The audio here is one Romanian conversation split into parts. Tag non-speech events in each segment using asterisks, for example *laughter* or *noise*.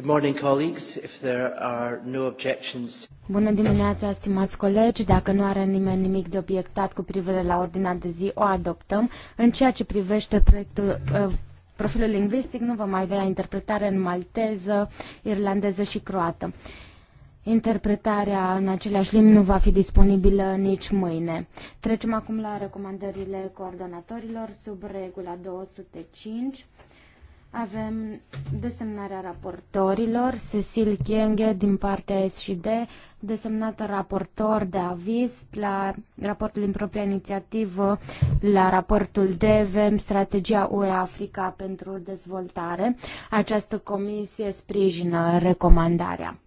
Good morning, colleagues. If there are no objections... Bună dimineața, stimați colegi. Dacă nu are nimeni nimic de obiectat cu privire la ordinea de zi, o adoptăm. În ceea ce privește proiectul, uh, profilul lingvistic, nu vom mai avea interpretare în malteză, irlandeză și croată. Interpretarea în aceleași limbi nu va fi disponibilă nici mâine. Trecem acum la recomandările coordonatorilor sub regula 205. Avem desemnarea raportorilor, Cecil Kienge din partea SD, desemnată raportor de aviz la raportul din propria inițiativă, la raportul DVM, Strategia UE Africa pentru dezvoltare. Această comisie sprijină recomandarea.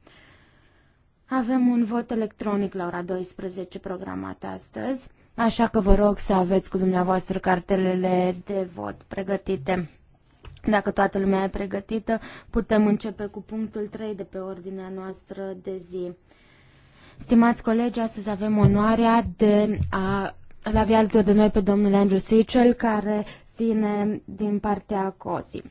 Avem un vot electronic la ora 12 programat astăzi, așa că vă rog să aveți cu dumneavoastră cartelele de vot pregătite. Dacă toată lumea e pregătită, putem începe cu punctul 3 de pe ordinea noastră de zi. Stimați colegi, astăzi avem onoarea de a la avea alături de noi pe domnul Andrew Sichel, care vine din partea COSI.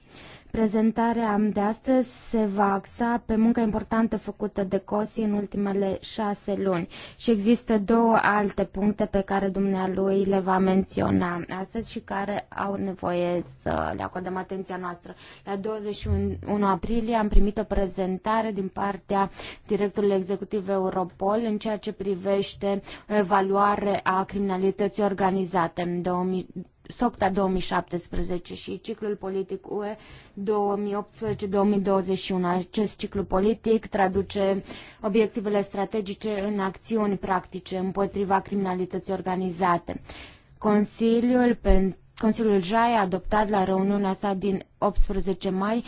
Prezentarea de astăzi se va axa pe munca importantă făcută de COSI în ultimele șase luni și există două alte puncte pe care dumnealui le va menționa astăzi și care au nevoie să le acordăm atenția noastră. La 21 aprilie am primit o prezentare din partea directorului executiv Europol în ceea ce privește o evaluare a criminalității organizate în 2000 SOCTA 2017 și ciclul politic UE 2018-2021. Acest ciclu politic traduce obiectivele strategice în acțiuni practice împotriva criminalității organizate. Consiliul pentru Consiliul JAI a adoptat la reuniunea sa din 18 mai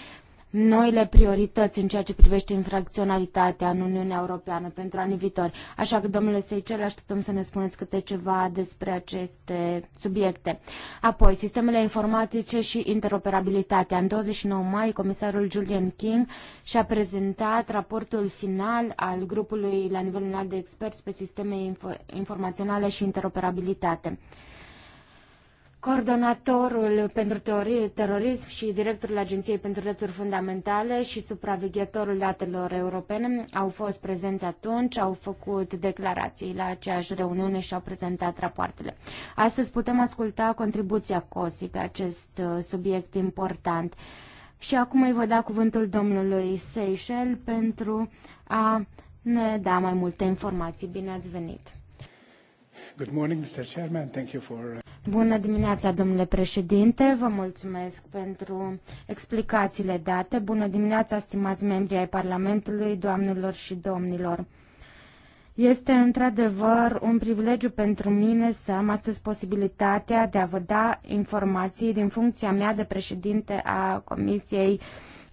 noile priorități în ceea ce privește infracționalitatea în Uniunea Europeană pentru anii viitori. Așa că, domnule Seicel, așteptăm să ne spuneți câte ceva despre aceste subiecte. Apoi, sistemele informatice și interoperabilitatea. În 29 mai, comisarul Julian King și-a prezentat raportul final al grupului la nivel înalt de experți pe sisteme inf- informaționale și interoperabilitate. Coordonatorul pentru terorism și directorul Agenției pentru Drepturi Fundamentale și supraveghetorul datelor europene au fost prezenți atunci, au făcut declarații la aceeași reuniune și au prezentat rapoartele. Astăzi putem asculta contribuția COSI pe acest uh, subiect important. Și acum îi voi da cuvântul domnului Seychel pentru a ne da mai multe informații. Bine ați venit! Good morning, Mr. Chairman. Thank you for Bună dimineața, domnule președinte. Vă mulțumesc pentru explicațiile date. Bună dimineața, stimați membri ai Parlamentului, doamnelor și domnilor. Este într-adevăr un privilegiu pentru mine să am astăzi posibilitatea de a vă da informații din funcția mea de președinte a Comisiei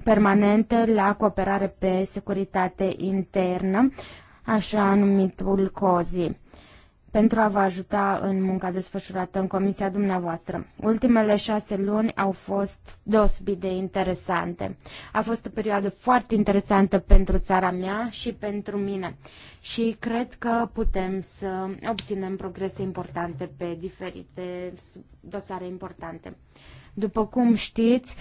Permanente la Cooperare pe Securitate Internă, așa numitul COZI pentru a vă ajuta în munca desfășurată în comisia dumneavoastră. Ultimele șase luni au fost deosebit de interesante. A fost o perioadă foarte interesantă pentru țara mea și pentru mine și cred că putem să obținem progrese importante pe diferite dosare importante. După cum știți,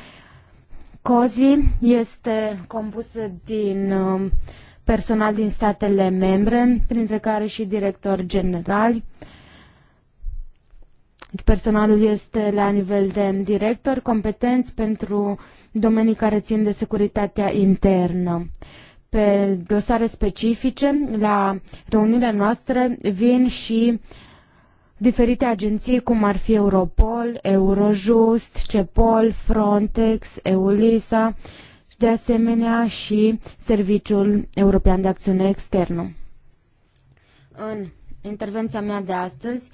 COZI este compusă din uh, personal din statele membre, printre care și directori generali. Deci personalul este la nivel de director, competenți pentru domenii care țin de securitatea internă. Pe dosare specifice, la reunirea noastre vin și diferite agenții, cum ar fi Europol, Eurojust, CEPOL, Frontex, EULISA, de asemenea și Serviciul European de Acțiune Externă. În intervenția mea de astăzi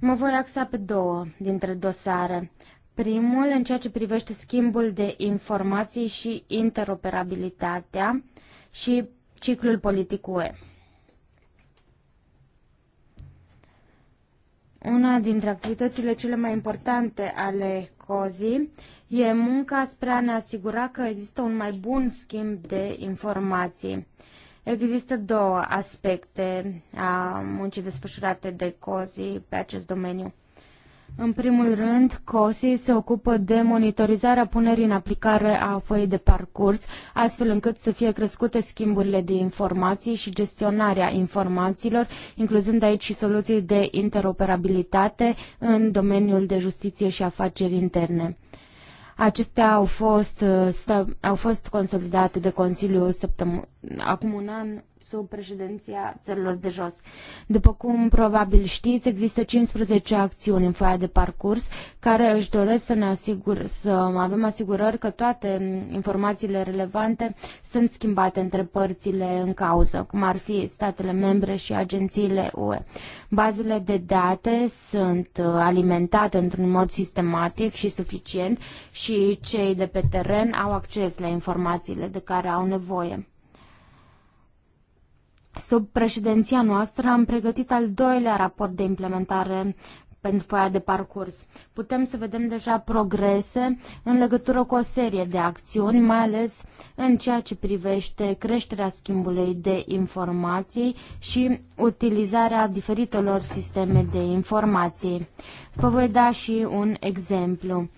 mă voi axa pe două dintre dosare. Primul, în ceea ce privește schimbul de informații și interoperabilitatea și ciclul politic UE. Una dintre activitățile cele mai importante ale COZI e munca spre a ne asigura că există un mai bun schimb de informații. Există două aspecte a muncii desfășurate de COSI pe acest domeniu. În primul rând, COSI se ocupă de monitorizarea punerii în aplicare a foii de parcurs, astfel încât să fie crescute schimburile de informații și gestionarea informațiilor, incluzând aici și soluții de interoperabilitate în domeniul de justiție și afaceri interne. Acestea au fost, uh, au fost consolidate de Consiliu acum un an sub președinția țărilor de jos. După cum probabil știți, există 15 acțiuni în foaia de parcurs care își doresc să ne asigur, să avem asigurări că toate informațiile relevante sunt schimbate între părțile în cauză, cum ar fi statele membre și agențiile UE. Bazele de date sunt uh, alimentate într-un mod sistematic și suficient și cei de pe teren au acces la informațiile de care au nevoie. Sub președinția noastră am pregătit al doilea raport de implementare pentru foaia de parcurs. Putem să vedem deja progrese în legătură cu o serie de acțiuni, mai ales în ceea ce privește creșterea schimbului de informații și utilizarea diferitelor sisteme de informații. Vă voi da și un exemplu.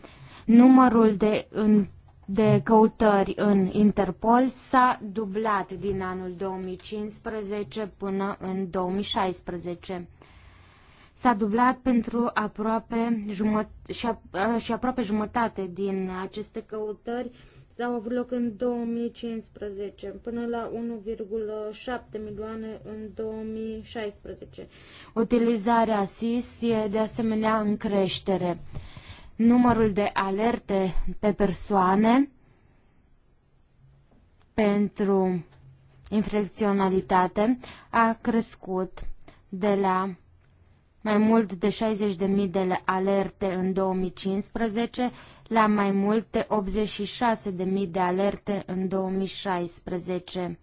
Numărul de în de căutări în Interpol s-a dublat din anul 2015 până în 2016. S-a dublat pentru aproape jumătate, și, aproape jumătate din aceste căutări s-au avut loc în 2015, până la 1,7 milioane în 2016. Utilizarea SIS e de asemenea în creștere numărul de alerte pe persoane pentru infracționalitate a crescut de la mai mult de 60.000 de alerte în 2015 la mai mult de 86.000 de alerte în 2016.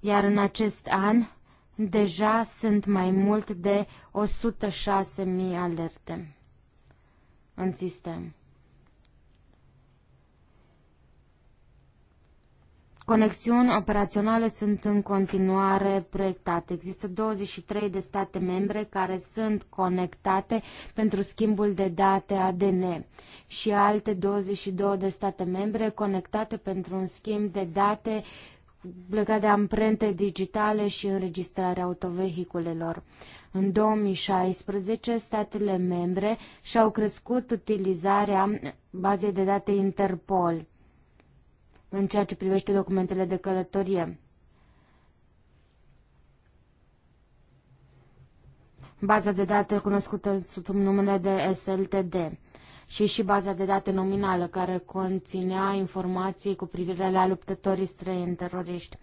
Iar în acest an deja sunt mai mult de 106.000 alerte în sistem. Conexiuni operaționale sunt în continuare proiectate. Există 23 de state membre care sunt conectate pentru schimbul de date ADN și alte 22 de state membre conectate pentru un schimb de date legat de amprente digitale și înregistrarea autovehiculelor. În 2016, statele membre și-au crescut utilizarea bazei de date Interpol în ceea ce privește documentele de călătorie. Baza de date cunoscută sub numele de SLTD și și baza de date nominală care conținea informații cu privire la luptătorii străini teroriști.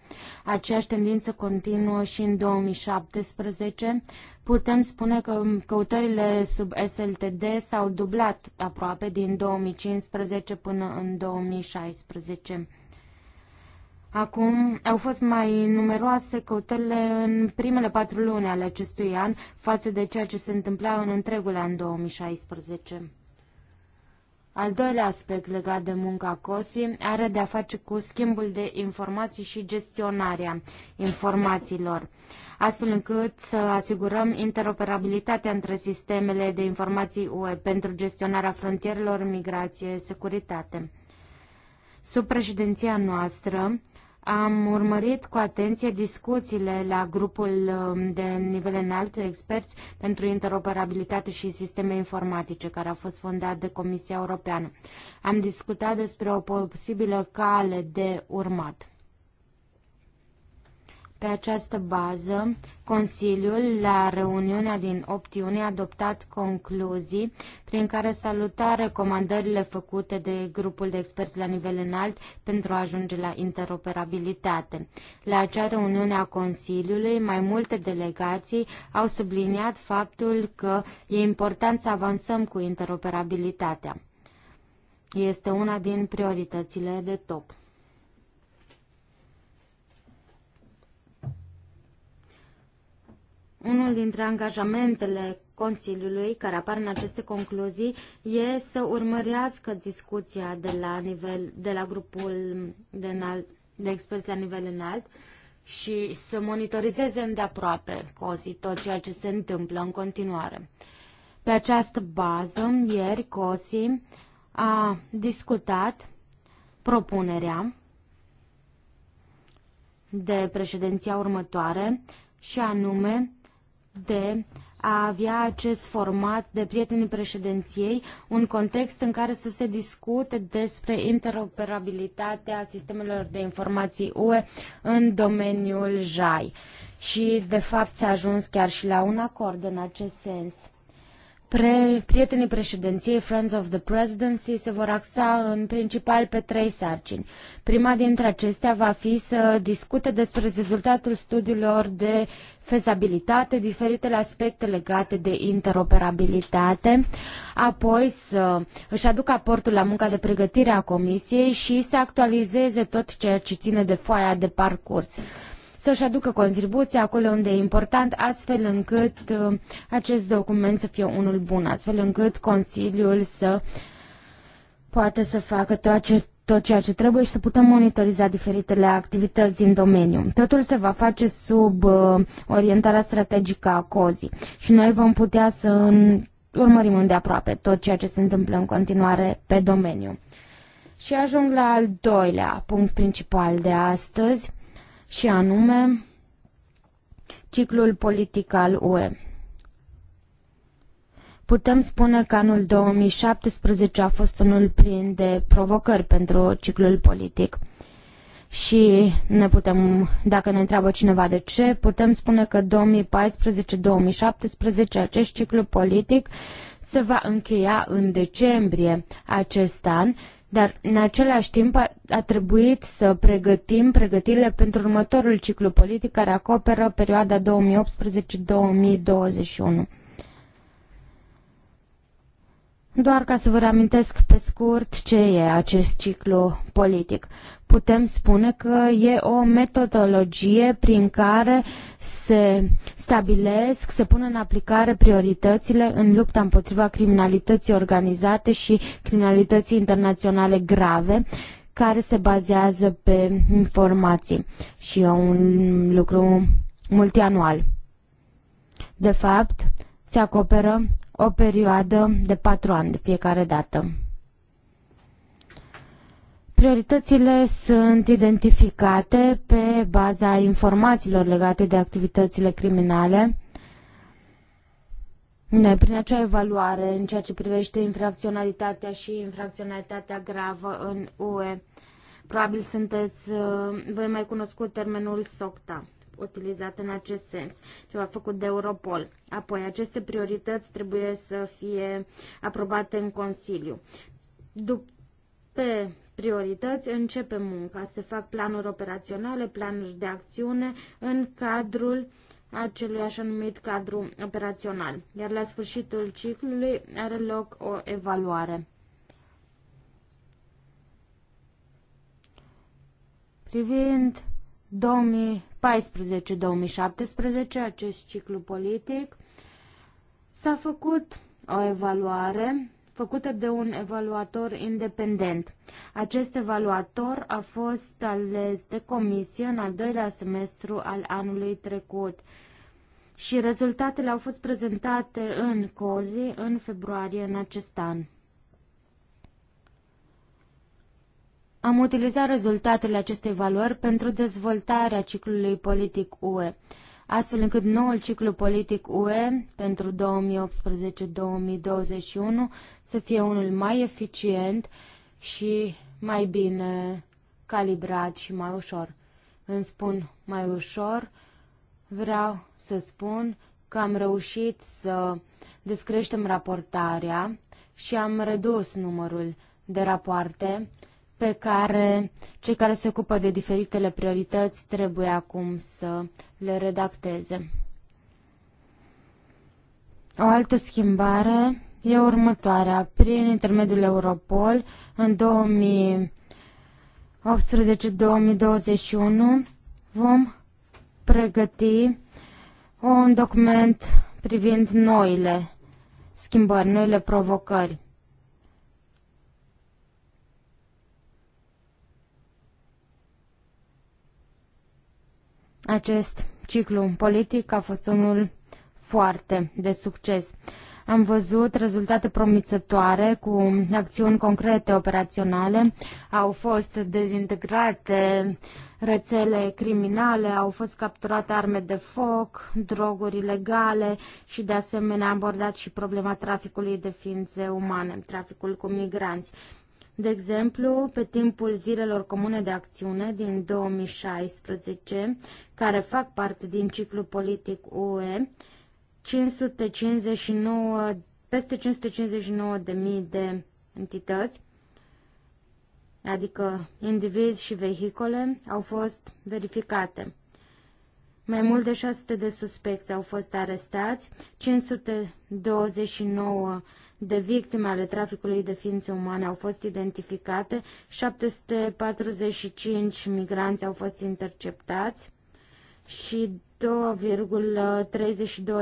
Aceeași tendință continuă și în 2017. Putem spune că căutările sub SLTD s-au dublat aproape din 2015 până în 2016. Acum au fost mai numeroase căutările în primele patru luni ale acestui an față de ceea ce se întâmpla în întregul an 2016. Al doilea aspect legat de munca COSI are de-a face cu schimbul de informații și gestionarea informațiilor, astfel încât să asigurăm interoperabilitatea între sistemele de informații UE pentru gestionarea frontierelor, migrație, securitate. Sub președinția noastră, am urmărit cu atenție discuțiile la grupul um, de nivel înalt de experți pentru interoperabilitate și sisteme informatice, care a fost fondat de Comisia Europeană. Am discutat despre o posibilă cale de urmat. Pe această bază, Consiliul, la reuniunea din 8 iunie, a adoptat concluzii prin care saluta recomandările făcute de grupul de experți la nivel înalt pentru a ajunge la interoperabilitate. La acea reuniune a Consiliului, mai multe delegații au subliniat faptul că e important să avansăm cu interoperabilitatea. Este una din prioritățile de top. Unul dintre angajamentele Consiliului care apar în aceste concluzii e să urmărească discuția de la, nivel, de la grupul de, înalt, de experți la nivel înalt și să monitorizeze îndeaproape COSI tot ceea ce se întâmplă în continuare. Pe această bază, ieri COSI a discutat propunerea de președinția următoare și anume de a avea acest format de prietenii președinției, un context în care să se discute despre interoperabilitatea sistemelor de informații UE în domeniul JAI. Și, de fapt, s-a ajuns chiar și la un acord în acest sens. Pre, prietenii președinției Friends of the Presidency se vor axa în principal pe trei sarcini. Prima dintre acestea va fi să discute despre rezultatul studiilor de fezabilitate, diferitele aspecte legate de interoperabilitate, apoi să își aducă aportul la munca de pregătire a Comisiei și să actualizeze tot ceea ce ține de foaia de parcurs să-și aducă contribuția acolo unde e important, astfel încât uh, acest document să fie unul bun, astfel încât Consiliul să poate să facă tot ce tot ceea ce trebuie și să putem monitoriza diferitele activități din domeniu. Totul se va face sub uh, orientarea strategică a COZI și noi vom putea să urmărim îndeaproape tot ceea ce se întâmplă în continuare pe domeniu. Și ajung la al doilea punct principal de astăzi, și anume ciclul politic al UE. Putem spune că anul 2017 a fost unul plin de provocări pentru ciclul politic. Și ne putem, dacă ne întreabă cineva de ce, putem spune că 2014-2017 acest ciclu politic se va încheia în decembrie acest an dar, în același timp, a, a trebuit să pregătim pregătirile pentru următorul ciclu politic care acoperă perioada 2018-2021. Doar ca să vă reamintesc pe scurt ce e acest ciclu politic putem spune că e o metodologie prin care se stabilesc, se pun în aplicare prioritățile în lupta împotriva criminalității organizate și criminalității internaționale grave, care se bazează pe informații și e un lucru multianual. De fapt, se acoperă o perioadă de patru ani de fiecare dată. Prioritățile sunt identificate pe baza informațiilor legate de activitățile criminale. Ne, prin acea evaluare în ceea ce privește infracționalitatea și infracționalitatea gravă în UE, probabil sunteți, uh, voi mai cunoscut termenul SOCTA utilizat în acest sens, ceva făcut de Europol. Apoi, aceste priorități trebuie să fie aprobate în Consiliu. După pe priorități, începe munca. Se fac planuri operaționale, planuri de acțiune în cadrul acelui așa numit cadru operațional, iar la sfârșitul ciclului are loc o evaluare. Privind 2014-2017, acest ciclu politic, s-a făcut o evaluare făcută de un evaluator independent. Acest evaluator a fost ales de comisie în al doilea semestru al anului trecut și rezultatele au fost prezentate în COZI în februarie în acest an. Am utilizat rezultatele acestei valori pentru dezvoltarea ciclului politic UE astfel încât noul ciclu politic UE pentru 2018-2021 să fie unul mai eficient și mai bine calibrat și mai ușor. Îmi spun mai ușor, vreau să spun că am reușit să descreștem raportarea și am redus numărul de rapoarte pe care cei care se ocupă de diferitele priorități trebuie acum să le redacteze. O altă schimbare e următoarea. Prin intermediul Europol, în 2018-2021, vom pregăti un document privind noile schimbări, noile provocări Acest ciclu politic a fost unul foarte de succes. Am văzut rezultate promițătoare cu acțiuni concrete operaționale. Au fost dezintegrate rețele criminale, au fost capturate arme de foc, droguri ilegale și de asemenea abordat și problema traficului de ființe umane, traficul cu migranți. De exemplu, pe timpul zilelor comune de acțiune din 2016, care fac parte din ciclu politic UE, 559, peste 559.000 de entități, adică indivizi și vehicole, au fost verificate. Mai mult de 600 de suspecți au fost arestați, 529 de victime ale traficului de ființe umane au fost identificate, 745 migranți au fost interceptați și 2,32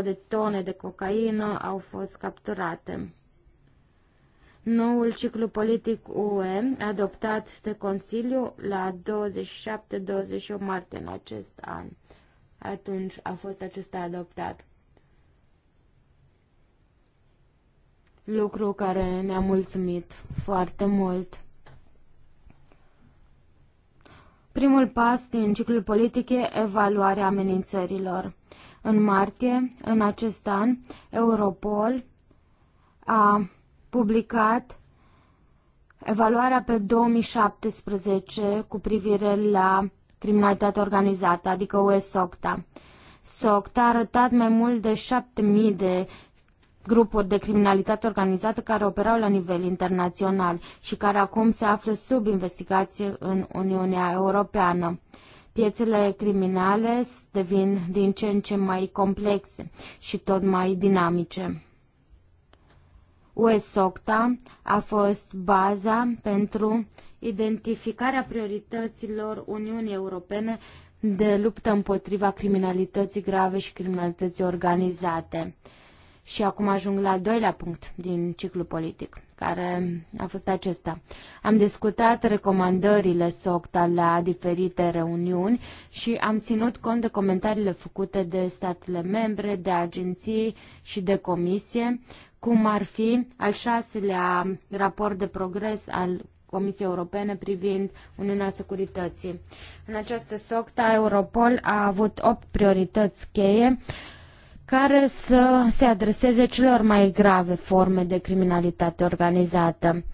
de tone de cocaină au fost capturate. Noul ciclu politic UE, adoptat de Consiliu la 27-28 martie în acest an. Atunci a fost acesta adoptat. lucru care ne-a mulțumit foarte mult. Primul pas din ciclul politic e evaluarea amenințărilor. În martie, în acest an, Europol a publicat evaluarea pe 2017 cu privire la criminalitatea organizată, adică UE SOCTA a arătat mai mult de 7000 de grupuri de criminalitate organizată care operau la nivel internațional și care acum se află sub investigație în Uniunea Europeană. Piețele criminale devin din ce în ce mai complexe și tot mai dinamice. USOCTA a fost baza pentru identificarea priorităților Uniunii Europene de luptă împotriva criminalității grave și criminalității organizate. Și acum ajung la al doilea punct din ciclu politic, care a fost acesta. Am discutat recomandările SOCTA la diferite reuniuni și am ținut cont de comentariile făcute de statele membre, de agenții și de comisie, cum ar fi al șaselea raport de progres al Comisiei Europene privind Uniunea Securității. În această SOCTA, Europol a avut 8 priorități cheie care să se adreseze celor mai grave forme de criminalitate organizată.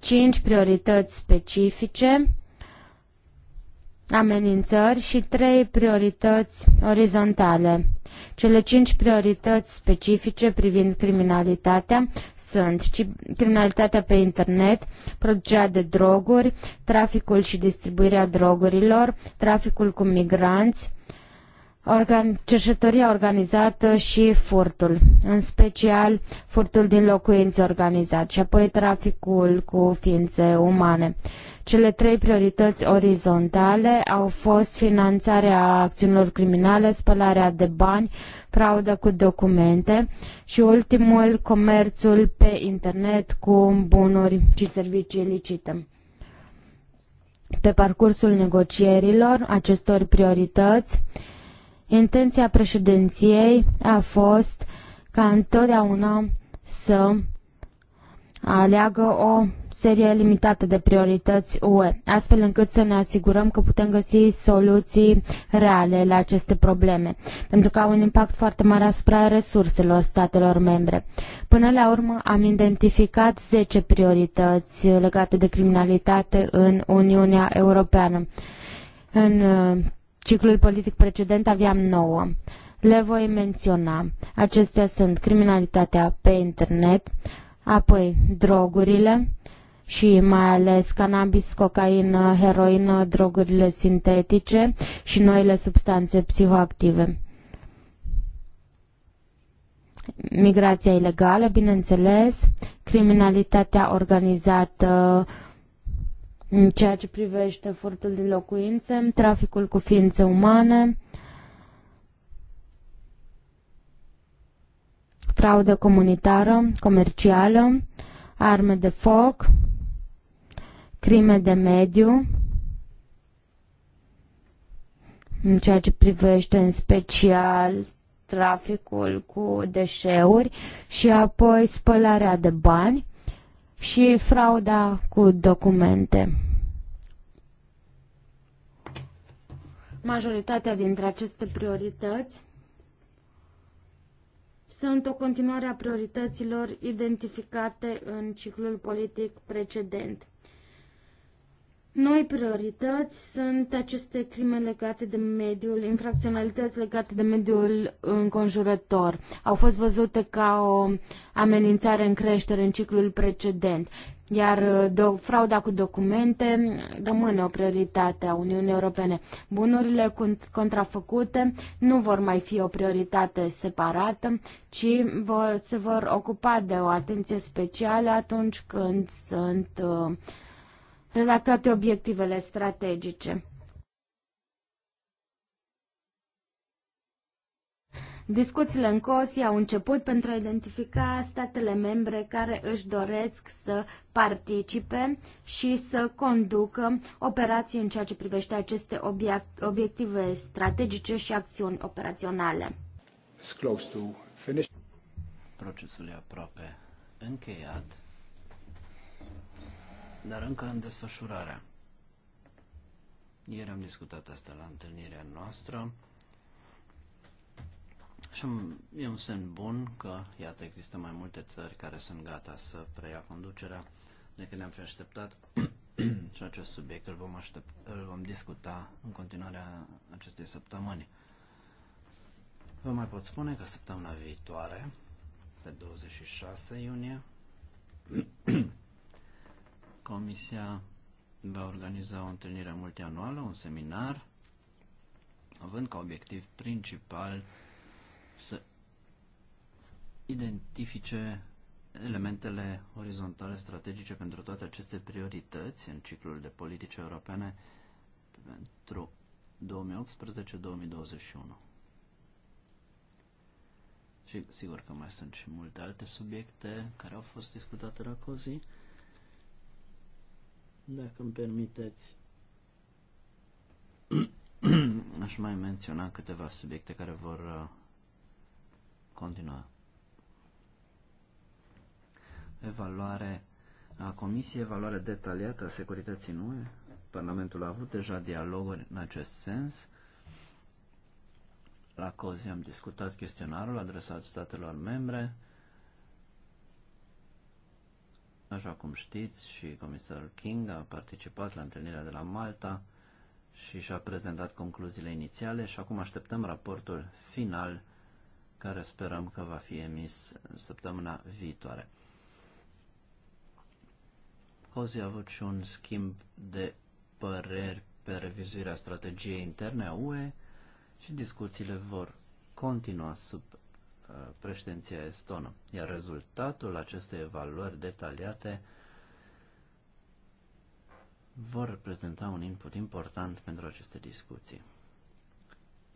5 priorități specifice, amenințări și trei priorități orizontale. Cele cinci priorități specifice privind criminalitatea sunt criminalitatea pe internet, producerea de droguri, traficul și distribuirea drogurilor, traficul cu migranți, organ, organizată și furtul, în special furtul din locuințe organizat și apoi traficul cu ființe umane. Cele trei priorități orizontale au fost finanțarea acțiunilor criminale, spălarea de bani, fraudă cu documente și ultimul comerțul pe internet cu bunuri și servicii ilicite. Pe parcursul negocierilor acestor priorități, Intenția președinției a fost ca întotdeauna să aleagă o serie limitată de priorități UE, astfel încât să ne asigurăm că putem găsi soluții reale la aceste probleme, pentru că au un impact foarte mare asupra resurselor statelor membre. Până la urmă am identificat zece priorități legate de criminalitate în Uniunea Europeană. În ciclul politic precedent aveam 9. Le voi menționa. Acestea sunt criminalitatea pe internet, apoi drogurile și mai ales cannabis, cocaină, heroină, drogurile sintetice și noile substanțe psihoactive. Migrația ilegală, bineînțeles, criminalitatea organizată, uh, în ceea ce privește furtul de locuințe, traficul cu ființe umane, fraudă comunitară, comercială, arme de foc, crime de mediu, în ceea ce privește în special traficul cu deșeuri și apoi spălarea de bani și frauda cu documente. Majoritatea dintre aceste priorități sunt o continuare a priorităților identificate în ciclul politic precedent. Noi priorități sunt aceste crime legate de mediul, infracționalități legate de mediul înconjurător. Au fost văzute ca o amenințare în creștere în ciclul precedent iar uh, do, frauda cu documente rămâne o prioritate a Uniunii Europene. Bunurile contrafăcute nu vor mai fi o prioritate separată, ci vor, se vor ocupa de o atenție specială atunci când sunt uh, redactate obiectivele strategice. Discuțiile în COSI au început pentru a identifica statele membre care își doresc să participe și să conducă operații în ceea ce privește aceste obiective strategice și acțiuni operaționale. Procesul e aproape încheiat, dar încă în desfășurare. Ieri am discutat asta la întâlnirea noastră. Și e un semn bun că, iată, există mai multe țări care sunt gata să preia conducerea decât ne-am fi așteptat. *clears throat* și acest subiect îl vom, aștept, îl vom discuta în continuarea acestei săptămâni. Vă mai pot spune că săptămâna viitoare, pe 26 iunie, *clears throat* Comisia va organiza o întâlnire multianuală, un seminar, având ca obiectiv principal să identifice elementele orizontale strategice pentru toate aceste priorități în ciclul de politici europene pentru 2018-2021. Și sigur că mai sunt și multe alte subiecte care au fost discutate la COZI. Dacă îmi permiteți, *clears throat* aș mai menționa câteva subiecte care vor uh, continua. Evaluare a Comisiei, evaluare detaliată a securității în UE. Parlamentul a avut deja dialoguri în acest sens. La COZI am discutat chestionarul adresat statelor membre. Așa cum știți, și comisarul King a participat la întâlnirea de la Malta și și-a prezentat concluziile inițiale și acum așteptăm raportul final care sperăm că va fi emis în săptămâna viitoare. Cozi a avut și un schimb de păreri pe revizuirea strategiei interne a UE și discuțiile vor continua sub uh, președinția estonă, iar rezultatul acestei evaluări detaliate vor reprezenta un input important pentru aceste discuții.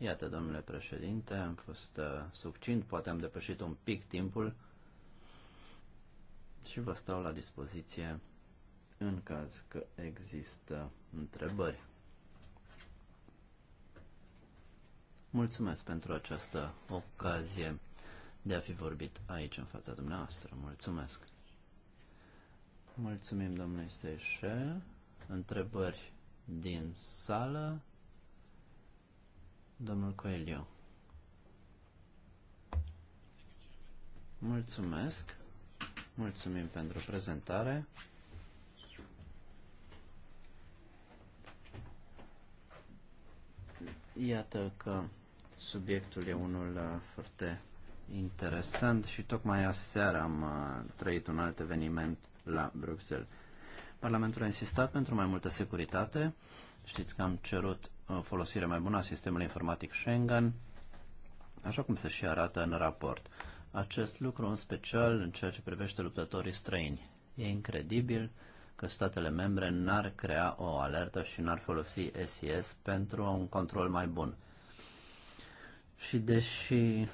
Iată, domnule președinte, am fost uh, poate am depășit un pic timpul și vă stau la dispoziție în caz că există întrebări. Mulțumesc pentru această ocazie de a fi vorbit aici în fața dumneavoastră. Mulțumesc! Mulțumim domnului Seișe. Întrebări din sală? Domnul Coelio. Mulțumesc. Mulțumim pentru prezentare. Iată că subiectul e unul uh, foarte interesant și tocmai aseară am uh, trăit un alt eveniment la Bruxelles. Parlamentul a insistat pentru mai multă securitate. Știți că am cerut folosire mai bună a sistemului informatic Schengen, așa cum se și arată în raport. Acest lucru în special în ceea ce privește luptătorii străini. E incredibil că statele membre n-ar crea o alertă și n-ar folosi SIS pentru un control mai bun. Și deși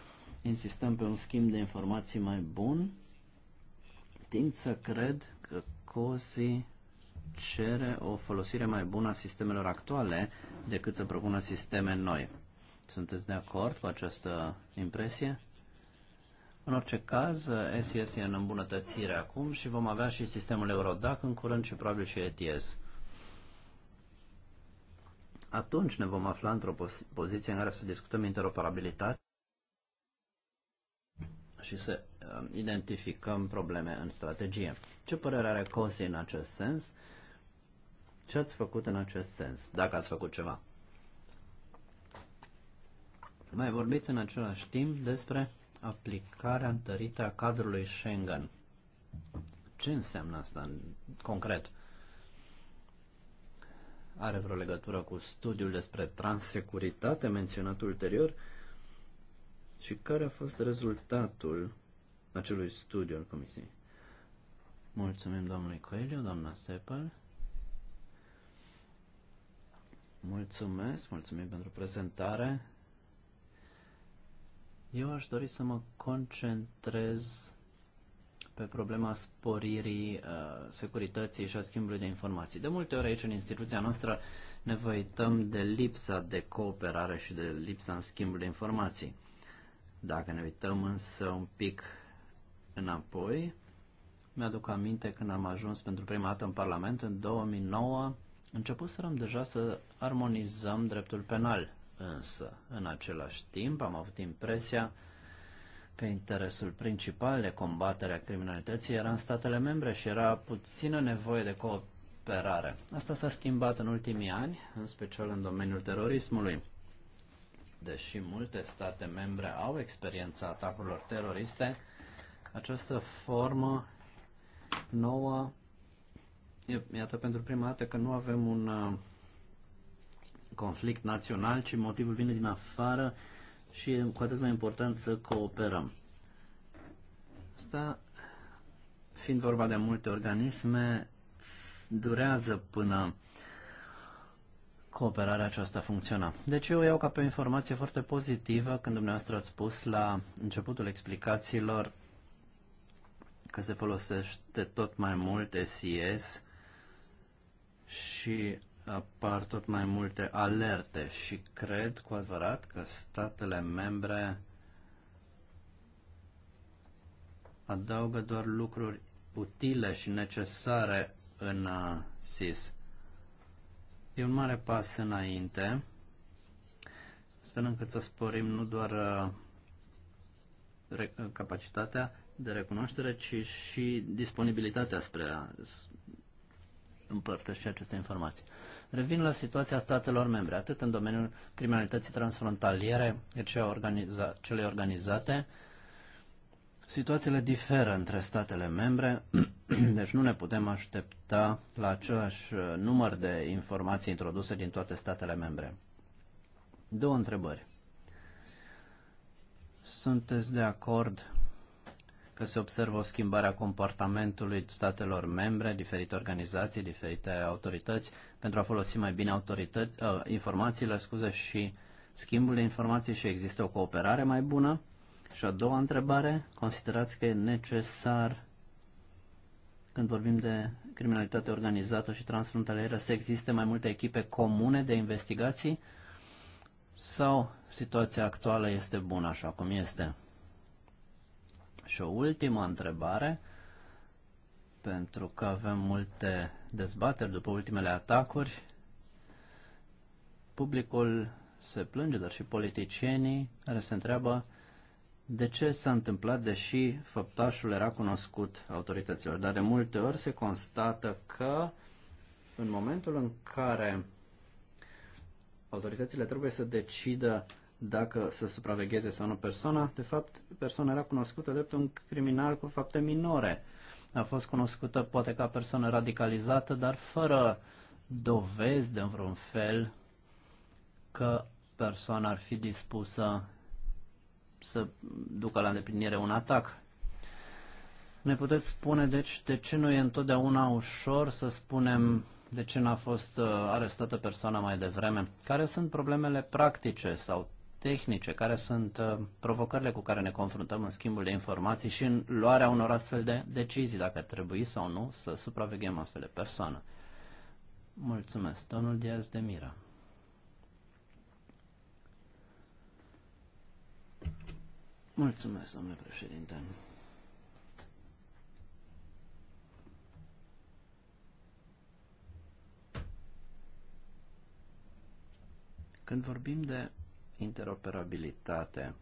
insistăm pe un schimb de informații mai bun, tind să cred că COSI cere o folosire mai bună a sistemelor actuale decât să propună sisteme noi. Sunteți de acord cu această impresie? În orice caz, SES e în îmbunătățire acum și vom avea și sistemul Eurodac în curând și probabil și ETS. Atunci ne vom afla într-o poziție în care să discutăm interoperabilitate și să uh, identificăm probleme în strategie. Ce părere are COSI în acest sens? Ce ați făcut în acest sens, dacă ați făcut ceva? Mai vorbiți în același timp despre aplicarea întărită a cadrului Schengen. Ce înseamnă asta în concret? Are vreo legătură cu studiul despre transecuritate menționat ulterior? Și care a fost rezultatul acelui studiu al Comisiei? Mulțumim domnului Coelho, doamna Seppel. Mulțumesc, mulțumim pentru prezentare. Eu aș dori să mă concentrez pe problema sporirii uh, securității și a schimbului de informații. De multe ori aici, în instituția noastră, ne văităm de lipsa de cooperare și de lipsa în schimbul de informații. Dacă ne uităm însă un pic înapoi, mi-aduc aminte când am ajuns pentru prima dată în Parlament, în 2009, Începuserăm deja să armonizăm dreptul penal, însă, în același timp, am avut impresia că interesul principal de combatere a criminalității era în statele membre și era puțină nevoie de cooperare. Asta s-a schimbat în ultimii ani, în special în domeniul terorismului. Deși multe state membre au experiența atacurilor teroriste, această formă nouă iată pentru prima dată că nu avem un uh, conflict național, ci motivul vine din afară și e cu atât mai important să cooperăm. Asta, fiind vorba de multe organisme, durează până cooperarea aceasta funcționa. Deci eu iau ca pe o informație foarte pozitivă când dumneavoastră ați spus la începutul explicațiilor că se folosește tot mai mult SIS și apar tot mai multe alerte și cred cu adevărat că statele membre adaugă doar lucruri utile și necesare în SIS. E un mare pas înainte. Sperăm că să sporim nu doar uh, capacitatea de recunoaștere, ci și disponibilitatea spre a împărtăși aceste informații. Revin la situația statelor membre, atât în domeniul criminalității transfrontaliere, cât și organiza- cele organizate. Situațiile diferă între statele membre, *clears throat* deci nu ne putem aștepta la același uh, număr de informații introduse din toate statele membre. Două întrebări. Sunteți de acord că se observă o schimbare a comportamentului statelor membre, diferite organizații, diferite autorități, pentru a folosi mai bine autorități, uh, informațiile scuze, și schimbul de informații și există o cooperare mai bună? Și a doua întrebare, considerați că e necesar când vorbim de criminalitate organizată și transfrontalieră, să existe mai multe echipe comune de investigații sau situația actuală este bună așa cum este? Și o ultimă întrebare, pentru că avem multe dezbateri după ultimele atacuri. Publicul se plânge, dar și politicienii care se întreabă de ce s-a întâmplat, deși făptașul era cunoscut autorităților. Dar de multe ori se constată că în momentul în care autoritățile trebuie să decidă dacă să supravegheze sau nu persoana. De fapt, persoana era cunoscută drept un criminal cu fapte minore. A fost cunoscută poate ca persoană radicalizată, dar fără dovezi de vreun fel că persoana ar fi dispusă să ducă la îndeplinire un atac. Ne puteți spune, deci, de ce nu e întotdeauna ușor să spunem de ce n-a fost uh, arestată persoana mai devreme? Care sunt problemele practice sau tehnice, care sunt uh, provocările cu care ne confruntăm în schimbul de informații și în luarea unor astfel de decizii, dacă trebuie sau nu să supraveghem astfel de persoană. Mulțumesc, domnul Diaz de Mira. Mulțumesc, domnule președinte. Când vorbim de interoperabilitate,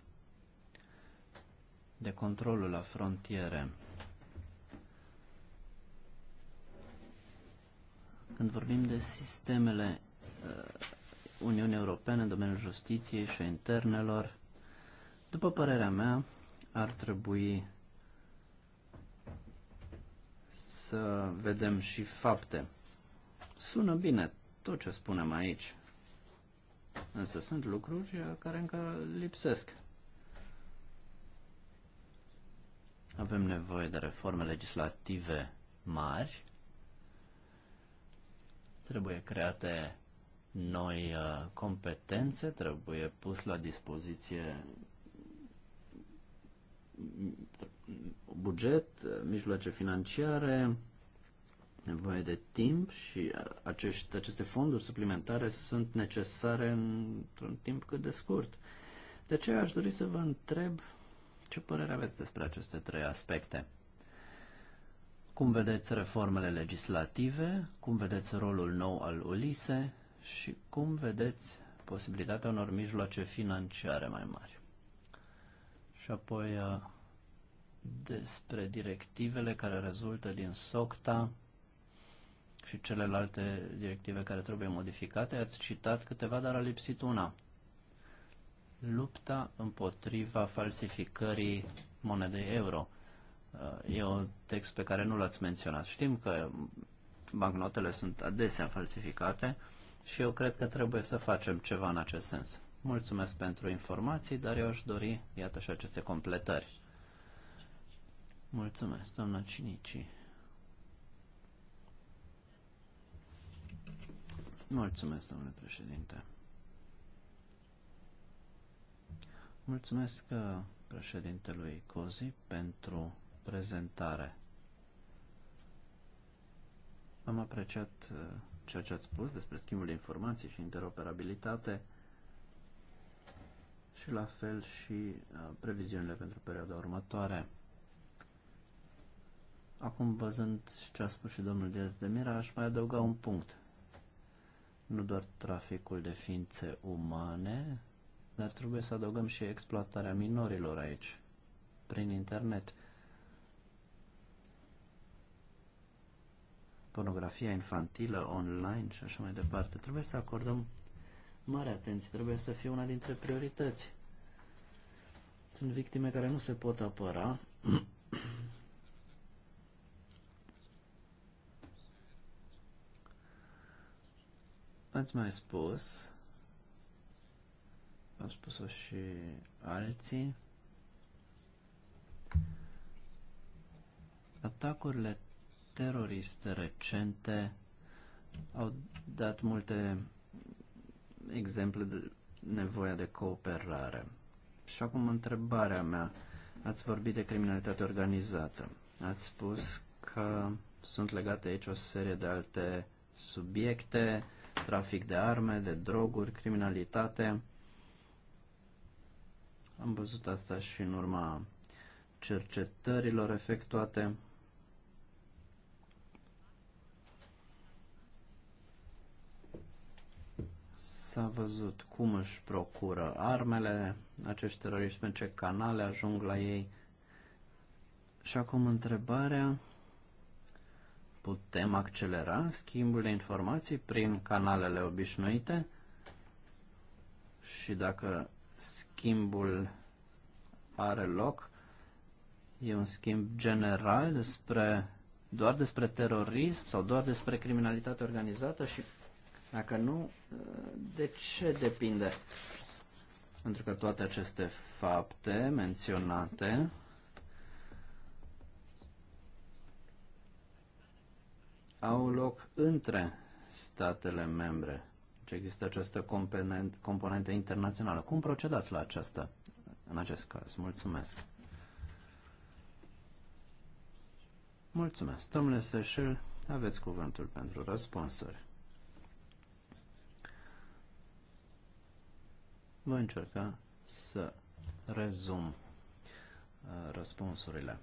de controlul la frontiere. Când vorbim de sistemele uh, Uniunii Europene în domeniul justiției și internelor, după părerea mea, ar trebui să vedem și fapte. Sună bine tot ce spunem aici, Însă sunt lucruri uh, care încă lipsesc. Avem nevoie de reforme legislative mari. Trebuie create noi uh, competențe, trebuie pus la dispoziție buget, mijloace financiare, nevoie de timp și acești, aceste fonduri suplimentare sunt necesare într-un timp cât de scurt. De ce aș dori să vă întreb ce părere aveți despre aceste trei aspecte? Cum vedeți reformele legislative? Cum vedeți rolul nou al ULISE? Și cum vedeți posibilitatea unor mijloace financiare mai mari? Și apoi despre directivele care rezultă din SOCTA, și celelalte directive care trebuie modificate. Ați citat câteva, dar a lipsit una. Lupta împotriva falsificării monedei euro. E un text pe care nu l-ați menționat. Știm că bancnotele sunt adesea falsificate și eu cred că trebuie să facem ceva în acest sens. Mulțumesc pentru informații, dar eu aș dori, iată și aceste completări. Mulțumesc, doamna Cinici. Mulțumesc, domnule președinte. Mulțumesc uh, președintelui Cozi pentru prezentare. Am apreciat uh, ceea ce ați spus despre schimbul de informații și interoperabilitate și la fel și uh, previziunile pentru perioada următoare. Acum, văzând ce a spus și domnul Diaz de Mira, aș mai adăuga un punct nu doar traficul de ființe umane, dar trebuie să adăugăm și exploatarea minorilor aici, prin internet. Pornografia infantilă, online și așa mai departe. Trebuie să acordăm mare atenție, trebuie să fie una dintre priorități. Sunt victime care nu se pot apăra Ați mai spus, au spus-o și alții, atacurile teroriste recente au dat multe exemple de nevoia de cooperare. Și acum întrebarea mea. Ați vorbit de criminalitate organizată. Ați spus că sunt legate aici o serie de alte subiecte, trafic de arme, de droguri, criminalitate. Am văzut asta și în urma cercetărilor efectuate. S-a văzut cum își procură armele acești teroriști, pe ce canale ajung la ei. Și acum întrebarea putem accelera schimbul de informații prin canalele obișnuite și dacă schimbul are loc, e un schimb general despre doar despre terorism sau doar despre criminalitate organizată și dacă nu, de ce depinde? Pentru că toate aceste fapte menționate au loc între statele membre. Deci există această component, componentă internațională. Cum procedați la aceasta, în acest caz? Mulțumesc. Mulțumesc. Domnule Seșel, aveți cuvântul pentru răspunsuri. Voi încerca să rezum uh, răspunsurile.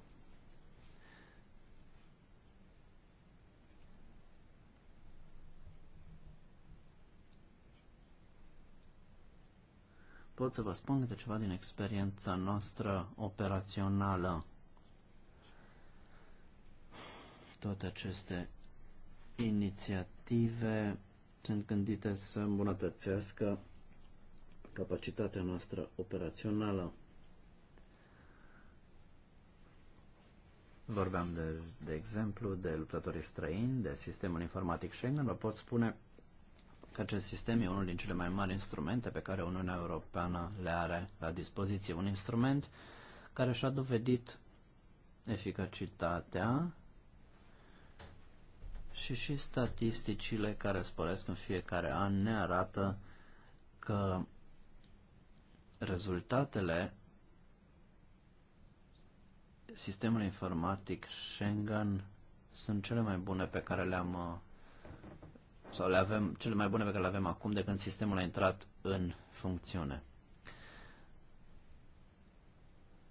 pot să vă spun de ceva din experiența noastră operațională. Toate aceste inițiative sunt gândite să îmbunătățească capacitatea noastră operațională. Vorbeam de, de exemplu de lucrătorii străini, de sistemul informatic Schengen, vă pot spune că acest sistem e unul din cele mai mari instrumente pe care Uniunea Europeană le are la dispoziție. Un instrument care și-a dovedit eficacitatea și și statisticile care sporesc în fiecare an ne arată că rezultatele sistemului informatic Schengen sunt cele mai bune pe care le-am uh, sau le avem, cele mai bune pe care le avem acum de când sistemul a intrat în funcțiune.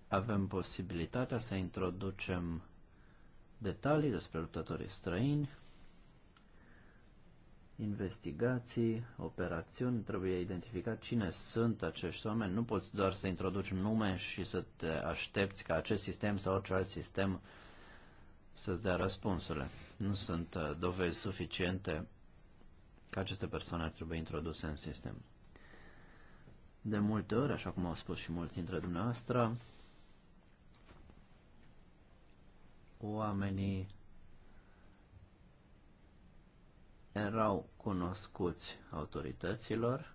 Avem posibilitatea să introducem detalii despre luptătorii străini, investigații, operațiuni, trebuie identificat cine sunt acești oameni. Nu poți doar să introduci nume și să te aștepți ca acest sistem sau orice alt sistem să-ți dea răspunsurile. Nu sunt uh, dovezi suficiente că aceste persoane ar trebui introduse în sistem. De multe ori, așa cum au spus și mulți dintre dumneavoastră, oamenii erau cunoscuți autorităților,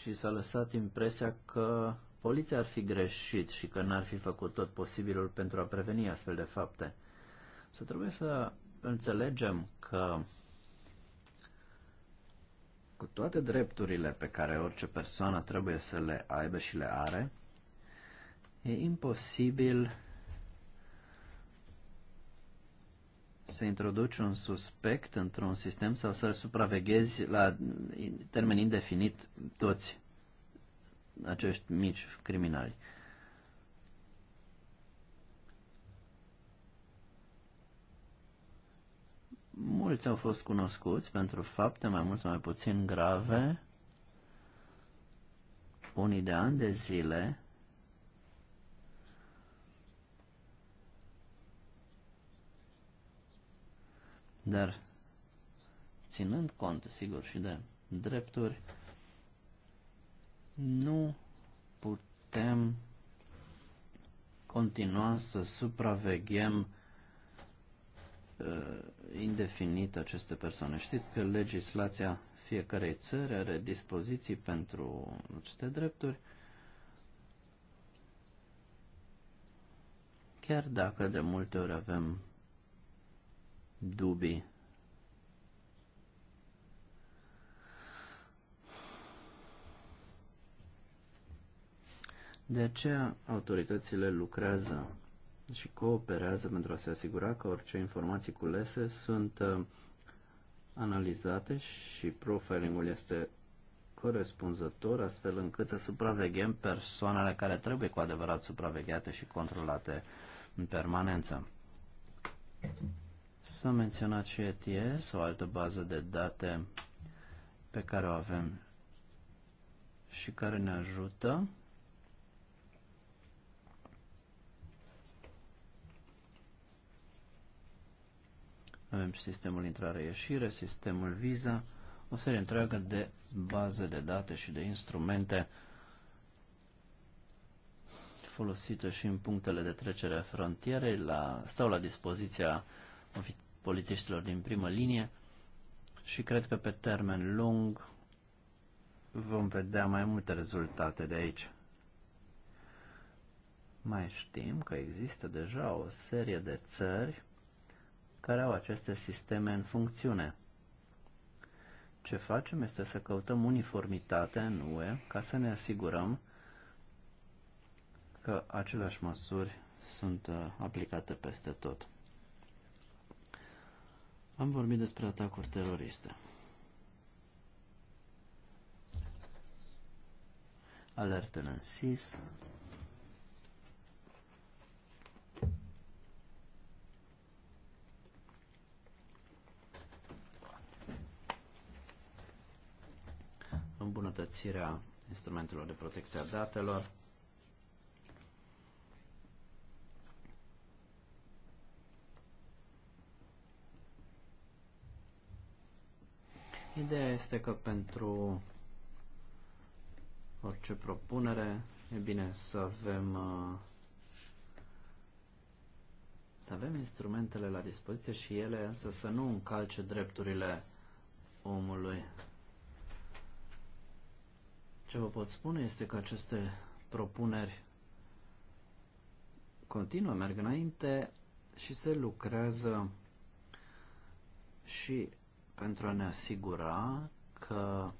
și s-a lăsat impresia că poliția ar fi greșit și că n-ar fi făcut tot posibilul pentru a preveni astfel de fapte. Să trebuie să înțelegem că cu toate drepturile pe care orice persoană trebuie să le aibă și le are, e imposibil să introduci un suspect într-un sistem sau să-l supraveghezi la termen indefinit toți acești mici criminali. Mulți au fost cunoscuți pentru fapte mai mult sau mai puțin grave, unii de ani de zile, dar ținând cont, sigur, și de drepturi, nu putem continua să supraveghem uh, indefinit aceste persoane. Știți că legislația fiecarei țări are dispoziții pentru aceste drepturi, chiar dacă de multe ori avem dubii De aceea, autoritățile lucrează și cooperează pentru a se asigura că orice informații culese sunt uh, analizate și profilingul este corespunzător, astfel încât să supraveghem persoanele care trebuie cu adevărat supravegheate și controlate în permanență. S-a menționat și ETS, o altă bază de date pe care o avem și care ne ajută Avem și sistemul intrare-ieșire, sistemul Visa, o serie întreagă de baze de date și de instrumente folosite și în punctele de trecere a frontierei, la, stau la dispoziția polițiștilor din primă linie și cred că pe termen lung vom vedea mai multe rezultate de aici. Mai știm că există deja o serie de țări care au aceste sisteme în funcțiune. Ce facem este să căutăm uniformitate în UE ca să ne asigurăm că aceleași măsuri sunt uh, aplicate peste tot. Am vorbit despre atacuri teroriste. Alertele în SIS, îmbunătățirea instrumentelor de protecție a datelor, Ideea este că pentru orice propunere e bine să avem uh, să avem instrumentele la dispoziție și ele însă să nu încalce drepturile omului. Ce vă pot spune este că aceste propuneri continuă, merg înainte și se lucrează și pentru a ne asigura că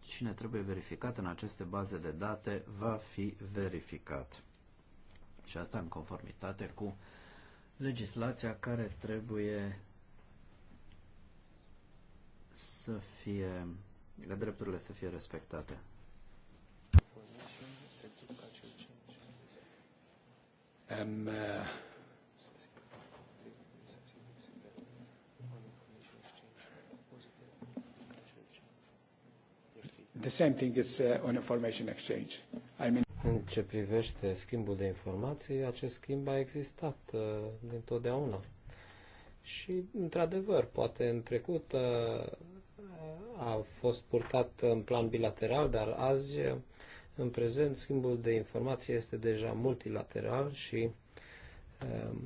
cine trebuie verificat în aceste baze de date va fi verificat. Și asta în conformitate cu legislația care trebuie să fie ca drepturile să fie respectate. Um, uh... The same thing is uh, on information exchange. I mean... În ce privește schimbul de informații, acest schimb a existat uh, dintotdeauna. Și, într-adevăr, poate în trecut uh, a fost purtat în plan bilateral, dar azi, în prezent, schimbul de informații este deja multilateral și um,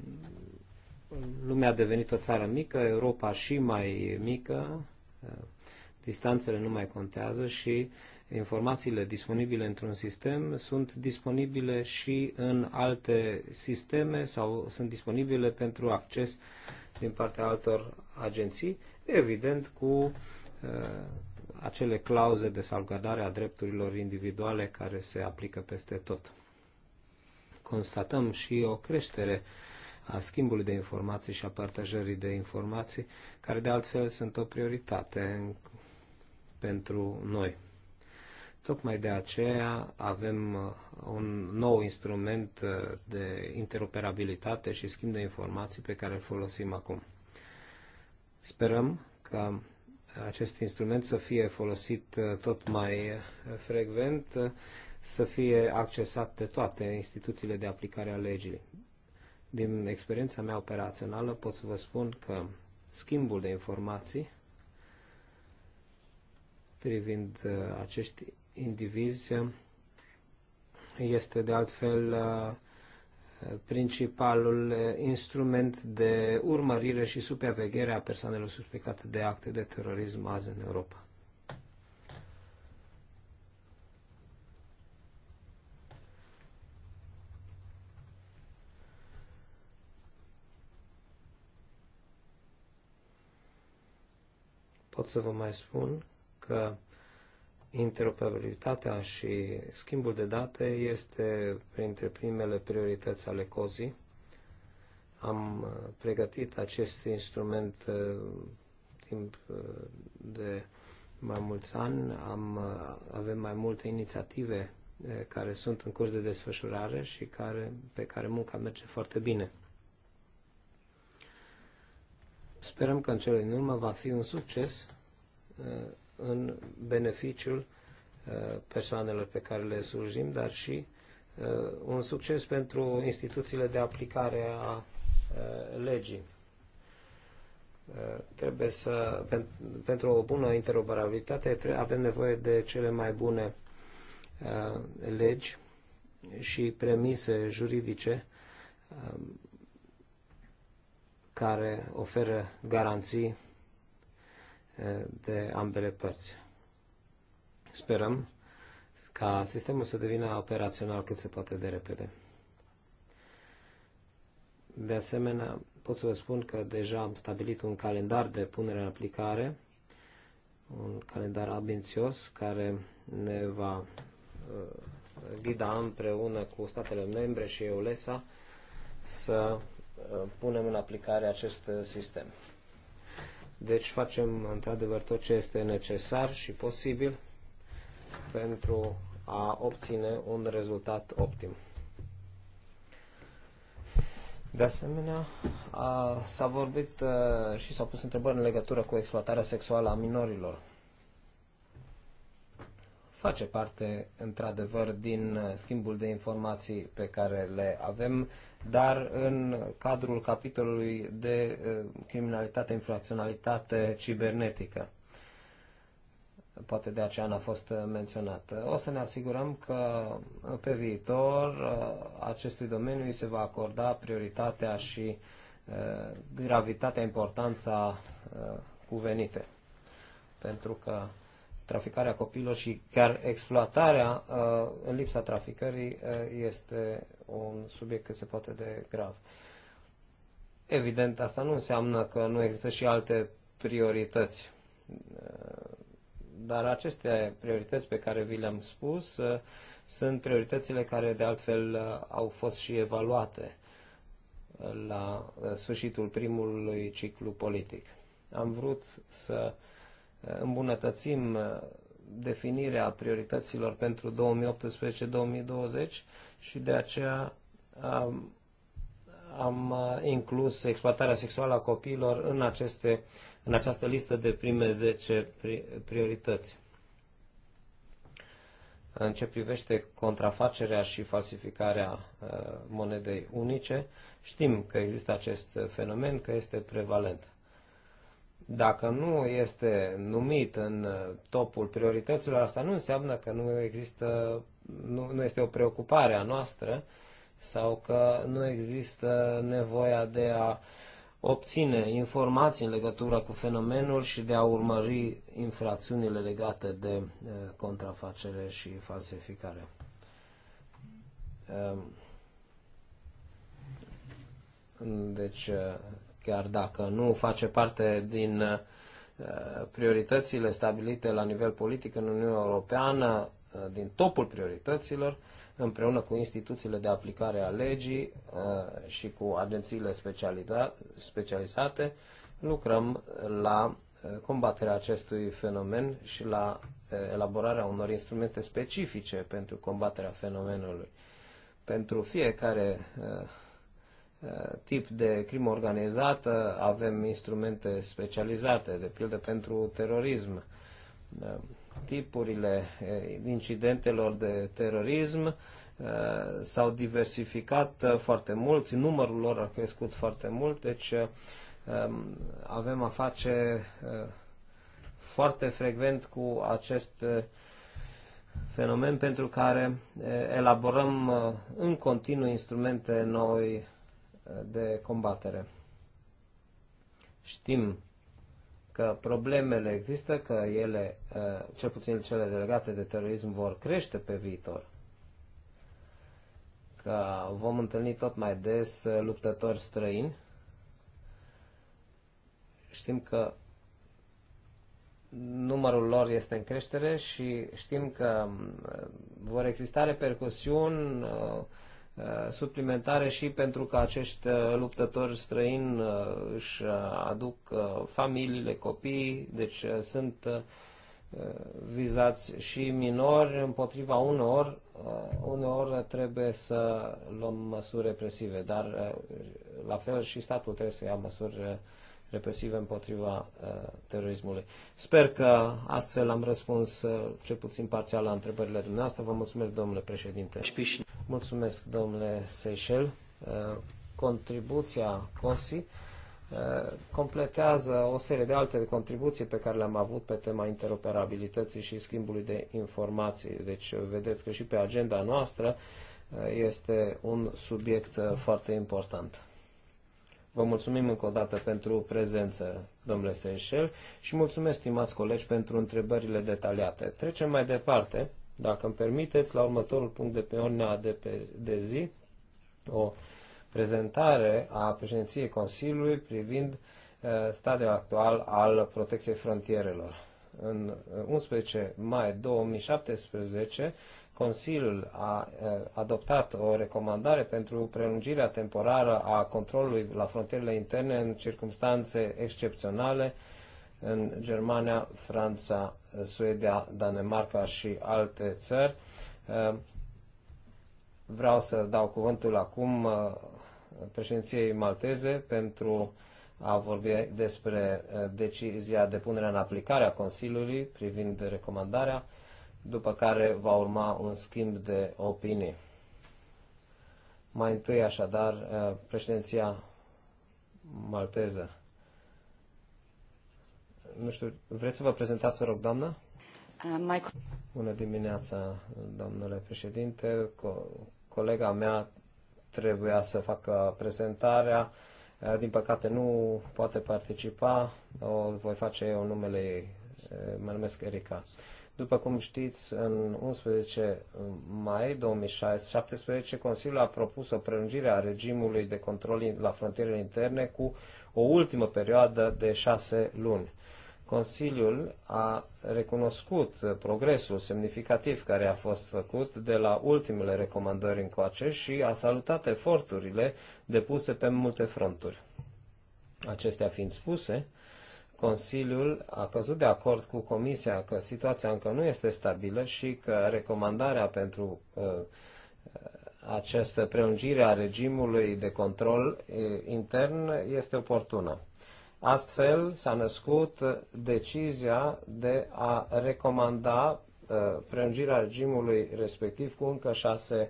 lumea a devenit o țară mică, Europa și mai mică, uh, distanțele nu mai contează și informațiile disponibile într-un sistem sunt disponibile și în alte sisteme sau sunt disponibile pentru acces din partea altor agenții, evident cu Uh, acele clauze de salvgardare a drepturilor individuale care se aplică peste tot. Constatăm și o creștere a schimbului de informații și a partajării de informații, care de altfel sunt o prioritate pentru noi. Tocmai de aceea avem uh, un nou instrument uh, de interoperabilitate și schimb de informații pe care îl folosim acum. Sperăm că acest instrument să fie folosit uh, tot mai uh, frecvent, uh, să fie accesat de toate instituțiile de aplicare a legii. Din experiența mea operațională pot să vă spun că schimbul de informații privind acești indivizi este de altfel principalul eh, instrument de urmărire și supraveghere a persoanelor suspectate de acte de terorism azi în Europa. Pot să vă mai spun că interoperabilitatea și schimbul de date este printre primele priorități ale COZI. Am uh, pregătit acest instrument uh, timp uh, de mai mulți ani. Am, avem mai multe inițiative care sunt în curs de desfășurare și care, pe care munca merge foarte bine. Sperăm că în cele din urmă va fi un succes în beneficiul uh, persoanelor pe care le slujim, dar și uh, un succes pentru instituțiile de aplicare a uh, legii. Trebuie să, pentru o bună interoperabilitate avem nevoie de cele mai bune legi și premise juridice um, care oferă garanții de ambele părți. Sperăm ca sistemul să devină operațional cât se poate de repede. De asemenea, pot să vă spun că deja am stabilit un calendar de punere în aplicare, un calendar ambițios care ne va uh, ghida împreună cu statele membre și EULESA să uh, punem în aplicare acest uh, sistem. Deci facem într-adevăr tot ce este necesar și posibil pentru a obține un rezultat optim. De asemenea, s-a vorbit a, și s-au pus întrebări în legătură cu exploatarea sexuală a minorilor. Face parte, într-adevăr, din schimbul de informații pe care le avem dar în cadrul capitolului de uh, criminalitate, infracționalitate cibernetică. Poate de aceea n-a fost uh, menționată. O să ne asigurăm că uh, pe viitor acestui domeniu îi se va acorda prioritatea și gravitatea, importanța cuvenite. Pentru că traficarea copiilor și chiar exploatarea în lipsa traficării este un subiect cât se poate de grav. Evident, asta nu înseamnă că nu există și alte priorități, eh, dar aceste priorități pe care vi le-am spus eh, sunt prioritățile care de altfel eh, au fost și evaluate la sfârșitul primului ciclu politic. Am vrut să îmbunătățim definirea priorităților pentru 2018-2020 și de aceea am, am uh, inclus exploatarea sexuală a copiilor în, aceste, în această listă de prime 10 priorități. În ce privește contrafacerea și falsificarea uh, monedei unice, știm că există acest fenomen, că este prevalent dacă nu este numit în uh, topul priorităților, asta nu înseamnă că nu există, nu, nu este o preocupare a noastră sau că nu există nevoia de a obține informații în legătură cu fenomenul și de a urmări infracțiunile legate de uh, contrafacere și falsificare. Um, deci, uh, chiar dacă nu face parte din uh, prioritățile stabilite la nivel politic în Uniunea Europeană, uh, din topul priorităților, împreună cu instituțiile de aplicare a legii uh, și cu agențiile specializate, lucrăm la combaterea acestui fenomen și la elaborarea unor instrumente specifice pentru combaterea fenomenului. Pentru fiecare tip de crimă organizată, avem instrumente specializate, de pildă pentru terorism. Tipurile eh, incidentelor de terorism eh, s-au diversificat eh, foarte mult, numărul lor a crescut foarte mult, deci mm, avem a face foarte frecvent cu acest fenomen pentru care elaborăm în continuu instrumente noi de combatere. Știm că problemele există, că ele, uh, cel puțin cele legate de terorism, vor crește pe viitor. Că vom întâlni tot mai des uh, luptători străini. Știm că numărul lor este în creștere și știm că uh, vor exista repercusiuni Uh, suplimentare și pentru că acești uh, luptători străini uh, își aduc familiile, copii, deci sunt vizați și minori împotriva unor, unor trebuie să luăm măsuri represive, dar la fel și statul trebuie să ia măsuri represive împotriva terorismului. Sper că astfel am răspuns cel puțin parțial la întrebările dumneavoastră. Vă mulțumesc, domnule președinte. Mulțumesc, domnule Seychelles. Uh, contribuția COSI uh, completează o serie de alte contribuții pe care le-am avut pe tema interoperabilității și schimbului de informații. Deci vedeți că și pe agenda noastră uh, este un subiect foarte important. Vă mulțumim încă o dată pentru prezență, domnule Seychelles, și mulțumesc, stimați colegi, pentru întrebările detaliate. Trecem mai departe dacă îmi permiteți, la următorul punct de pe ordinea de, pe, de zi, o prezentare a președinției Consiliului privind uh, stadiul actual al protecției frontierelor. În 11 uh, mai 2017, Consiliul a uh, adoptat o recomandare pentru prelungirea temporară a controlului la frontierele interne în circunstanțe excepționale uh, în Germania, Franța, Suedia, Danemarca și alte țări. Uh, vreau să dau cuvântul acum uh, președinției malteze pentru a vorbi despre uh, decizia de punere în aplicare a Consiliului privind recomandarea, după care va urma un schimb de opinii. Mai întâi, așadar, președinția malteză nu știu, vreți să vă prezentați, vă rog, doamnă? Uh, Bună dimineața, domnule președinte. Co- colega mea trebuia să facă prezentarea. Uh, din păcate nu poate participa. O voi face eu numele ei. Uh, mă numesc Erica. După cum știți, în 11 mai 2017, Consiliul a propus o prelungire a regimului de control la frontierele interne cu o ultimă perioadă de șase luni. Consiliul a recunoscut progresul semnificativ care a fost făcut de la ultimele recomandări încoace și a salutat eforturile depuse pe multe fronturi. Acestea fiind spuse, Consiliul a căzut de acord cu Comisia că situația încă nu este stabilă și că recomandarea pentru uh, această prelungire a regimului de control uh, intern este oportună. Astfel s-a născut uh, decizia de a recomanda uh, prelungirea regimului respectiv cu încă șase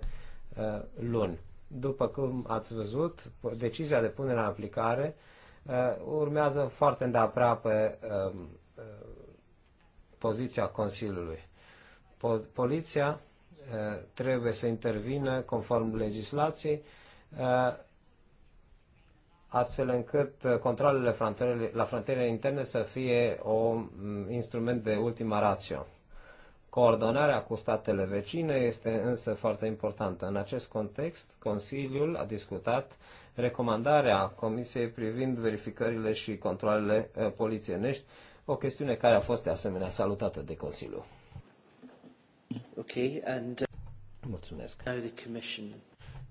uh, luni. După cum ați văzut, decizia de punere în aplicare urmează foarte îndeaproape um, poziția Consiliului. Poliția trebuie să intervină conform legislației astfel încât uh, controlele la frontierele interne să fie un mm, instrument de ultima rațiune. Coordonarea cu statele vecine este însă foarte importantă. În acest context, Consiliul a discutat recomandarea Comisiei privind verificările și controlele uh, polițienești, o chestiune care a fost de asemenea salutată de Consiliu. Okay, and, uh, Mulțumesc. Now the commission.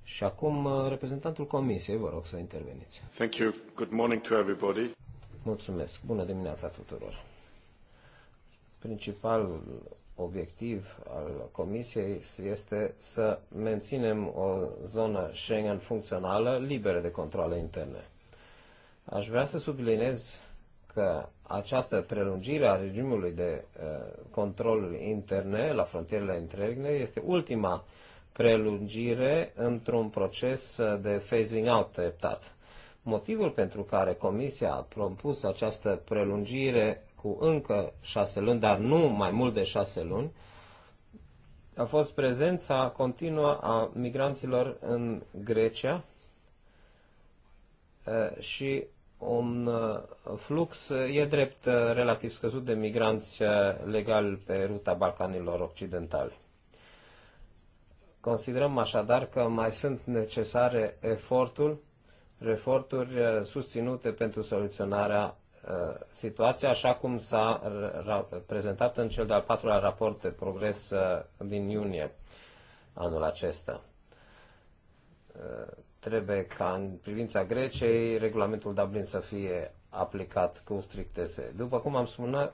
Și acum uh, reprezentantul Comisiei, vă rog să interveniți. Thank you. Good morning to everybody. Mulțumesc. Bună dimineața tuturor. Principalul obiectiv al Comisiei este să menținem o zonă Schengen funcțională, liberă de controle interne. Aș vrea să subliniez că această prelungire a regimului de uh, control interne la frontierele interne este ultima uh, prelungire într-un proces de phasing out treptat. Motivul pentru care Comisia a propus această prelungire cu încă șase luni, dar nu mai mult de șase luni, a fost prezența continuă a migranților în Grecia eh, și un eh, flux eh, e drept relativ scăzut de migranți legal pe ruta Balcanilor Occidentale. Considerăm așadar că mai sunt necesare efortul, eforturi uh, susținute pentru soluționarea uh, situației, așa cum s-a prezentat în cel de-al patrulea raport de progres uh, din iunie anul acesta. Trebuie ca în privința Greciei regulamentul Dublin să fie aplicat cu strictese. După cum am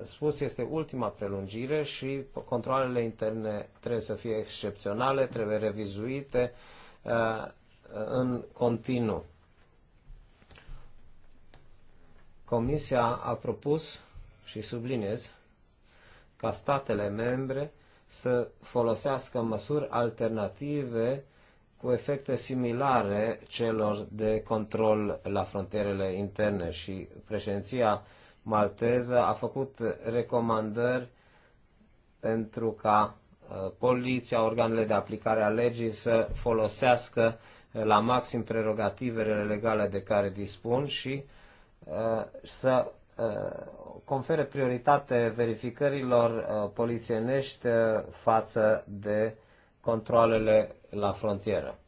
spus, este ultima prelungire și controlele interne trebuie să fie excepționale, trebuie revizuite uh, în continuu. Comisia a propus și subliniez ca statele membre să folosească măsuri alternative cu efecte similare celor de control la frontierele interne și președinția malteză a făcut recomandări pentru ca uh, poliția, organele de aplicare a legii să folosească uh, la maxim prerogativele legale de care dispun și uh, să confere prioritate verificărilor polițienești față de controlele la frontieră.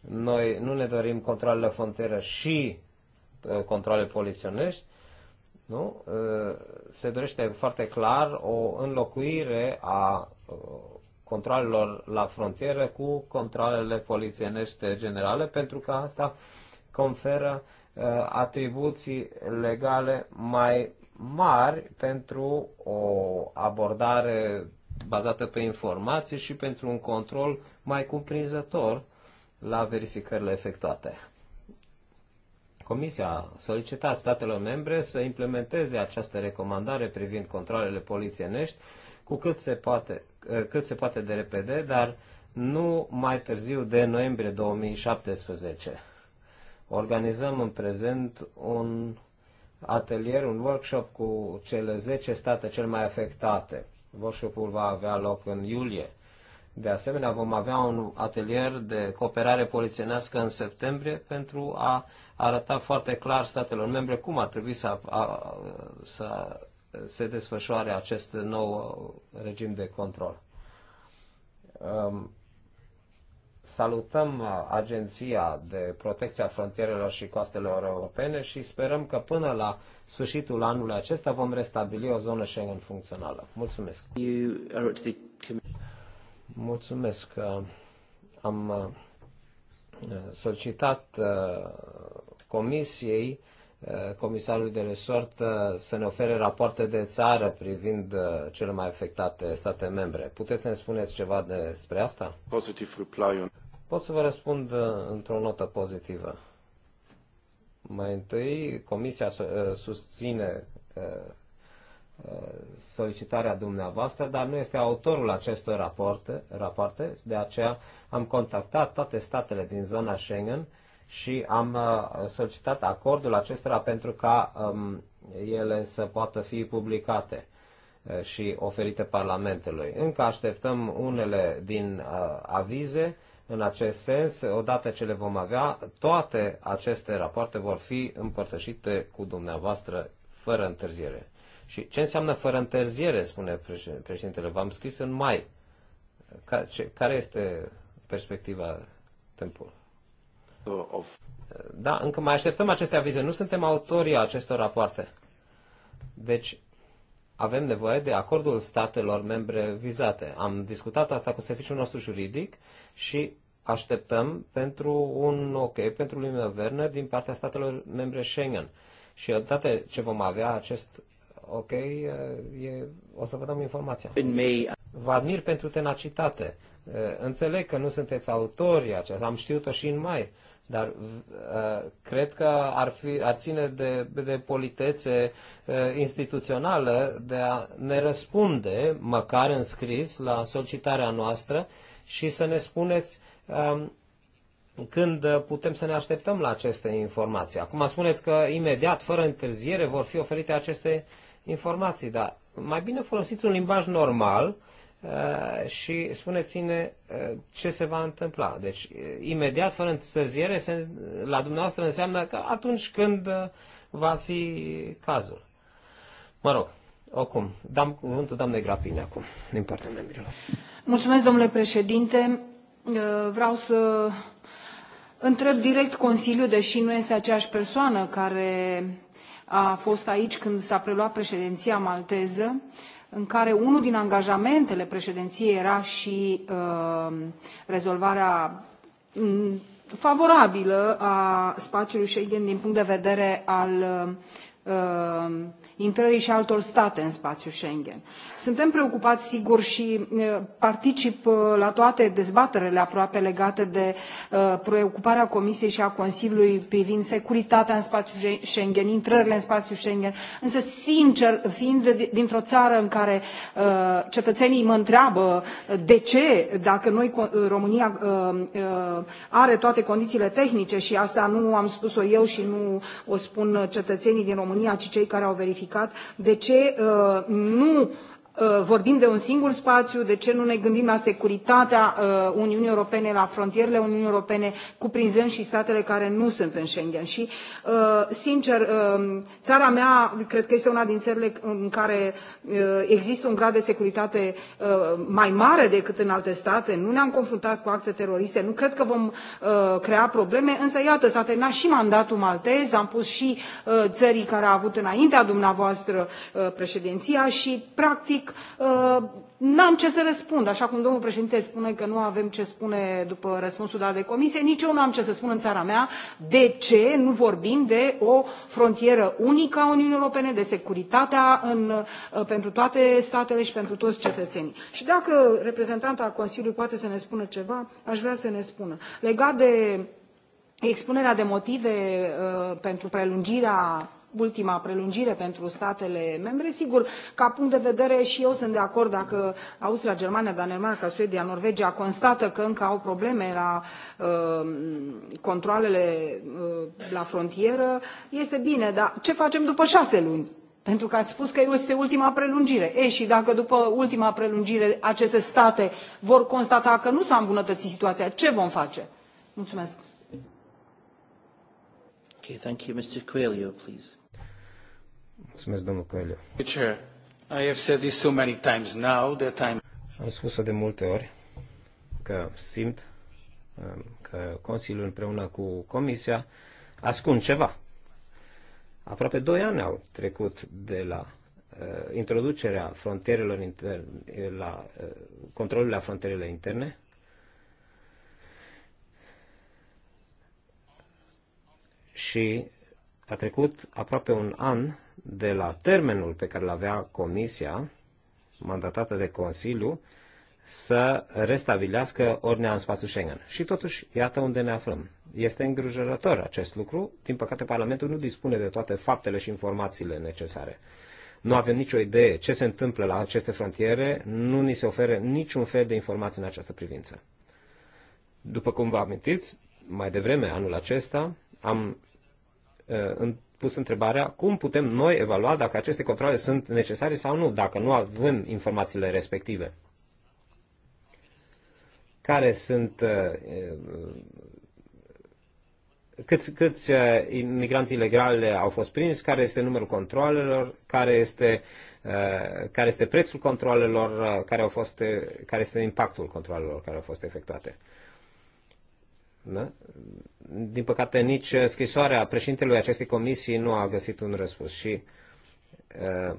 Noi nu ne dorim la frontieră și uh, controle poliționești, nu? Uh, se dorește foarte clar o înlocuire a uh, controlelor la frontieră cu controlele polițienești generale, pentru că asta conferă atribuții legale mai mari pentru o abordare bazată pe informații și pentru un control mai cuprinzător la verificările efectuate. Comisia a solicitat statelor membre să implementeze această recomandare privind controlele polițienești cu cât se poate, eh, cât se poate de repede, dar nu mai târziu de noiembrie 2017. Organizăm în prezent un atelier, un workshop cu cele 10 state cel mai afectate workshop-ul va avea loc în iulie. De asemenea, vom avea un atelier de cooperare polițienească în septembrie pentru a arăta foarte clar statelor membre cum ar trebui să, a, să se desfășoare acest nou regim de control. Um, Salutăm uh, Agenția de Protecție a Frontierelor și Coastelor Europene și sperăm că până la sfârșitul anului acesta vom restabili o zonă Schengen funcțională. Mulțumesc! Mulțumesc! Uh, am uh, solicitat Comisiei Eh, comisarului de resort eh, să ne ofere rapoarte de țară privind eh, cele mai afectate state membre. Puteți să ne spuneți ceva despre asta? Positive reply Pot să vă răspund într-o notă pozitivă. Mai întâi, Comisia susține solicitarea dumneavoastră, dar nu este autorul acestor rapoarte, rapoarte, de aceea am contactat toate statele din zona Schengen și am uh, solicitat acordul acestora pentru ca um, ele să poată fi publicate uh, și oferite Parlamentului. Încă așteptăm unele din uh, avize în acest sens. Odată ce le vom avea, toate aceste rapoarte vor fi împărtășite cu dumneavoastră fără întârziere. Și ce înseamnă fără întârziere, spune președintele? V-am scris în mai. Care este perspectiva temporală? of... Da, încă mai așteptăm aceste avize. Nu suntem autorii acestor rapoarte. Deci, avem nevoie de acordul statelor membre vizate. Am discutat asta cu serviciul nostru juridic și așteptăm pentru un ok, pentru lumea vernă din partea statelor membre Schengen. Și odată ce vom avea acest ok, e, o să vă dăm informația. Vă admir pentru tenacitate. Înțeleg că nu sunteți autori aceasta, am știut-o și în mai, dar uh, cred că ar, fi, ar ține de, de politețe uh, instituțională de a ne răspunde, măcar în scris, la solicitarea noastră și să ne spuneți uh, când putem să ne așteptăm la aceste informații. Acum spuneți că imediat, fără întârziere, vor fi oferite aceste informații, dar mai bine folosiți un limbaj normal uh, Uh, și spuneți-ne uh, ce se va întâmpla. Deci, uh, imediat, fără întârziere, se, la dumneavoastră înseamnă că atunci când va fi cazul. Mă rog, oricum, dam cuvântul doamnei Grapini acum, din partea membrilor. Mulțumesc, domnule președinte. Vreau să întreb direct Consiliul, deși nu este aceeași persoană care a fost aici când s-a preluat președinția malteză, uh, în care unul din angajamentele președinției era și uh, rezolvarea mm, favorabilă a spațiului Schengen din punct de vedere al uh, intrării și altor state în spațiul Schengen. Suntem preocupați, sigur, și particip la toate dezbaterile aproape legate de preocuparea Comisiei și a Consiliului privind securitatea în spațiul Schengen, intrările în spațiul Schengen. Însă, sincer, fiind dintr-o țară în care cetățenii mă întreabă de ce, dacă noi, România, are toate condițiile tehnice și asta nu am spus-o eu și nu o spun cetățenii din România, ci cei care au verificat, de ce nu Uh, vorbim de un singur spațiu de ce nu ne gândim la securitatea uh, uniunii europene la frontierele uniunii europene cuprinzând și statele care nu sunt în schengen și uh, sincer țara mea cred că este una din țările în care există un grad de securitate mai mare decât în alte state nu ne am confruntat cu acte teroriste nu cred că vom crea probleme însă iată s a terminat și mandatul maltez am pus și țării care au avut înaintea dumneavoastră președinția și practic practic uh, nu am ce să răspund așa cum domnul președinte spune că nu avem ce spune după răspunsul dat de comisie nici eu nu am ce să spun în țara mea de ce nu vorbim de o frontieră unică a uniunii europene de securitatea în, uh, pentru toate statele și pentru toți cetățenii. și dacă reprezentanta consiliului poate să ne spună ceva aș vrea să ne spună legat de expunerea de motive uh, pentru prelungirea ultima prelungire pentru statele membre. Sigur, ca punct de vedere și eu sunt de acord dacă Austria, Germania, Danemarca, Suedia, Norvegia constată că încă au probleme la uh, controlele uh, la frontieră, este bine, dar ce facem după șase luni? Pentru că ați spus că este ultima prelungire. E, și dacă după ultima prelungire aceste state vor constata că nu s-a îmbunătățit situația, ce vom face? Mulțumesc. Okay, thank you. Mr. Coelho, please. Mulțumesc, domnul Coelho. Am spus-o de multe ori că simt um, că Consiliul împreună cu Comisia ascund ceva. Aproape doi ani au trecut de la uh, introducerea frontierelor interne, la uh, controlul la frontierele interne. Și a trecut aproape un an de la termenul pe care îl avea Comisia, mandatată de Consiliu, să restabilească ordinea în spațiul Schengen. Și totuși, iată unde ne aflăm. Este îngrijorător acest lucru. Din păcate, Parlamentul nu dispune de toate faptele și informațiile necesare. Nu avem nicio idee ce se întâmplă la aceste frontiere, nu ni se oferă niciun fel de informații în această privință. După cum vă amintiți, mai devreme anul acesta am uh, pus întrebarea cum putem noi evalua dacă aceste controle sunt necesare sau nu, dacă nu avem informațiile respective. Care sunt uh, uh, câți, câți uh, imigranți ilegali au fost prinși, care este numărul controlelor, care este, care este prețul controlelor, care, au fost, care este impactul controlelor care au fost efectuate. Da? Din păcate, nici scrisoarea președintelui acestei comisii nu a găsit un răspuns și uh,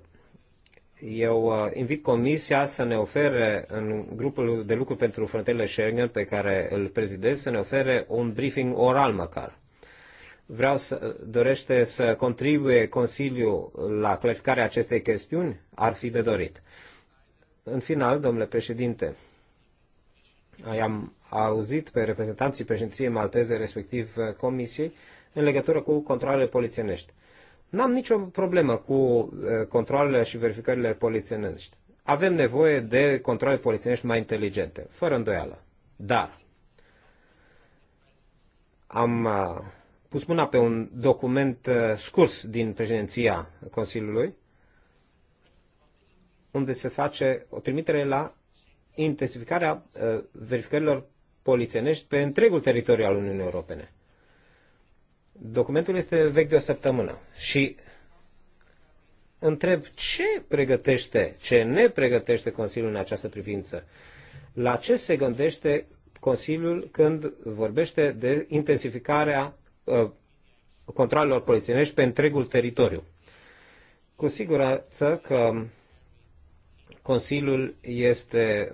eu uh, invit Comisia să ne ofere în grupul de lucru pentru frontierele Schengen pe care îl prezidez, să ne ofere un briefing oral măcar. Vreau să dorește să contribuie Consiliul la clarificarea acestei chestiuni? Ar fi de dorit. În final, domnule președinte, am, auzit pe reprezentanții președinției malteze, respectiv uh, comisiei, în legătură cu controlele polițienești. N-am nicio problemă cu uh, controlele și verificările polițienești. Avem nevoie de controle polițienești mai inteligente, fără îndoială. Dar am uh, pus mâna pe un document scurs din președinția Consiliului, unde se face o trimitere la intensificarea verificărilor polițenești pe întregul teritoriu al Uniunii Europene. Documentul este vechi de o săptămână și întreb ce pregătește, ce ne pregătește Consiliul în această privință. La ce se gândește Consiliul când vorbește de intensificarea uh, controlelor polițienești pe întregul teritoriu? Cu siguranță că Consiliul este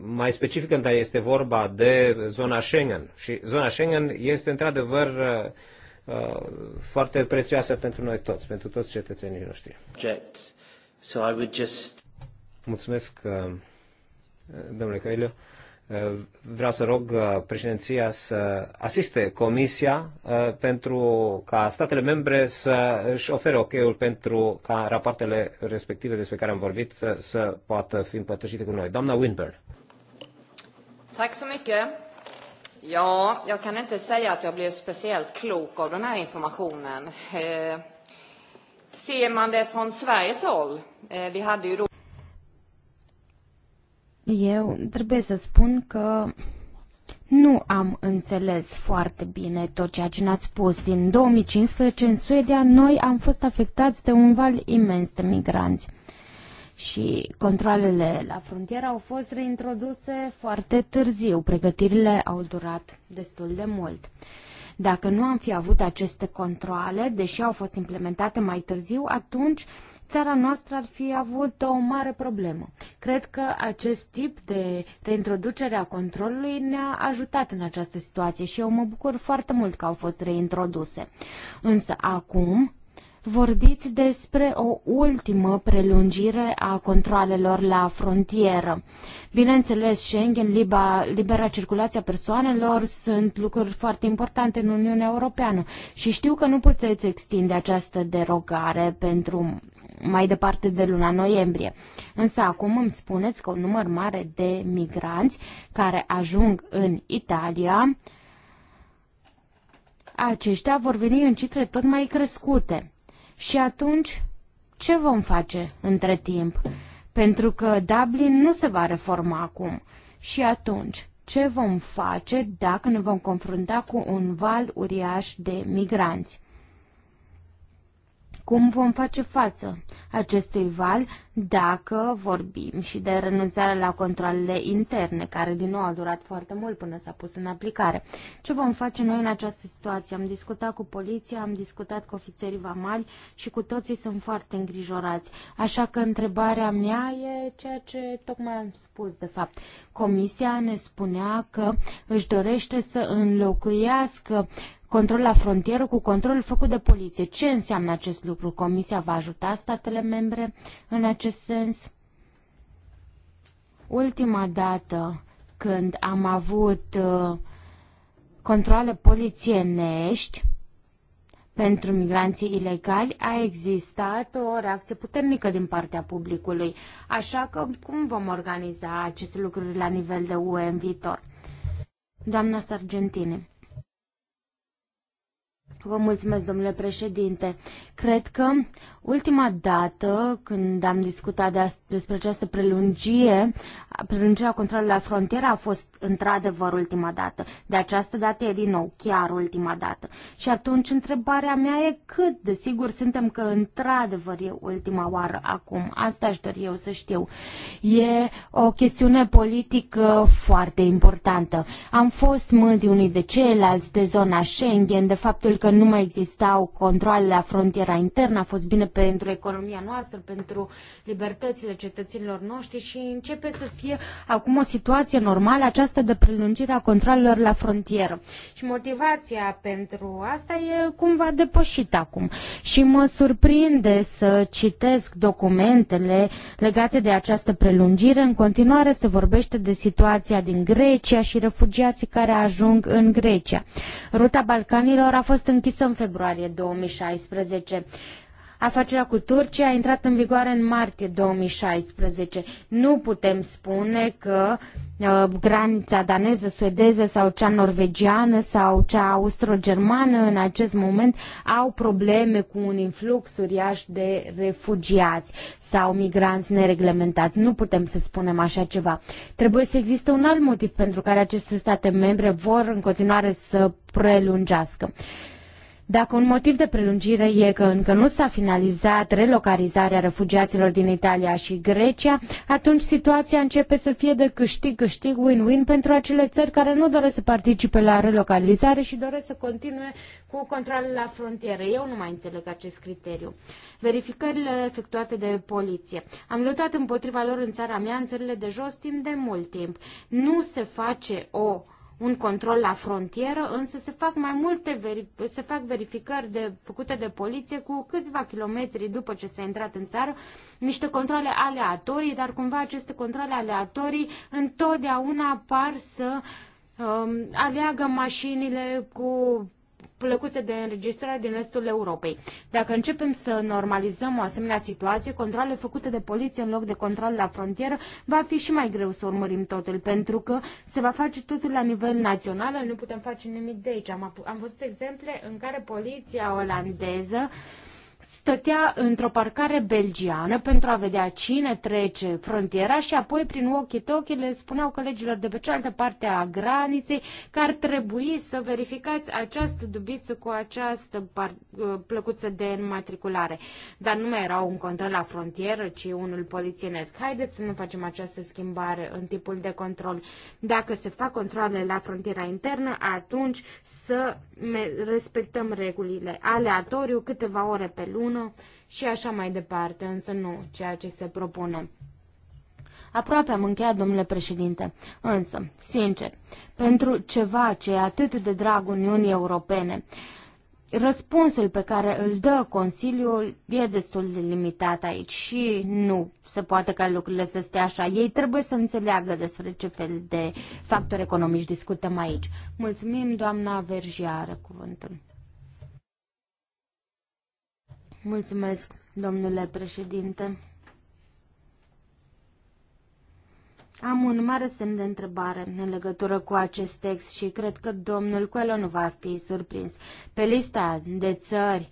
mai specific când este vorba de zona Schengen. Și zona Schengen este într-adevăr uh, uh, foarte prețioasă pentru noi toți, pentru toți cetățenii noștri. So I would just... Mulțumesc, uh, domnule Căilă vreau să rog uh, președinția să asiste Comisia uh, pentru ca statele membre să își ofere ok-ul pentru ca rapoartele respective despre care am vorbit să, uh, să poată fi împărtășite cu noi. Doamna Winburn. Tack så mycket. Ja, jag kan inte säga att jag blev speciellt klok av den här informationen. Eh, ser man det från Sveriges håll, eh, vi hade ju då eu trebuie să spun că nu am înțeles foarte bine tot ceea ce ne-ați spus. Din 2015 în Suedia noi am fost afectați de un val imens de migranți și controlele la frontieră au fost reintroduse foarte târziu. Pregătirile au durat destul de mult. Dacă nu am fi avut aceste controle, deși au fost implementate mai târziu, atunci țara noastră ar fi avut o mare problemă. Cred că acest tip de reintroducere a controlului ne-a ajutat în această situație și eu mă bucur foarte mult că au fost reintroduse. Însă acum vorbiți despre o ultimă prelungire a controalelor la frontieră. Bineînțeles, Schengen, liba, libera circulația persoanelor sunt lucruri foarte importante în Uniunea Europeană și știu că nu puteți extinde această derogare pentru mai departe de luna noiembrie. Însă acum îmi spuneți că un număr mare de migranți care ajung în Italia, aceștia vor veni în cifre tot mai crescute. Și atunci, ce vom face între timp? Pentru că Dublin nu se va reforma acum. Și atunci, ce vom face dacă ne vom confrunta cu un val uriaș de migranți? Cum vom face față acestui val dacă vorbim și de renunțarea la controlele interne, care din nou a durat foarte mult până s-a pus în aplicare? Ce vom face noi în această situație? Am discutat cu poliția, am discutat cu ofițerii vamali și cu toții sunt foarte îngrijorați. Așa că întrebarea mea e ceea ce tocmai am spus, de fapt. Comisia ne spunea că își dorește să înlocuiască control la frontieră cu control făcut de poliție. Ce înseamnă acest lucru? Comisia va ajuta statele membre în acest sens? Ultima dată când am avut uh, controle polițienești pentru migranții ilegali, a existat o reacție puternică din partea publicului. Așa că cum vom organiza aceste lucruri la nivel de UE în viitor? Doamna Sargentine. Vă mulțumesc, domnule președinte. Cred că Ultima dată când am discutat de despre această prelungire, prelungirea controlului la frontieră a fost într-adevăr ultima dată. De această dată e din nou chiar ultima dată. Și atunci întrebarea mea e cât de sigur suntem că într-adevăr e ultima oară acum. Asta aș dori eu să știu. E o chestiune politică foarte importantă. Am fost mândri unii de ceilalți, de zona Schengen, de faptul că nu mai existau controle la frontiera internă, a fost bine pentru economia noastră, pentru libertățile cetățenilor noștri și începe să fie acum o situație normală aceasta de prelungire a controlelor la frontieră. Și motivația pentru asta e cumva depășită acum. Și mă surprinde să citesc documentele legate de această prelungire. În continuare se vorbește de situația din Grecia și refugiații care ajung în Grecia. Ruta Balcanilor a fost închisă în februarie 2016. Afacerea cu Turcia a intrat în vigoare în martie 2016. Nu putem spune că uh, granița daneză, suedeză sau cea norvegiană sau cea austro-germană în acest moment au probleme cu un influx uriaș de refugiați sau migranți nereglementați. Nu putem să spunem așa ceva. Trebuie să existe un alt motiv pentru care aceste state membre vor în continuare să prelungească. Dacă un motiv de prelungire e că încă nu s-a finalizat relocalizarea refugiaților din Italia și Grecia, atunci situația începe să fie de câștig-câștig win-win pentru acele țări care nu doresc să participe la relocalizare și doresc să continue cu controlul la frontieră. Eu nu mai înțeleg acest criteriu. Verificările efectuate de poliție. Am luptat împotriva lor în țara mea, în țările de jos, timp de mult timp. Nu se face o un control la frontieră, însă se fac mai multe veri- se fac verificări de, făcute de poliție cu câțiva kilometri după ce s-a intrat în țară, niște controle aleatorii, dar cumva aceste controle aleatorii întotdeauna par să um, aleagă mașinile cu plăcuțe de înregistrare din estul Europei. Dacă începem să normalizăm o asemenea situație, controle făcute de poliție în loc de control la frontieră, va fi și mai greu să urmărim totul, pentru că se va face totul la nivel național, nu putem face nimic de aici. Am, am văzut exemple în care poliția olandeză uh, stătea într-o parcare belgiană pentru a vedea cine trece frontiera și apoi prin ochii talkie le spuneau colegilor de pe cealaltă parte a graniței că ar trebui să verificați această dubiță cu această uh, plăcuță de înmatriculare. Dar nu mai era un control la frontieră, ci unul polițienesc. Haideți să nu facem această schimbare în tipul de control. Dacă se fac controle la frontiera internă, atunci să respectăm regulile aleatoriu câteva ore pe lună lună și așa mai departe, însă nu ceea ce se propune. Aproape am încheiat, domnule președinte, însă, sincer, pentru ceva ce e atât de drag Uniunii Europene, răspunsul pe care îl dă Consiliul e destul de limitat aici și nu se poate ca lucrurile să stea așa. Ei trebuie să înțeleagă despre ce fel de factori economici discutăm aici. Mulțumim, doamna Vergiară, cuvântul. Mulțumesc, domnule președinte. Am un mare semn de întrebare în legătură cu acest text și cred că domnul Coelho nu va fi surprins. Pe lista de țări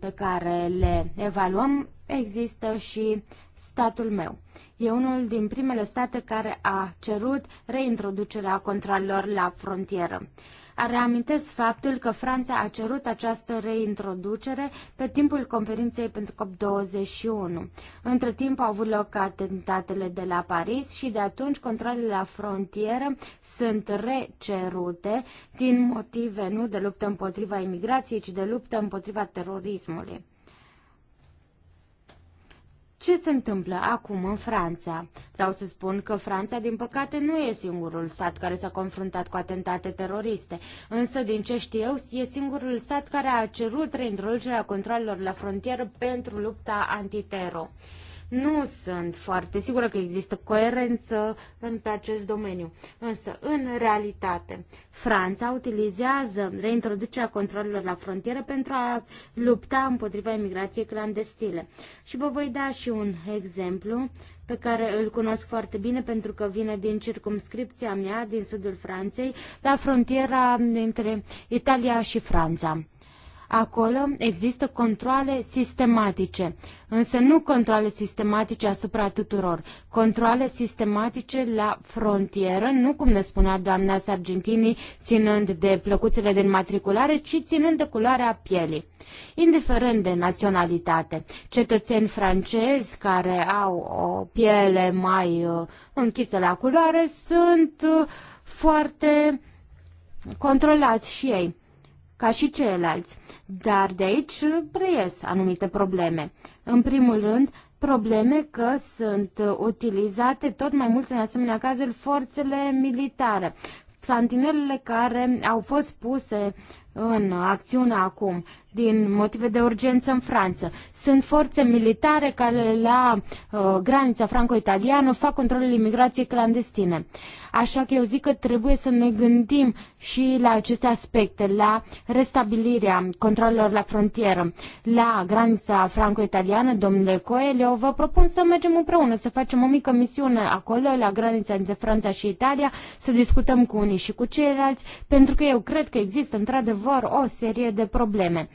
pe care le evaluăm există și statul meu. E unul din primele state care a cerut reintroducerea controlelor la frontieră. Reamintesc faptul că Franța a cerut această reintroducere pe timpul conferinței pentru COP21. Între timp au avut loc atentatele de la Paris și de atunci controlele la frontieră sunt recerute din motive nu de luptă împotriva imigrației, ci de luptă împotriva terorismului. Ce se întâmplă acum în Franța? Vreau să spun că Franța, din păcate, nu e singurul stat care s-a confruntat cu atentate teroriste, însă, din ce știu eu, e singurul stat care a cerut reintroducerea controlelor la frontieră pentru lupta antitero. Nu sunt foarte sigură că există coerență în pe acest domeniu. Însă, în realitate, Franța utilizează reintroducerea controlelor la frontieră pentru a lupta împotriva imigrației clandestine. Și vă voi da și un exemplu pe care îl cunosc foarte bine pentru că vine din circumscripția mea, din sudul Franței, la frontiera dintre Italia și Franța. Acolo există controle sistematice, însă nu controle sistematice asupra tuturor, controle sistematice la frontieră, nu cum ne spunea doamna Sargentini, ținând de plăcuțele de înmatriculare, ci ținând de culoarea pielii. Indiferent de naționalitate, cetățeni francezi care au o piele mai uh, închisă la culoare sunt uh, foarte controlați și ei ca și ceilalți, dar de aici preies anumite probleme. În primul rând, probleme că sunt utilizate tot mai mult în asemenea cazuri forțele militare, santinelele care au fost puse în acțiune acum, din motive de urgență în Franța. Sunt forțe militare care la uh, granița franco-italiană fac controlul imigrației clandestine. Așa că eu zic că trebuie să ne gândim și la aceste aspecte, la restabilirea controlelor la frontieră, la granița franco-italiană, domnule Coelho, vă propun să mergem împreună, să facem o mică misiune acolo, la granița între Franța și Italia, să discutăm cu unii și cu ceilalți, pentru că eu cred că există într-adevăr într-adevăr o serie de probleme.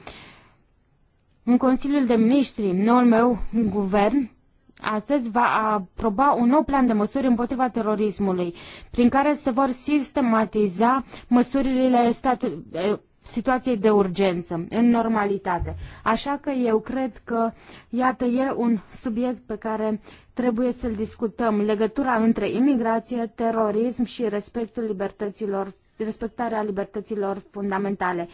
În Consiliul de Ministri, noul meu guvern, astăzi va aproba un nou plan de măsuri împotriva terorismului, prin care se vor sistematiza măsurile statu- eh, situației de urgență, în normalitate. Așa că eu cred că, iată, e un subiect pe care trebuie să-l discutăm, legătura între imigrație, terorism și respectul libertăților respectarea libertăților fundamentale.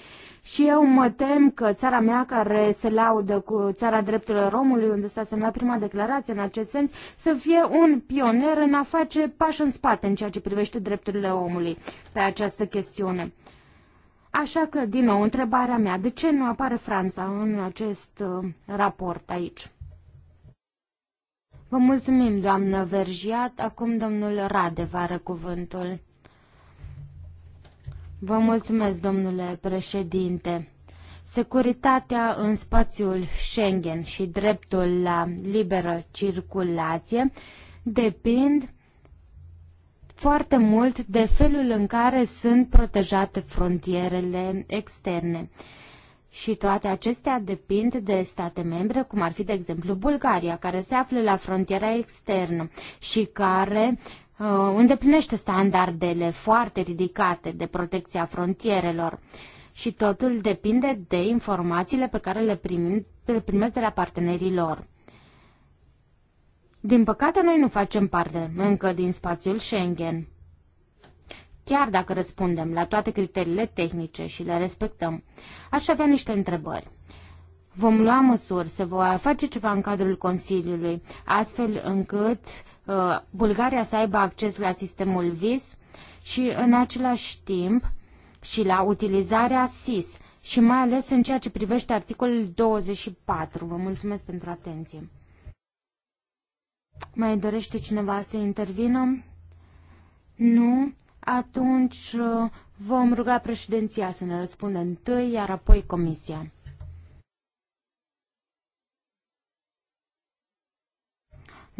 Și eu mă tem că țara mea, care se laudă cu țara drepturilor omului, unde s-a semnat prima declarație în acest sens, să fie un pionier în a face pași în spate în ceea ce privește drepturile omului pe această chestiune. Așa că, din nou, întrebarea mea, de ce nu apare Franța în acest uh, raport aici? Vă mulțumim, doamnă Vergiat. Acum domnul Rade vă are cuvântul. Vă mulțumesc, domnule președinte. Securitatea în spațiul Schengen și dreptul la liberă circulație depind foarte mult de felul în care sunt protejate frontierele externe. Și toate acestea depind de state membre, cum ar fi, de exemplu, Bulgaria, care se află la frontiera externă și care uh, Uh, îndeplinește standardele foarte ridicate de protecția frontierelor și totul depinde de informațiile pe care le, primim, le primesc de la partenerii lor. Din păcate, noi nu facem parte încă din spațiul Schengen. Chiar dacă răspundem la toate criteriile tehnice și le respectăm, aș avea niște întrebări. Vom lua măsuri, se va face ceva în cadrul Consiliului, astfel încât uh, Uh, Bulgaria să aibă acces la sistemul VIS și în același timp și la utilizarea SIS și mai ales în ceea ce privește articolul 24. Vă mulțumesc pentru atenție. Mai dorește cineva să intervină? Nu? Atunci uh, vom ruga președinția să ne răspundă întâi, iar apoi comisia.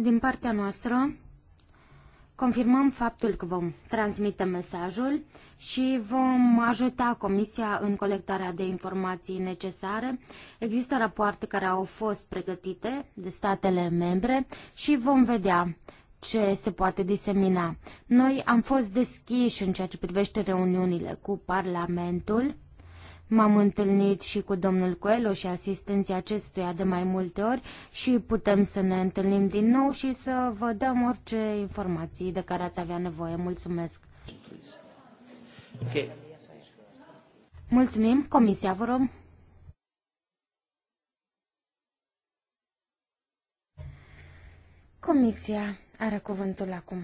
Din partea noastră, confirmăm faptul că vom transmite mesajul și vom ajuta Comisia în colectarea de informații necesare. Există rapoarte care au fost pregătite de statele membre și vom vedea ce se poate disemina. Noi am fost deschiși în ceea ce privește reuniunile cu Parlamentul M-am întâlnit și cu domnul Coelho și asistenții acestuia de mai multe ori și putem să ne întâlnim din nou și să vă dăm orice informații de care ați avea nevoie. Mulțumesc! Okay. Mulțumim, Comisia, vă rog. Comisia are cuvântul acum.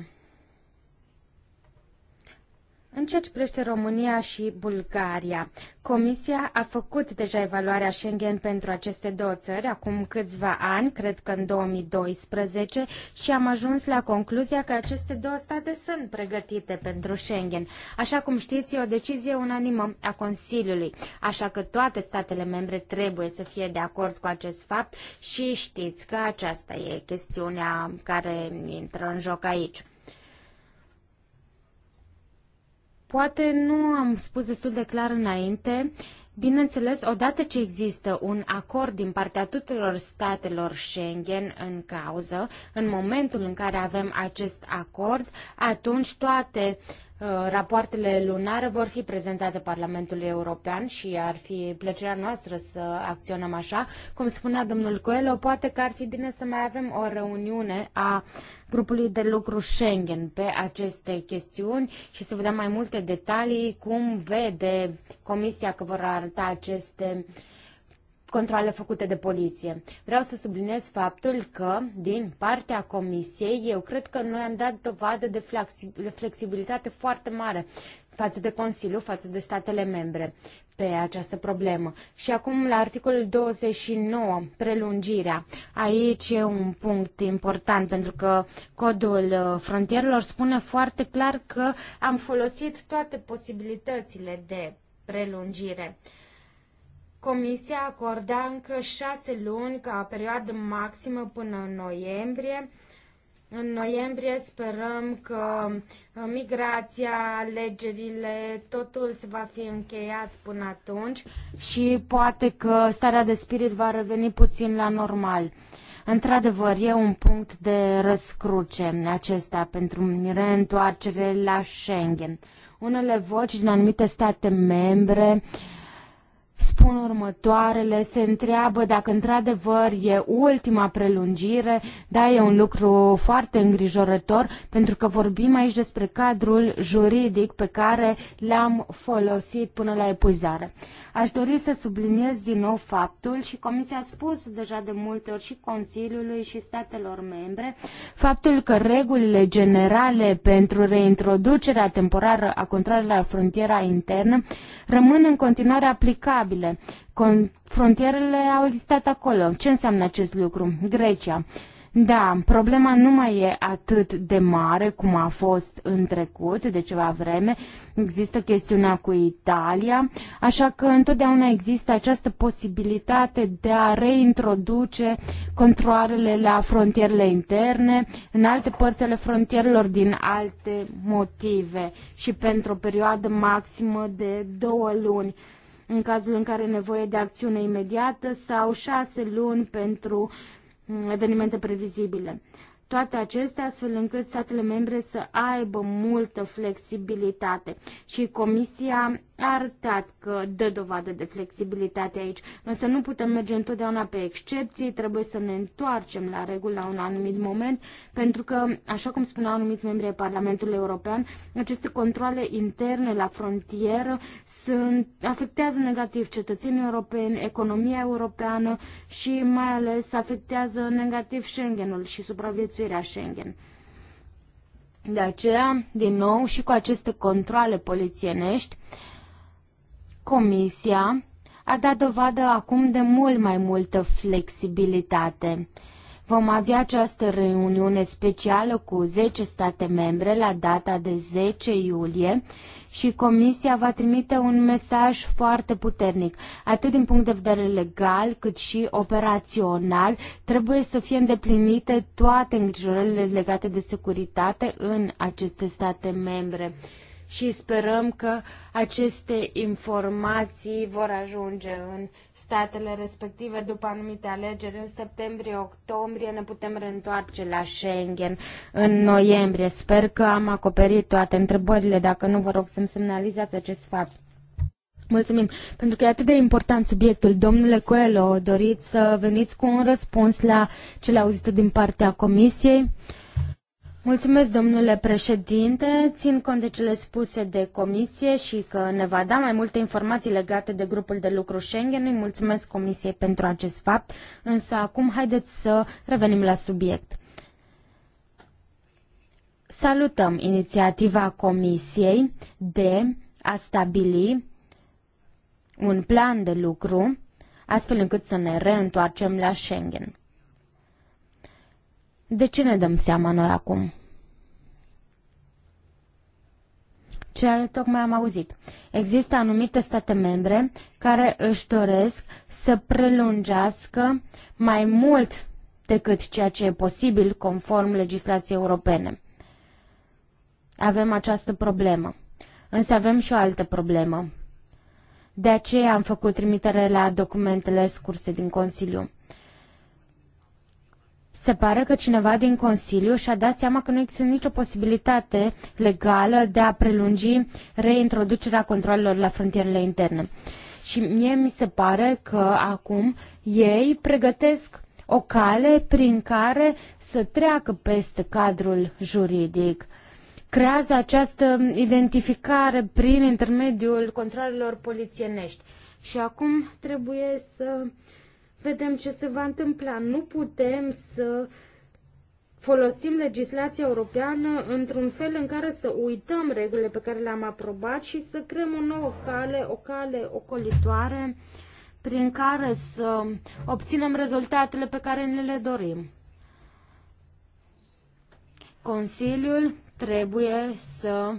În ceea ce privește România și Bulgaria, Comisia a făcut deja evaluarea Schengen pentru aceste două țări acum câțiva ani, cred că în 2012, și am ajuns la concluzia că aceste două state sunt pregătite pentru Schengen. Așa cum știți, e o decizie unanimă a Consiliului, așa că toate statele membre trebuie să fie de acord cu acest fapt și știți că aceasta e chestiunea care intră în joc aici. Poate nu am spus destul de clar înainte, Bineînțeles, odată ce există un acord din partea tuturor statelor Schengen în cauză, în momentul în care avem acest acord, atunci toate uh, Uh, rapoartele lunare vor fi prezentate Parlamentului European și ar fi plăcerea noastră să acționăm așa. Cum spunea domnul Coelho, poate că ar fi bine să mai avem o reuniune a grupului de lucru Schengen pe aceste chestiuni și să vedem mai multe detalii cum vede Comisia că vor arăta aceste uh, controle făcute de poliție. Vreau să subliniez faptul că, din partea Comisiei, eu cred că noi am dat dovadă de flexibilitate foarte mare față de Consiliu, față de statele membre pe această problemă. Și acum la articolul 29, prelungirea. Aici e un punct important pentru că codul uh, frontierelor spune foarte clar că am folosit toate posibilitățile de prelungire. Uh, Comisia acorda încă șase luni ca perioadă maximă până în noiembrie. În noiembrie sperăm că uh, migrația, alegerile, totul se va fi încheiat până atunci și poate că starea de spirit va reveni puțin la normal. Într-adevăr, e un punct de răscruce acesta pentru reîntoarcere la Schengen. Unele voci din anumite state membre uh, spun următoarele, se întreabă dacă într-adevăr e ultima prelungire, da, e un lucru foarte îngrijorător, pentru că vorbim aici despre cadrul juridic pe care l-am folosit până la epuizare. Aș dori să subliniez din nou faptul și Comisia a spus deja de multe ori și Consiliului și statelor membre faptul că regulile generale pentru reintroducerea temporară a controlelor la frontiera internă rămân în continuare aplicabile. Con- frontierele au existat acolo. Ce înseamnă acest lucru? Grecia. Da, problema nu mai e atât de mare cum a fost în trecut, de ceva vreme. Există chestiunea cu Italia, așa că întotdeauna există această posibilitate de a reintroduce controlele la frontierele interne, în alte părți ale frontierelor din alte motive și pentru o perioadă maximă de două luni în cazul în care e nevoie de acțiune imediată sau șase luni pentru Mm, evenimente previzibile. Toate acestea astfel încât statele membre să aibă multă flexibilitate și Comisia a arătat că dă dovadă de flexibilitate aici, însă nu putem merge întotdeauna pe excepții, trebuie să ne întoarcem la regulă la un anumit moment, pentru că, așa cum spuneau anumiți membri ai Parlamentului European, aceste controle interne la frontieră sunt, afectează negativ cetățenii europeni, economia europeană și mai ales afectează negativ Schengenul și supraviețuirea Schengen. De aceea, din nou, și cu aceste controle polițienești, uh, Comisia a dat dovadă acum de mult mai multă flexibilitate. Vom avea această reuniune specială cu 10 state membre la data de 10 iulie și Comisia va trimite un mesaj foarte puternic, atât din punct de vedere legal cât și operațional. Trebuie să fie îndeplinite toate îngrijorările legate de securitate în aceste state membre și sperăm că aceste informații vor ajunge în statele respective după anumite alegeri. În septembrie-octombrie ne putem reîntoarce la Schengen în noiembrie. Sper că am acoperit toate întrebările. Dacă nu, vă rog să-mi semnalizați acest fapt. Mulțumim. Pentru că e atât de important subiectul, domnule Coelho, doriți să veniți cu un răspuns la cele auzite din partea Comisiei? Uh, Mulțumesc, domnule președinte. Țin cont de cele spuse de comisie și că ne va da mai multe informații legate de grupul de lucru Schengen. Îi mulțumesc comisiei pentru acest fapt, însă acum haideți să revenim la subiect. Salutăm inițiativa comisiei de a stabili un plan de lucru astfel încât să ne reîntoarcem la Schengen. De ce ne dăm seama noi acum? ce tocmai am auzit. Există anumite state membre care își doresc să prelungească mai mult decât ceea ce e posibil conform legislației europene. Avem această problemă. Însă avem și o altă problemă. De aceea am făcut trimitere la documentele scurse din Consiliu. Se pare că cineva din Consiliu și-a dat seama că nu există nicio posibilitate legală de a prelungi reintroducerea controlelor la frontierele interne. Și mie mi se pare că acum ei pregătesc o cale prin care să treacă peste cadrul juridic. Creează această identificare prin intermediul controlelor polițienești. Și acum trebuie să uh, vedem ce se va întâmpla. Nu putem să folosim legislația europeană într-un fel în care să uităm regulile pe care le-am aprobat și să creăm o nouă cale, o cale ocolitoare prin care să obținem rezultatele pe care ne le dorim. Consiliul trebuie să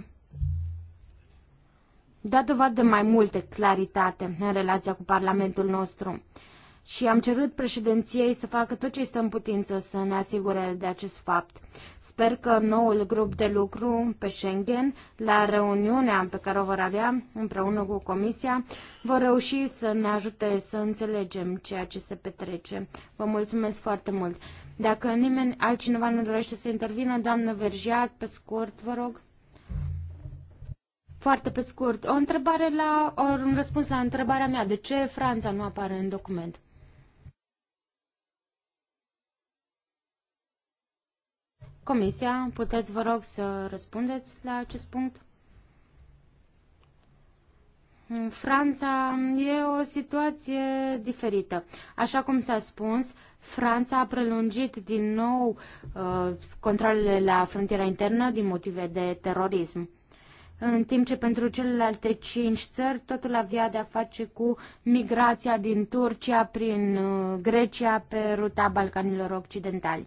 dea dovadă de mai multe claritate în relația cu Parlamentul nostru și am cerut președinției să facă tot ce este în putință să ne asigure de acest fapt. Sper că noul grup de lucru pe Schengen, la reuniunea pe care o vor avea împreună cu Comisia, vor reuși să ne ajute să înțelegem ceea ce se petrece. Vă mulțumesc foarte mult. Dacă nimeni altcineva nu dorește să intervină, doamnă Verjiat, pe scurt, vă rog. Foarte pe scurt, o întrebare la, or, un răspuns la întrebarea mea, de ce Franța nu apare în document? Comisia, puteți, vă rog, să răspundeți la acest punct? În Franța e o situație diferită. Așa cum s-a spus, Franța a prelungit din nou uh, controlele la frontiera internă din motive de terorism. În timp ce pentru celelalte cinci țări totul avea de-a face cu migrația din Turcia prin uh, Grecia pe ruta Balcanilor Occidentali.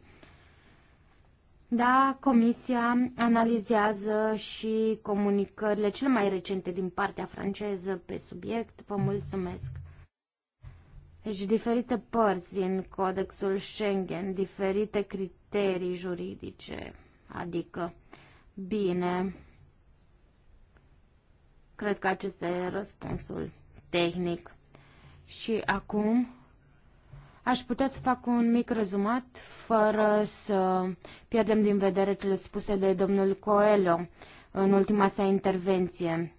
Da, Comisia analizează și comunicările cele mai recente din partea franceză pe subiect. Vă mulțumesc! Deci diferite părți din Codexul Schengen, diferite criterii juridice, adică bine. Cred că acesta e răspunsul tehnic. Și acum Aș putea să fac un mic rezumat fără să pierdem din vedere cele spuse de domnul Coelho în ultima sa intervenție.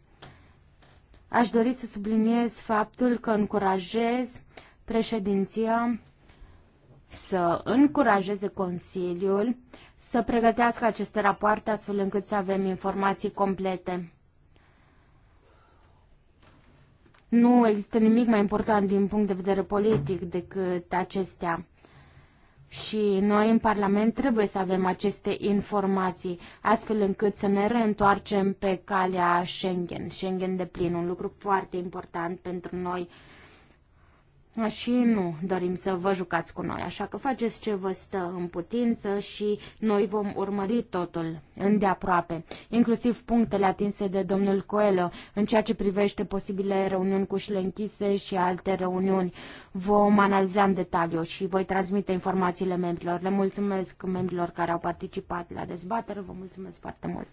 Aș dori să subliniez faptul că încurajez președinția să încurajeze Consiliul să pregătească aceste rapoarte astfel încât să avem informații complete. Nu există nimic mai important din punct de vedere politic decât acestea. Și noi în Parlament trebuie să avem aceste informații, astfel încât să ne reîntoarcem pe calea Schengen, Schengen de plin, un lucru foarte important pentru noi și nu dorim să vă jucați cu noi, așa că faceți ce vă stă în putință și noi vom urmări totul îndeaproape, inclusiv punctele atinse de domnul Coelho în ceea ce privește posibile reuniuni cu șile închise și alte reuniuni. Vom analiza în detaliu și voi transmite informațiile membrilor. Le mulțumesc membrilor care au participat la dezbatere, vă mulțumesc foarte mult!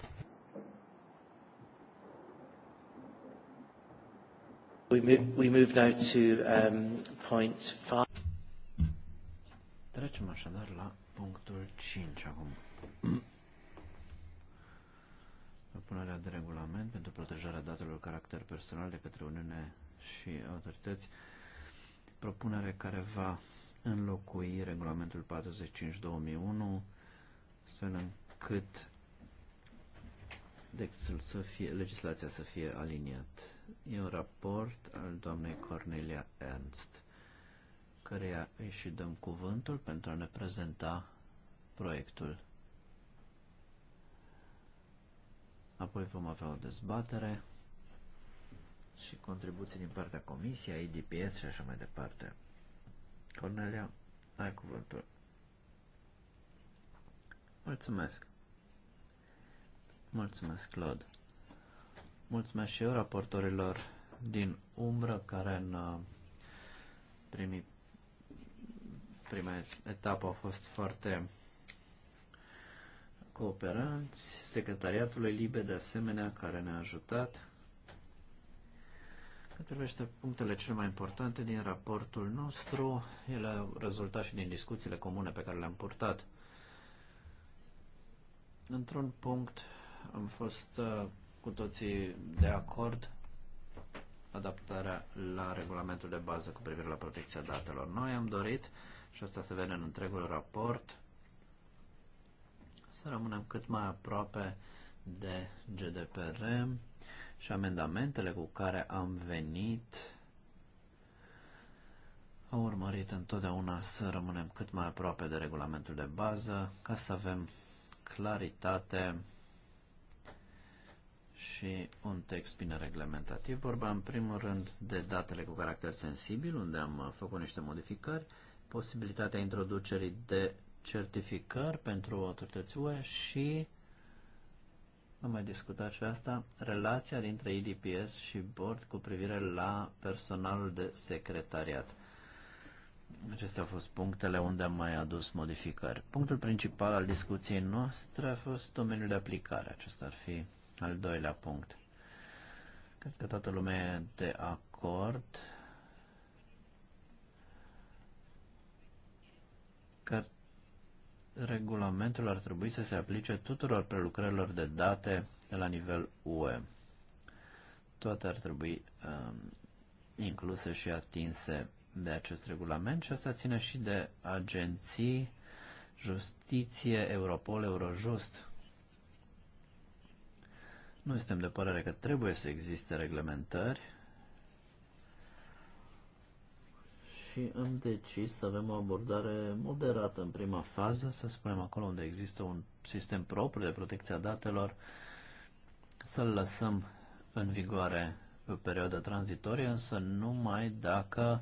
We move, we move now to um, point five. Trecem așadar la punctul 5 acum. Propunerea de regulament pentru protejarea datelor caracter personal de către Uniune și autorități. Propunere care va înlocui regulamentul 45-2001 astfel încât textul deci, să fie, legislația să fie aliniat. E un raport al doamnei Cornelia Ernst, căreia îi și dăm cuvântul pentru a ne prezenta proiectul. Apoi vom avea o dezbatere și contribuții din partea Comisiei, IDPS și așa mai departe. Cornelia, ai cuvântul. Mulțumesc! Mulțumesc, Claude. Mulțumesc și eu raportorilor din umbră care în uh, primii, prima etapă au fost foarte cooperanți, secretariatului LIBE de asemenea care ne-a ajutat. Cât privește punctele cele mai importante din raportul nostru, ele au rezultat și din discuțiile comune pe care le-am purtat. Într-un punct am fost uh, cu toții de acord adaptarea la regulamentul de bază cu privire la protecția datelor. Noi am dorit, și asta se vede în întregul raport, să rămânem cât mai aproape de GDPR și amendamentele cu care am venit au urmărit întotdeauna să rămânem cât mai aproape de regulamentul de bază ca să avem claritate și un text bine reglementativ. Vorba în primul rând de datele cu caracter sensibil, unde am uh, făcut niște modificări, posibilitatea introducerii de certificări pentru autorități UE și am mai discutat și asta, relația dintre IDPS și board cu privire la personalul de secretariat. Acestea au fost punctele unde am mai adus modificări. Punctul principal al discuției noastre a fost domeniul de aplicare. Acesta ar fi al doilea punct. Cred că toată lumea e de acord că regulamentul ar trebui să se aplice tuturor prelucrărilor de date de la nivel UE. Toate ar trebui um, incluse și atinse de acest regulament și asta ține și de agenții, justiție, Europol, Eurojust. Nu suntem de părere că trebuie să existe reglementări și am decis să avem o abordare moderată în prima fază, să spunem acolo unde există un sistem propriu de protecție a datelor, să-l lăsăm în vigoare pe o perioadă tranzitorie, însă numai dacă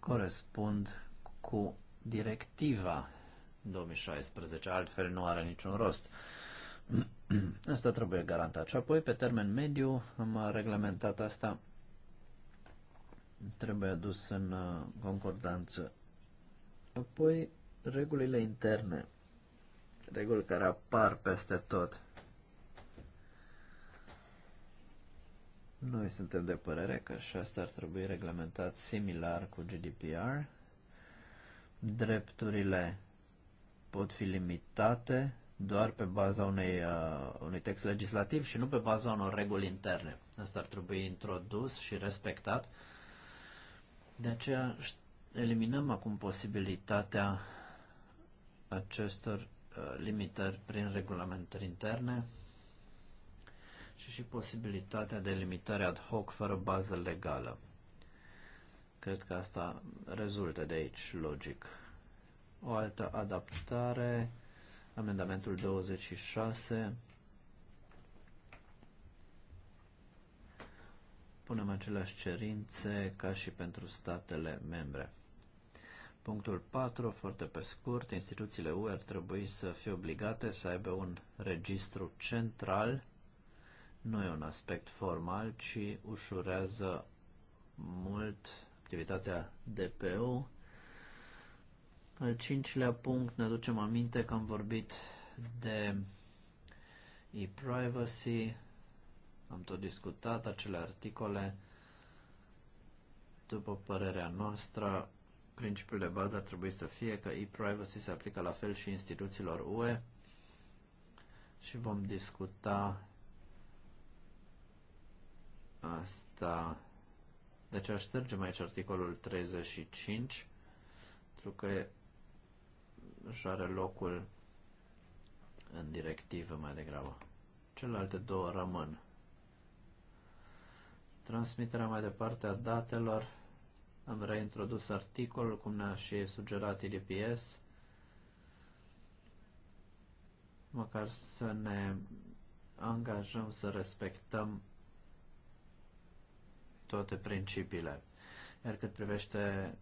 corespund cu directiva 2016, altfel nu are niciun rost. *clears throat* Asta trebuie garantat. Și apoi, pe termen mediu, am reglementat asta. Trebuie adus în uh, concordanță. Apoi, regulile interne. Reguli care apar peste tot. Noi suntem de părere că și asta ar trebui reglementat similar cu GDPR. Drepturile pot fi limitate doar pe baza unei, uh, unui text legislativ și nu pe baza unor reguli interne. Asta ar trebui introdus și respectat. De aceea eliminăm acum posibilitatea acestor uh, limitări prin regulamentări interne și și posibilitatea de limitare ad hoc fără bază legală. Cred că asta rezultă de aici, logic. O altă adaptare Amendamentul 26. Punem aceleași cerințe ca și pentru statele membre. Punctul 4, foarte pe scurt, instituțiile UE ar trebui să fie obligate să aibă un registru central. Nu e un aspect formal, ci ușurează mult activitatea DPU al cincilea punct, ne aducem aminte că am vorbit de e-privacy, am tot discutat acele articole. După părerea noastră, principiul de bază ar trebui să fie că e-privacy se aplică la fel și instituțiilor UE și vom discuta asta. Deci aștergem aici articolul 35 pentru că își are locul în directivă mai degrabă. Celelalte două rămân. Transmiterea mai departe a datelor. Am reintrodus articolul, cum ne-a și sugerat IDPS, măcar să ne angajăm să respectăm toate principiile. Iar cât privește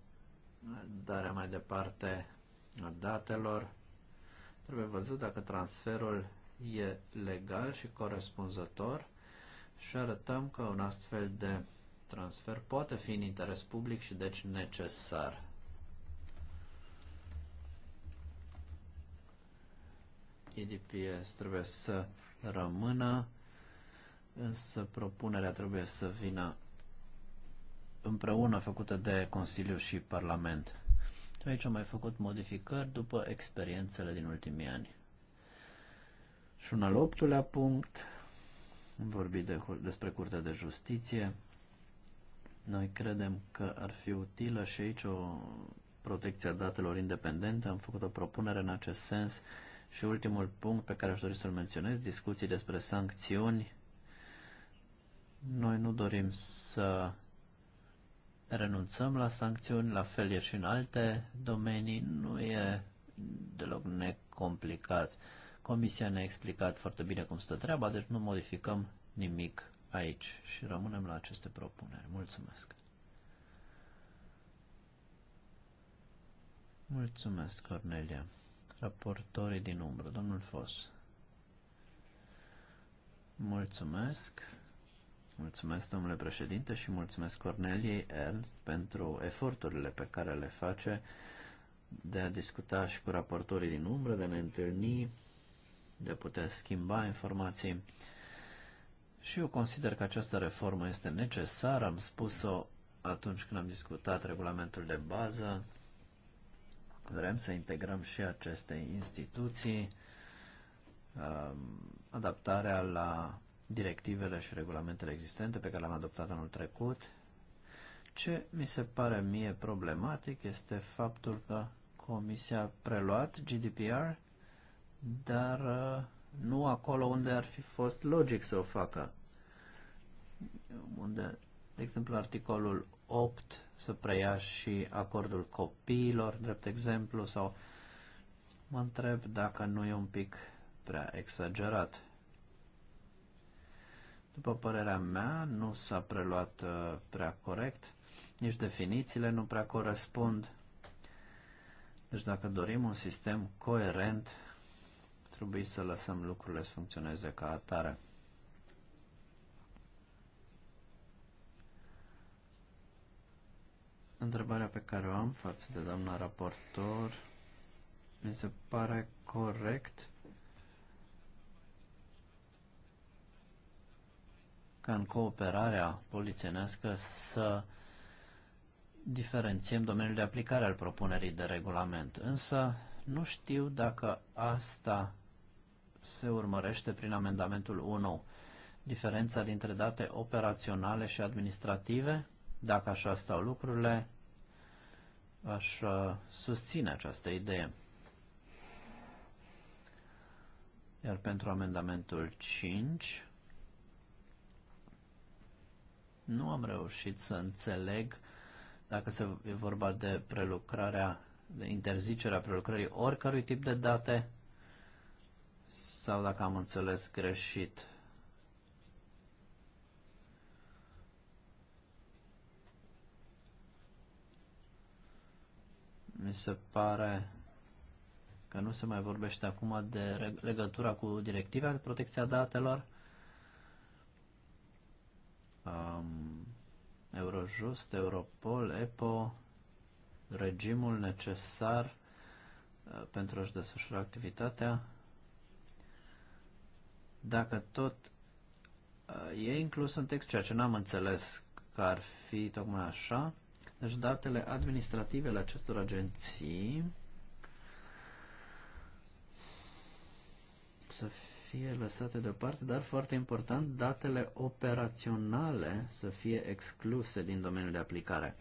darea mai departe a datelor. Trebuie văzut dacă transferul e legal și corespunzător și arătăm că un astfel de transfer poate fi în interes public și deci necesar. EDPS trebuie să rămână, însă propunerea trebuie să vină împreună făcută de Consiliu și Parlament. Aici am mai făcut modificări după experiențele din ultimii ani. Și un al optulea punct, am vorbit de, despre Curtea de Justiție. Noi credem că ar fi utilă și aici o protecție a datelor independente. Am făcut o propunere în acest sens. Și ultimul punct pe care aș dori să-l menționez, discuții despre sancțiuni. Noi nu dorim să renunțăm la sancțiuni, la fel e și în alte domenii, nu e deloc necomplicat. Comisia ne-a explicat foarte bine cum stă treaba, deci nu modificăm nimic aici și rămânem la aceste propuneri. Mulțumesc! Mulțumesc, Cornelia. Raportorii din umbră, domnul Fos. Mulțumesc. Mulțumesc, domnule președinte, și mulțumesc Corneliei Ernst pentru eforturile pe care le face de a discuta și cu raportorii din umbră, de a ne întâlni, de a putea schimba informații. Și eu consider că această reformă este necesară, am spus-o atunci când am discutat regulamentul de bază. Vrem să integrăm și aceste instituții, um, adaptarea la directivele și regulamentele existente pe care le-am adoptat anul trecut. Ce mi se pare mie problematic este faptul că Comisia a preluat GDPR, dar uh, nu acolo unde ar fi fost logic să o facă. Unde, de exemplu, articolul 8 să preia și acordul copiilor, drept exemplu, sau mă întreb dacă nu e un pic prea exagerat. După părerea mea, nu s-a preluat uh, prea corect, nici definițiile nu prea corespund. Deci dacă dorim un sistem coerent, trebuie să lăsăm lucrurile să funcționeze ca atare. Întrebarea pe care o am față de doamna raportor mi se pare corect ca în cooperarea polițienească să diferențiem domeniul de aplicare al propunerii de regulament. Însă nu știu dacă asta se urmărește prin amendamentul 1. Diferența dintre date operaționale și administrative, dacă așa stau lucrurile, aș uh, susține această idee. Iar pentru amendamentul 5, nu am reușit să înțeleg dacă se e vorba de prelucrarea, de interzicerea prelucrării oricărui tip de date sau dacă am înțeles greșit. Mi se pare că nu se mai vorbește acum de legătura cu directiva de protecția datelor um, Eurojust, Europol, EPO, regimul necesar uh, pentru a-și desfășura activitatea. Dacă tot uh, e inclus în text, ceea ce n-am înțeles că ar fi tocmai așa, deci datele administrative ale acestor agenții să fie lăsate deoparte, dar foarte important, datele operaționale să fie excluse din domeniul de aplicare.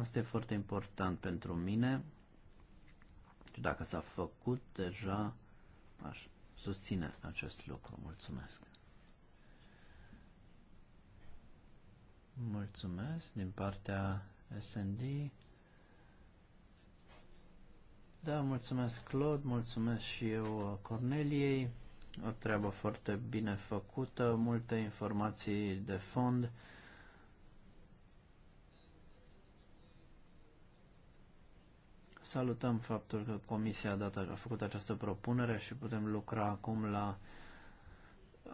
Asta e foarte important pentru mine și dacă s-a făcut deja, aș susține acest lucru. Mulțumesc! Mulțumesc din partea SND. Da, mulțumesc Claude, mulțumesc și eu Corneliei o treabă foarte bine făcută, multe informații de fond. Salutăm faptul că Comisia a, dat, a făcut această propunere și putem lucra acum la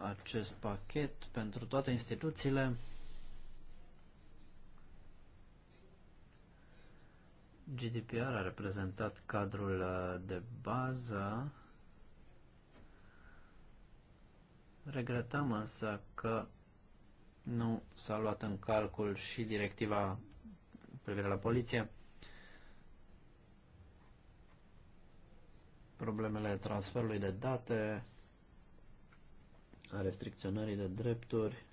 acest pachet pentru toate instituțiile. GDPR a reprezentat cadrul de bază Regretăm însă că nu s-a luat în calcul și directiva privire la poliție. Problemele transferului de date, a restricționării de drepturi,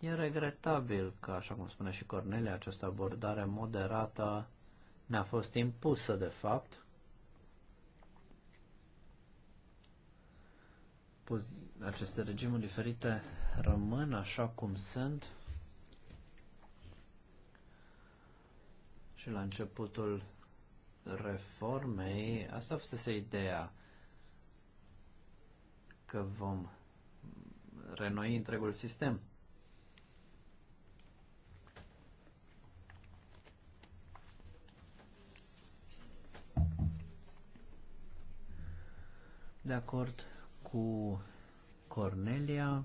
E regretabil că, așa cum spune și Cornelia, această abordare moderată ne-a fost impusă de fapt aceste regimuri diferite rămân așa cum sunt și la începutul reformei, asta a fost ideea că vom renoi întregul sistem. De acord cu Cornelia,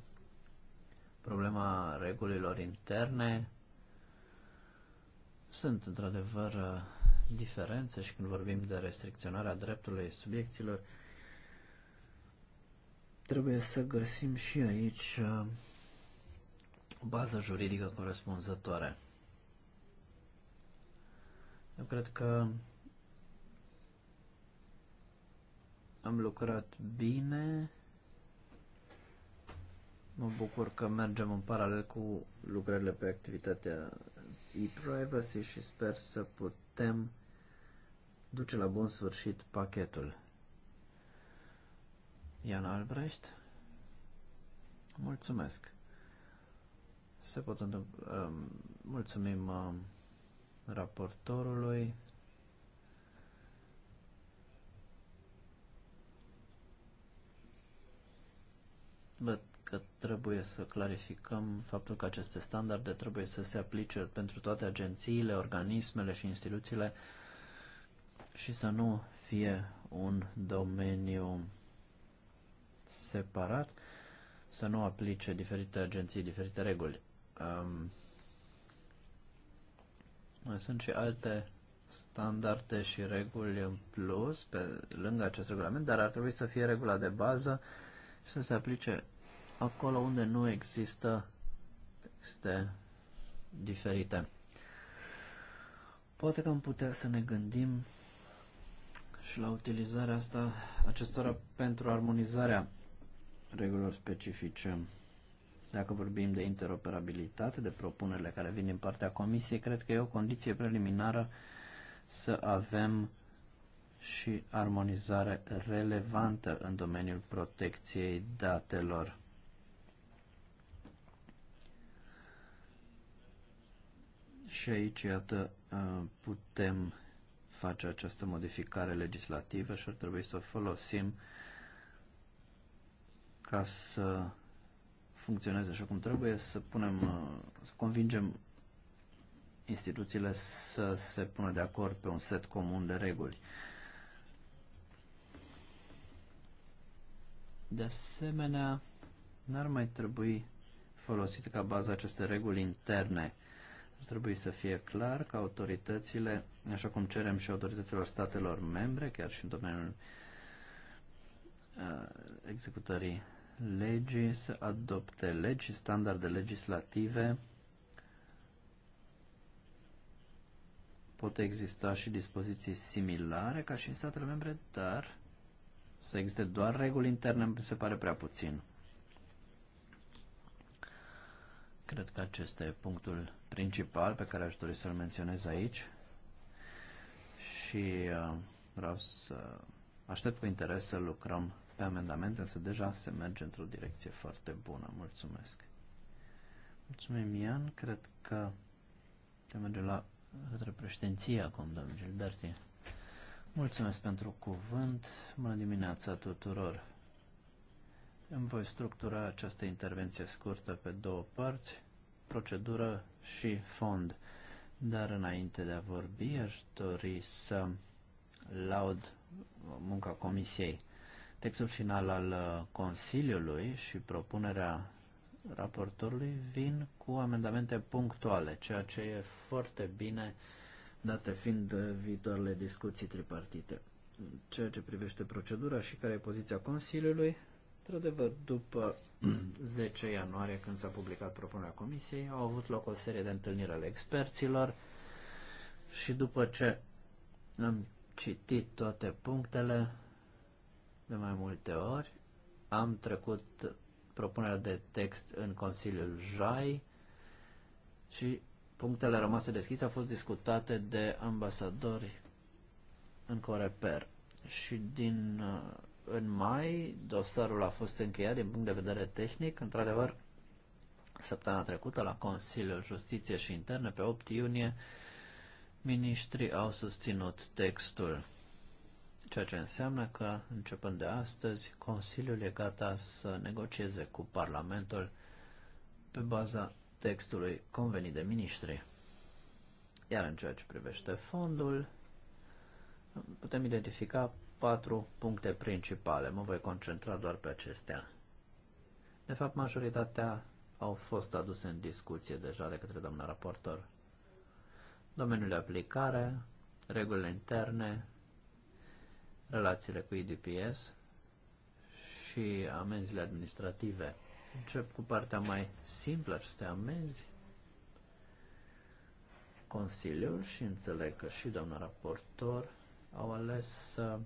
problema regulilor interne. Sunt într-adevăr diferențe și când vorbim de restricționarea dreptului subiecților, trebuie să găsim și aici uh, o bază juridică corespunzătoare. Eu cred că am lucrat bine. Mă bucur că mergem în paralel cu lucrările pe activitatea e-privacy și sper să putem duce la bun sfârșit pachetul. Ian Albrecht, mulțumesc. Se pot întâmpla, um, mulțumim uh, raportorului. văd că trebuie să clarificăm faptul că aceste standarde trebuie să se aplice pentru toate agențiile, organismele și instituțiile și să nu fie un domeniu separat, să nu aplice diferite agenții, diferite reguli. Um, mai sunt și alte standarde și reguli în plus pe lângă acest regulament, dar ar trebui să fie regula de bază uh, să se aplice acolo unde nu există texte diferite. Poate că am putea să ne gândim și la utilizarea asta acestora pentru armonizarea regulilor specifice. Dacă vorbim de interoperabilitate, de propunerile care vin din partea Comisiei, cred că e o condiție preliminară să avem și armonizare relevantă în domeniul protecției datelor. Și aici, iată, uh, putem face această modificare legislativă și ar trebui să o folosim ca să funcționeze așa cum trebuie, să punem, uh, să convingem instituțiile să se pună de acord pe un set comun de reguli. De asemenea, n-ar mai trebui folosit ca bază aceste reguli interne. Ar trebui să fie clar că autoritățile, așa cum cerem și autorităților statelor membre, chiar și în domeniul uh, executării legii, să adopte legi și standarde legislative. Pot exista și dispoziții similare ca și în statele membre, dar să existe doar reguli interne mi se pare prea puțin. Cred că acesta e punctul principal pe care aș dori să-l menționez aici și uh, vreau să aștept cu interes să lucrăm pe amendamente, însă deja se merge într-o direcție foarte bună. Mulțumesc! Mulțumim, Ian. Cred că te merge la către președinție acum, domnul Gilberti. Mulțumesc pentru cuvânt. Bună dimineața tuturor. Îmi voi structura această intervenție scurtă pe două părți, procedură și fond. Dar înainte de a vorbi, aș dori să laud munca comisiei. Textul final al uh, Consiliului și propunerea raportorului vin cu amendamente punctuale, ceea ce e foarte bine uh, date fiind uh, viitoarele discuții tripartite. ceea ce privește procedura și care e poziția Consiliului, Într-adevăr, după 10 *clears throat* ianuarie, când s-a publicat propunerea comisiei, au avut loc o serie de întâlniri ale experților și după ce am citit toate punctele de mai multe ori, am trecut propunerea de text în Consiliul JAI și punctele rămase deschise au fost discutate de ambasadori în Coreper și din uh, în mai dosarul a fost încheiat din punct de vedere tehnic, într-adevăr săptămâna trecută la Consiliul Justiție și Interne pe 8 iunie ministrii au susținut textul ceea ce înseamnă că începând de astăzi Consiliul e gata să negocieze cu Parlamentul pe baza textului convenit de miniștri. Iar în ceea ce privește fondul, putem identifica patru puncte principale. Mă voi concentra doar pe acestea. De fapt, majoritatea au fost aduse în discuție deja de către doamna raportor. Domeniul de aplicare, regulile interne, relațiile cu IDPS și amenziile administrative. Încep cu partea mai simplă, aceste amenzi. Consiliul și înțeleg că și doamna raportor au ales să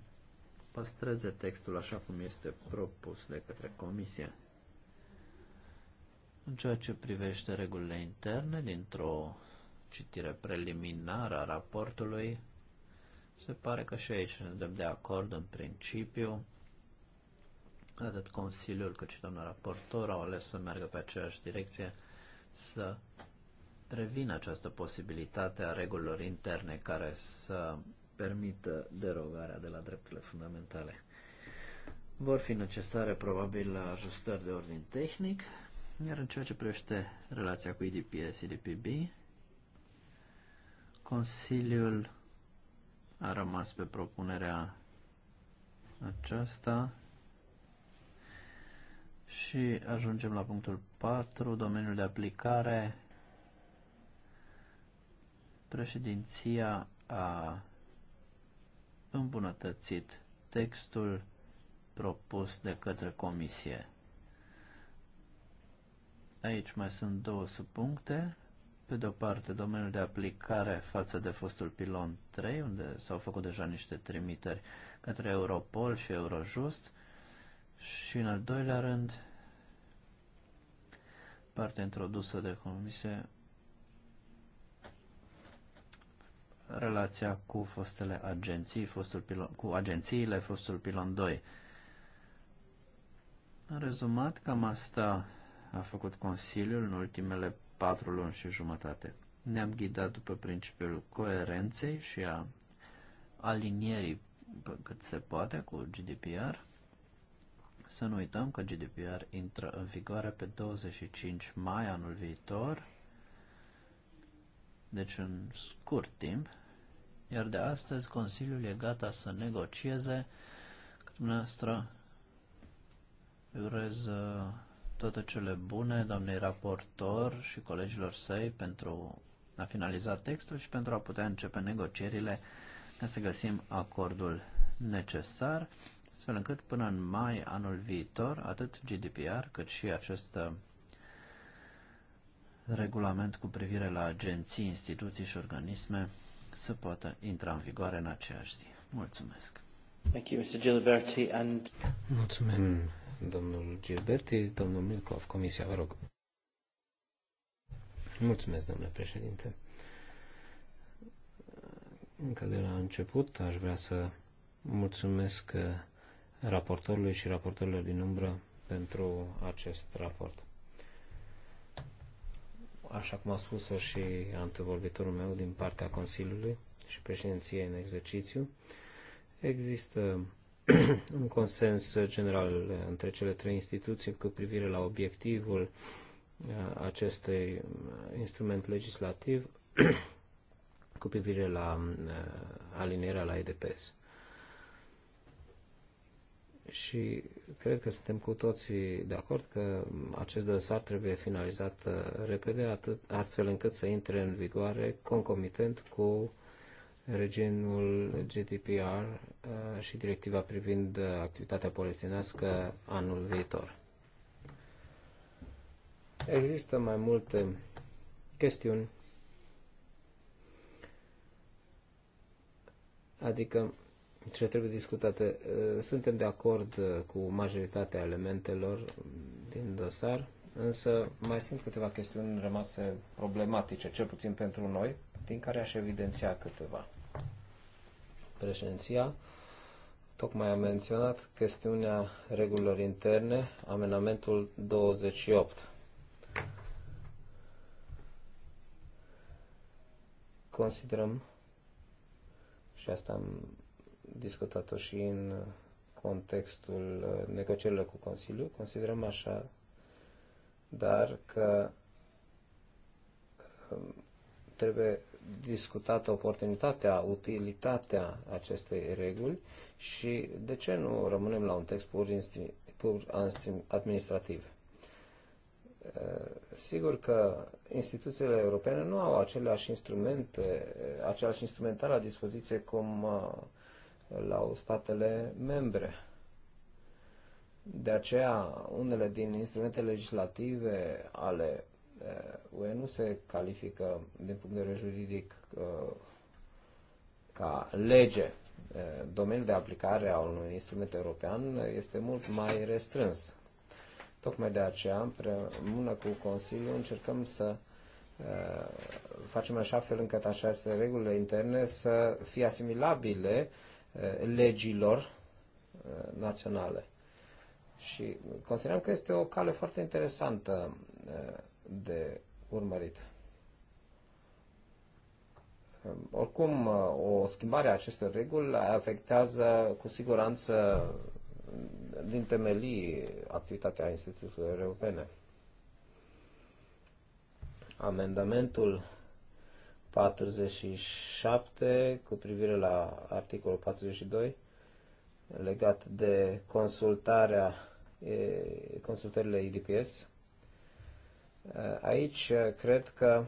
păstreze textul așa cum este propus de către Comisie. În ceea ce privește regulile interne, dintr-o citire preliminară a raportului, se pare că și aici suntem de acord în principiu atât Consiliul cât și domnul raportor au ales să meargă pe aceeași direcție, să prevină această posibilitate a regulilor interne care să permită derogarea de la drepturile fundamentale. Vor fi necesare probabil ajustări de ordin tehnic, iar în ceea ce privește relația cu IDPS, IDPB, Consiliul a rămas pe propunerea aceasta și ajungem la punctul 4, domeniul de aplicare. Președinția a îmbunătățit textul propus de către comisie. Aici mai sunt două subpuncte. Pe de o parte, domeniul de aplicare față de fostul pilon 3, unde s-au făcut deja niște trimiteri către Europol și Eurojust – și în al doilea rând, partea introdusă de comisie, relația cu fostele agenții, fostul pilon, cu agențiile, fostul pilon 2. În rezumat, cam asta a făcut Consiliul în ultimele patru luni și jumătate. Ne-am ghidat după principiul coerenței și a alinierii cât se poate cu GDPR. Să nu uităm că GDPR intră în vigoare pe 25 mai anul viitor, deci în scurt timp, iar de astăzi Consiliul e gata să negocieze cu dumneavoastră. Urez uh, toate cele bune doamnei raportor și colegilor săi pentru a finaliza textul și pentru a putea începe negocierile ca să găsim acordul necesar astfel încât până în mai anul viitor, atât GDPR cât și acest uh, regulament cu privire la agenții, instituții și organisme să poată intra în vigoare în aceeași zi. Mulțumesc! Thank you, Mr. Gilberti, and... Mulțumim, domnul Gilberti, domnul Milkov, Comisia, vă rog. Mulțumesc, domnule președinte. Încă de la început aș vrea să mulțumesc uh, raportorului și raportorilor din umbră pentru acest raport. Așa cum a spus-o și antevorbitorul meu din partea Consiliului și președinției în exercițiu, există *clears throat* un consens general între cele trei instituții cu privire la obiectivul uh, acestui instrument legislativ *clears throat* cu privire la uh, alinierea la EDPS și cred că suntem cu toții de acord că acest dosar trebuie finalizat uh, repede, atât, astfel încât să intre în vigoare concomitent cu regimul GDPR uh, și directiva privind uh, activitatea polițienească anul viitor. Există mai multe chestiuni, adică ce trebuie discutate. Uh, suntem de acord uh, cu majoritatea elementelor din dosar, însă mai sunt câteva chestiuni rămase problematice, cel puțin pentru noi, din care aș evidenția câteva. Președinția tocmai a menționat chestiunea regulilor interne, amenamentul 28. Considerăm, și asta am discutat-o și în contextul uh, negocierilor cu Consiliul, considerăm așa, dar că um, trebuie discutată oportunitatea, utilitatea acestei reguli și de ce nu rămânem la un text pur, pur administrativ. Uh, sigur că instituțiile europene nu au aceleași instrumente, uh, același instrumentar la dispoziție cum la statele membre. De aceea, unele din instrumente legislative ale eh, UE nu se califică din punct de vedere juridic eh, ca lege. Eh, domeniul de aplicare a unui instrument european este mult mai restrâns. Tocmai de aceea, împreună cu Consiliul, încercăm să facem așa fel încât așa regulile interne să fie asimilabile Uh, legilor uh, naționale. Și considerăm că este o cale foarte interesantă uh, de urmărit. Oricum, o schimbare a acestor reguli afectează cu siguranță din temelii activitatea instituțiilor europene. Amendamentul 47 cu privire la articolul 42 legat de consultarea, consultările IDPS. Aici cred că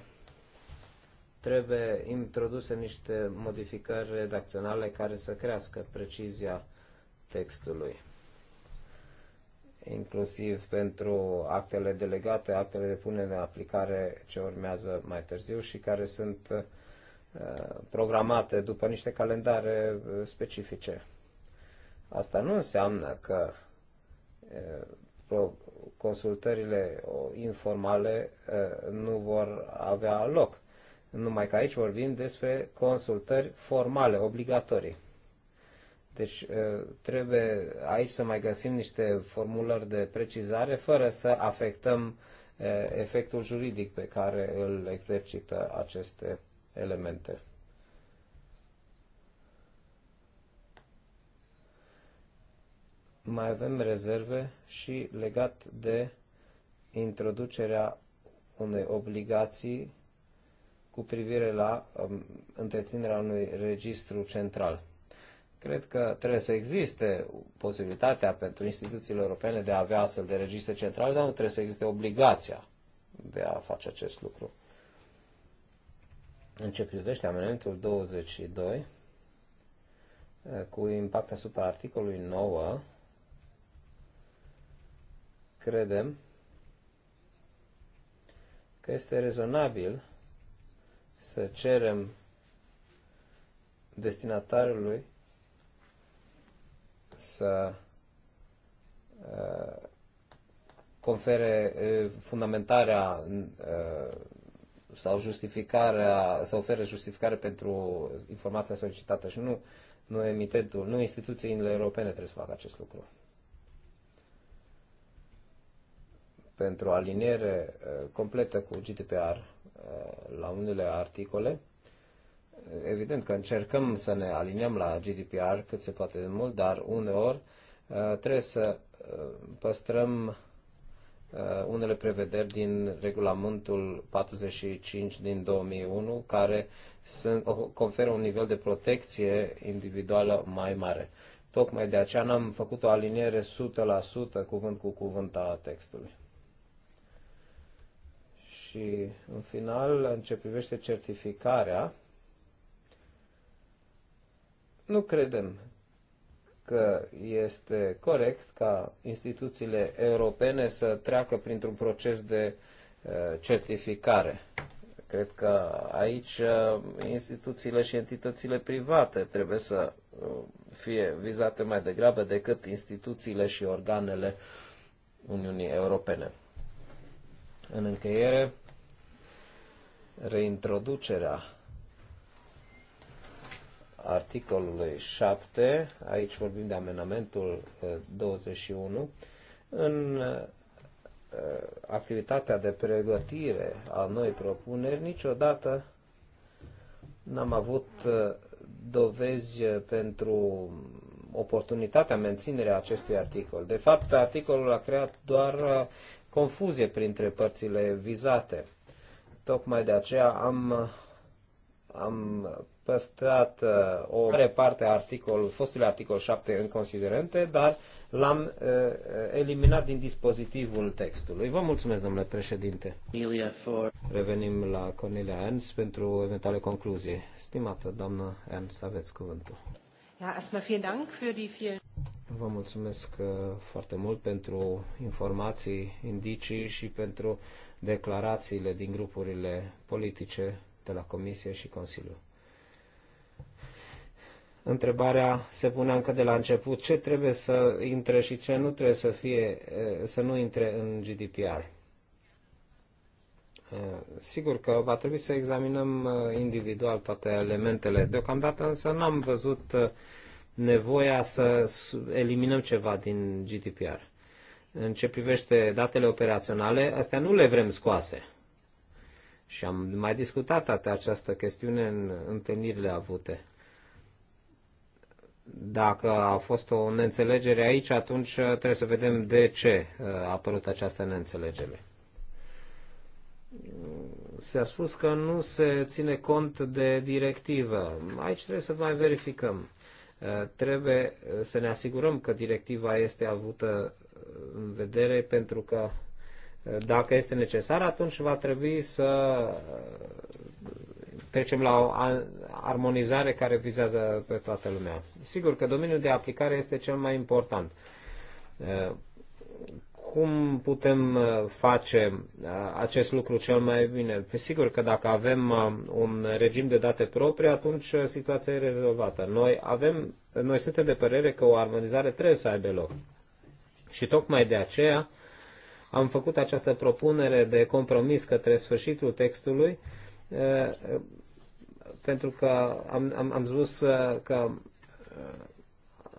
trebuie introduse niște modificări redacționale care să crească precizia textului inclusiv pentru actele delegate, actele de punere în aplicare ce urmează mai târziu și care sunt uh, programate după niște calendare uh, specifice. Asta nu înseamnă că uh, consultările informale nu vor avea loc. Numai că aici vorbim despre consultări formale, obligatorii. Deci uh, trebuie aici să mai găsim niște formulări de precizare fără să afectăm uh, efectul juridic pe care îl exercită aceste elemente. Mai avem rezerve și legat de introducerea unei obligații cu privire la um, întreținerea unui registru central. Cred că trebuie să existe posibilitatea pentru instituțiile europene de a avea astfel de registre centrale, dar nu trebuie să existe obligația de a face acest lucru. În ce privește amendamentul 22, cu impact asupra articolului 9, credem că este rezonabil să cerem destinatarului să uh, confere uh, fundamentarea uh, sau justificarea, să ofere justificare pentru informația solicitată și nu, nu emitentul, nu instituțiile europene trebuie să facă acest lucru. Pentru aliniere completă cu GDPR la unele articole, evident că încercăm să ne aliniem la GDPR cât se poate de mult, dar uneori uh, trebuie să uh, păstrăm uh, unele prevederi din regulamentul 45 din 2001 care sunt, conferă un nivel de protecție individuală mai mare. Tocmai de aceea n-am făcut o aliniere 100% cuvânt cu cuvânt a textului. Și în final, în ce privește certificarea, nu credem că este corect ca instituțiile europene să treacă printr-un proces de uh, certificare. Cred că aici uh, instituțiile și entitățile private trebuie să uh, fie vizate mai degrabă decât instituțiile și organele Uniunii Europene. În încheiere, reintroducerea articolului 7, aici vorbim de amenamentul 21, uh, în uh, activitatea de pregătire a noi propuneri, niciodată n-am avut uh, dovezi pentru oportunitatea menținerea acestui articol. De fapt, articolul a creat doar confuzie printre părțile vizate. Tocmai de aceea am, am păstrat uh, o mare parte a articolul, fostului articol 7 în considerente, dar l-am uh, uh, eliminat din dispozitivul textului. Vă mulțumesc, domnule președinte. Revenim la Cornelia Ernst pentru eventuale concluzie. Stimată doamnă Ernst, aveți cuvântul. Vă mulțumesc foarte mult pentru informații, indicii și pentru declarațiile din grupurile politice de la Comisie și Consiliu întrebarea se punea încă de la început, ce trebuie să intre și ce nu trebuie să, fie, să nu intre în GDPR. Sigur că va trebui să examinăm individual toate elementele. Deocamdată însă n-am văzut nevoia să eliminăm ceva din GDPR. În ce privește datele operaționale, astea nu le vrem scoase. Și am mai discutat această chestiune în întâlnirile avute dacă a fost o neînțelegere aici, atunci uh, trebuie să vedem de ce uh, a apărut această neînțelegere. S-a spus că nu se ține cont de directivă. Aici trebuie să mai verificăm. Uh, trebuie să ne asigurăm că directiva este avută în vedere pentru că dacă este necesar, atunci va trebui să trecem la o armonizare care vizează pe toată lumea. Sigur că domeniul de aplicare este cel mai important. Cum putem face acest lucru cel mai bine? Pe sigur că dacă avem un regim de date proprii, atunci situația e rezolvată. Noi, avem, noi suntem de părere că o armonizare trebuie să aibă loc. Și tocmai de aceea am făcut această propunere de compromis către sfârșitul textului, pentru că am, am, am spus uh, că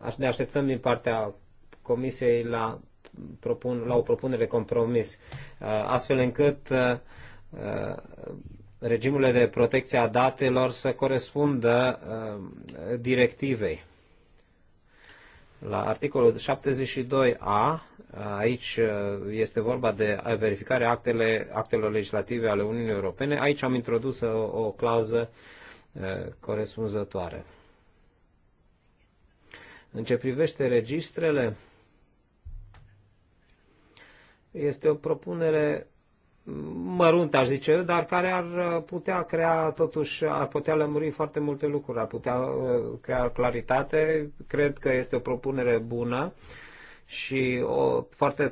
uh, ne așteptăm din partea Comisiei la, propun, la o propunere compromis, uh, astfel încât regimurile de protecție a datelor să corespundă directivei. La articolul 72a, aici este vorba de verificarea actele, actelor legislative ale Uniunii Europene, aici am introdus o, o clauză uh, corespunzătoare. În ce privește registrele, este o propunere măruntă, aș zice eu, dar care ar putea crea, totuși, ar putea lămuri foarte multe lucruri, ar putea crea claritate. Cred că este o propunere bună și o, foarte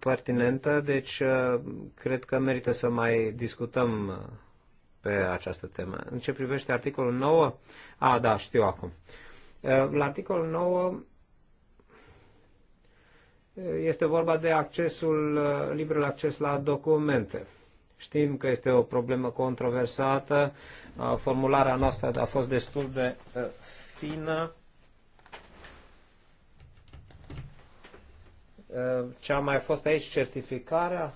pertinentă, deci cred că merită să mai discutăm pe această temă. În ce privește articolul 9, a, da, știu acum. La articolul 9 este vorba de accesul, liberul acces la documente. Știm că este o problemă controversată, formularea noastră a fost destul de fină. Ce a mai fost aici, certificarea?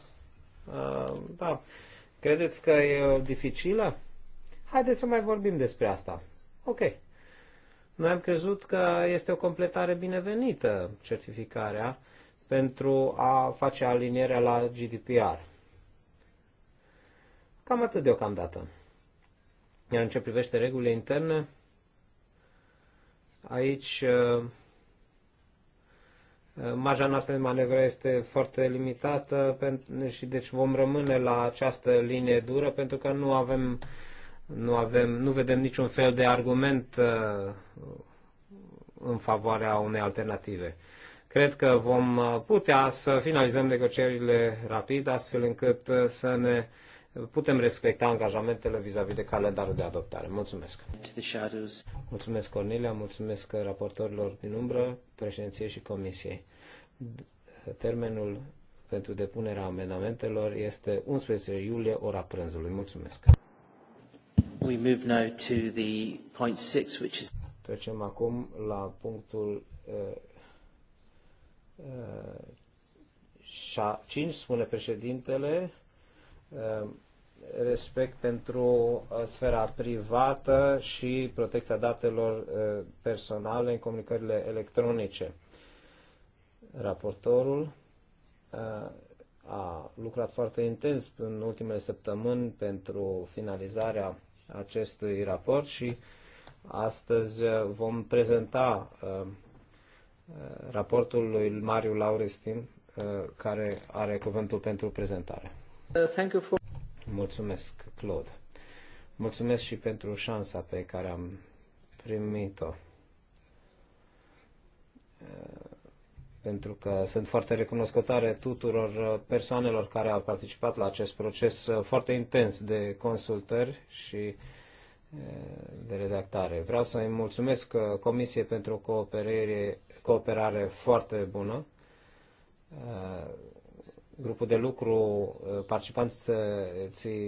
Da. Credeți că e uh, dificilă? Haideți să mai vorbim despre asta. Ok. Noi am crezut că este o completare binevenită certificarea pentru a face alinierea la GDPR. Cam atât deocamdată. Iar în ce privește regulile interne, aici uh, marja noastră de manevră este foarte limitată și deci vom rămâne la această linie dură pentru că nu avem, nu avem, nu vedem niciun fel de argument uh, în favoarea unei alternative. Cred că vom uh, putea să finalizăm negocierile rapid, astfel încât uh, să ne putem respecta angajamentele vis-a-vis -vis de calendarul de adoptare. Mulțumesc! Mulțumesc, Cornelia, mulțumesc raportorilor din umbră, președinției și comisiei. Termenul pentru depunerea amendamentelor este 11 iulie, ora prânzului. Mulțumesc! We move now to the point six, which is... Trecem acum la punctul uh, uh, 5, spune președintele, Uh, respect pentru uh, sfera privată și protecția datelor uh, personale în comunicările electronice. Raportorul a lucrat foarte intens în ultimele săptămâni pentru finalizarea acestui raport și astăzi vom prezenta raportul lui Mariu Laurestin, care are cuvântul pentru prezentare. Thank you for... Mulțumesc, Claude. Mulțumesc și pentru șansa pe care am primit-o. Pentru că sunt foarte recunoscătoare tuturor persoanelor care au participat la acest proces foarte intens de consultări și eh, de redactare. Vreau să-i mulțumesc eh, Comisiei pentru o cooperare, cooperare foarte bună eh, grupul de lucru, uh, participanți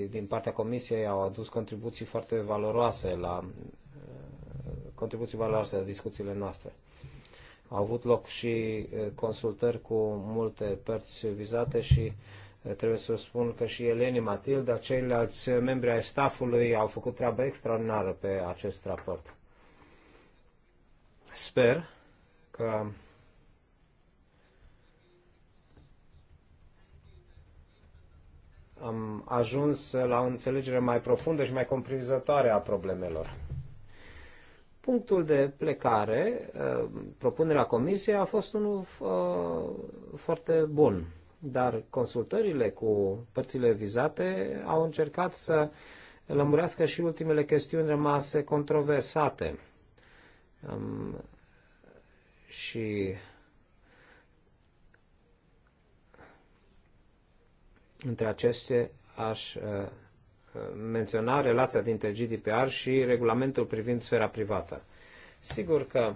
din partea comisiei au adus contribuții foarte valoroase la uh, contribuții valoroase la discuțiile noastre. Au avut loc și uh, consultări cu multe părți vizate și trebuie să spun că și Eleni Matilda, ceilalți membri ai staffului au făcut treabă extraordinară pe acest raport. Sper că am ajuns la o înțelegere mai profundă și mai comprinzătoare a problemelor. Punctul de plecare, uh, propunerea comisiei a fost unul uh, foarte bun, dar consultările cu părțile vizate au încercat să lămurească și ultimele chestiuni rămase controversate. Um, și Între aceste aș uh, uh, menționa relația dintre GDPR și regulamentul privind sfera privată. Sigur că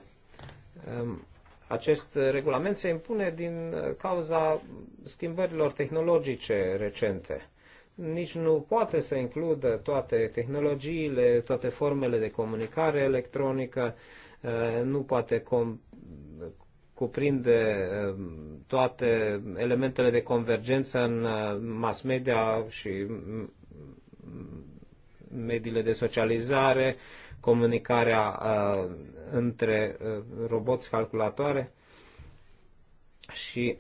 um, acest regulament se impune din uh, cauza schimbărilor tehnologice recente. Nici nu poate să includă toate tehnologiile, toate formele de comunicare electronică, nu poate com- cuprinde um, toate elementele de convergență în uh, mass media și mediile de socializare, comunicarea uh, între uh, roboți calculatoare și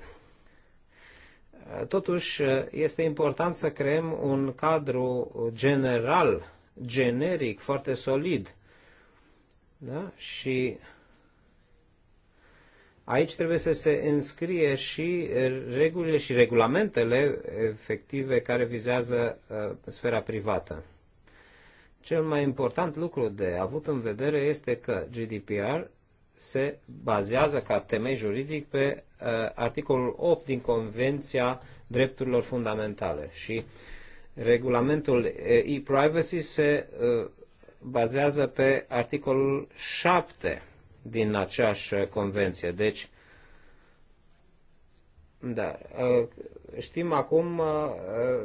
totuși este important să creăm un cadru general, generic, foarte solid. Da? Și Aici trebuie să se înscrie și regulile și regulamentele efective care vizează sfera privată. Cel mai important lucru de avut în vedere este că GDPR se bazează ca temei juridic pe articolul 8 din Convenția Drepturilor Fundamentale și regulamentul e-privacy se bazează pe articolul 7 din aceeași convenție. Deci, da, uh, știm acum uh,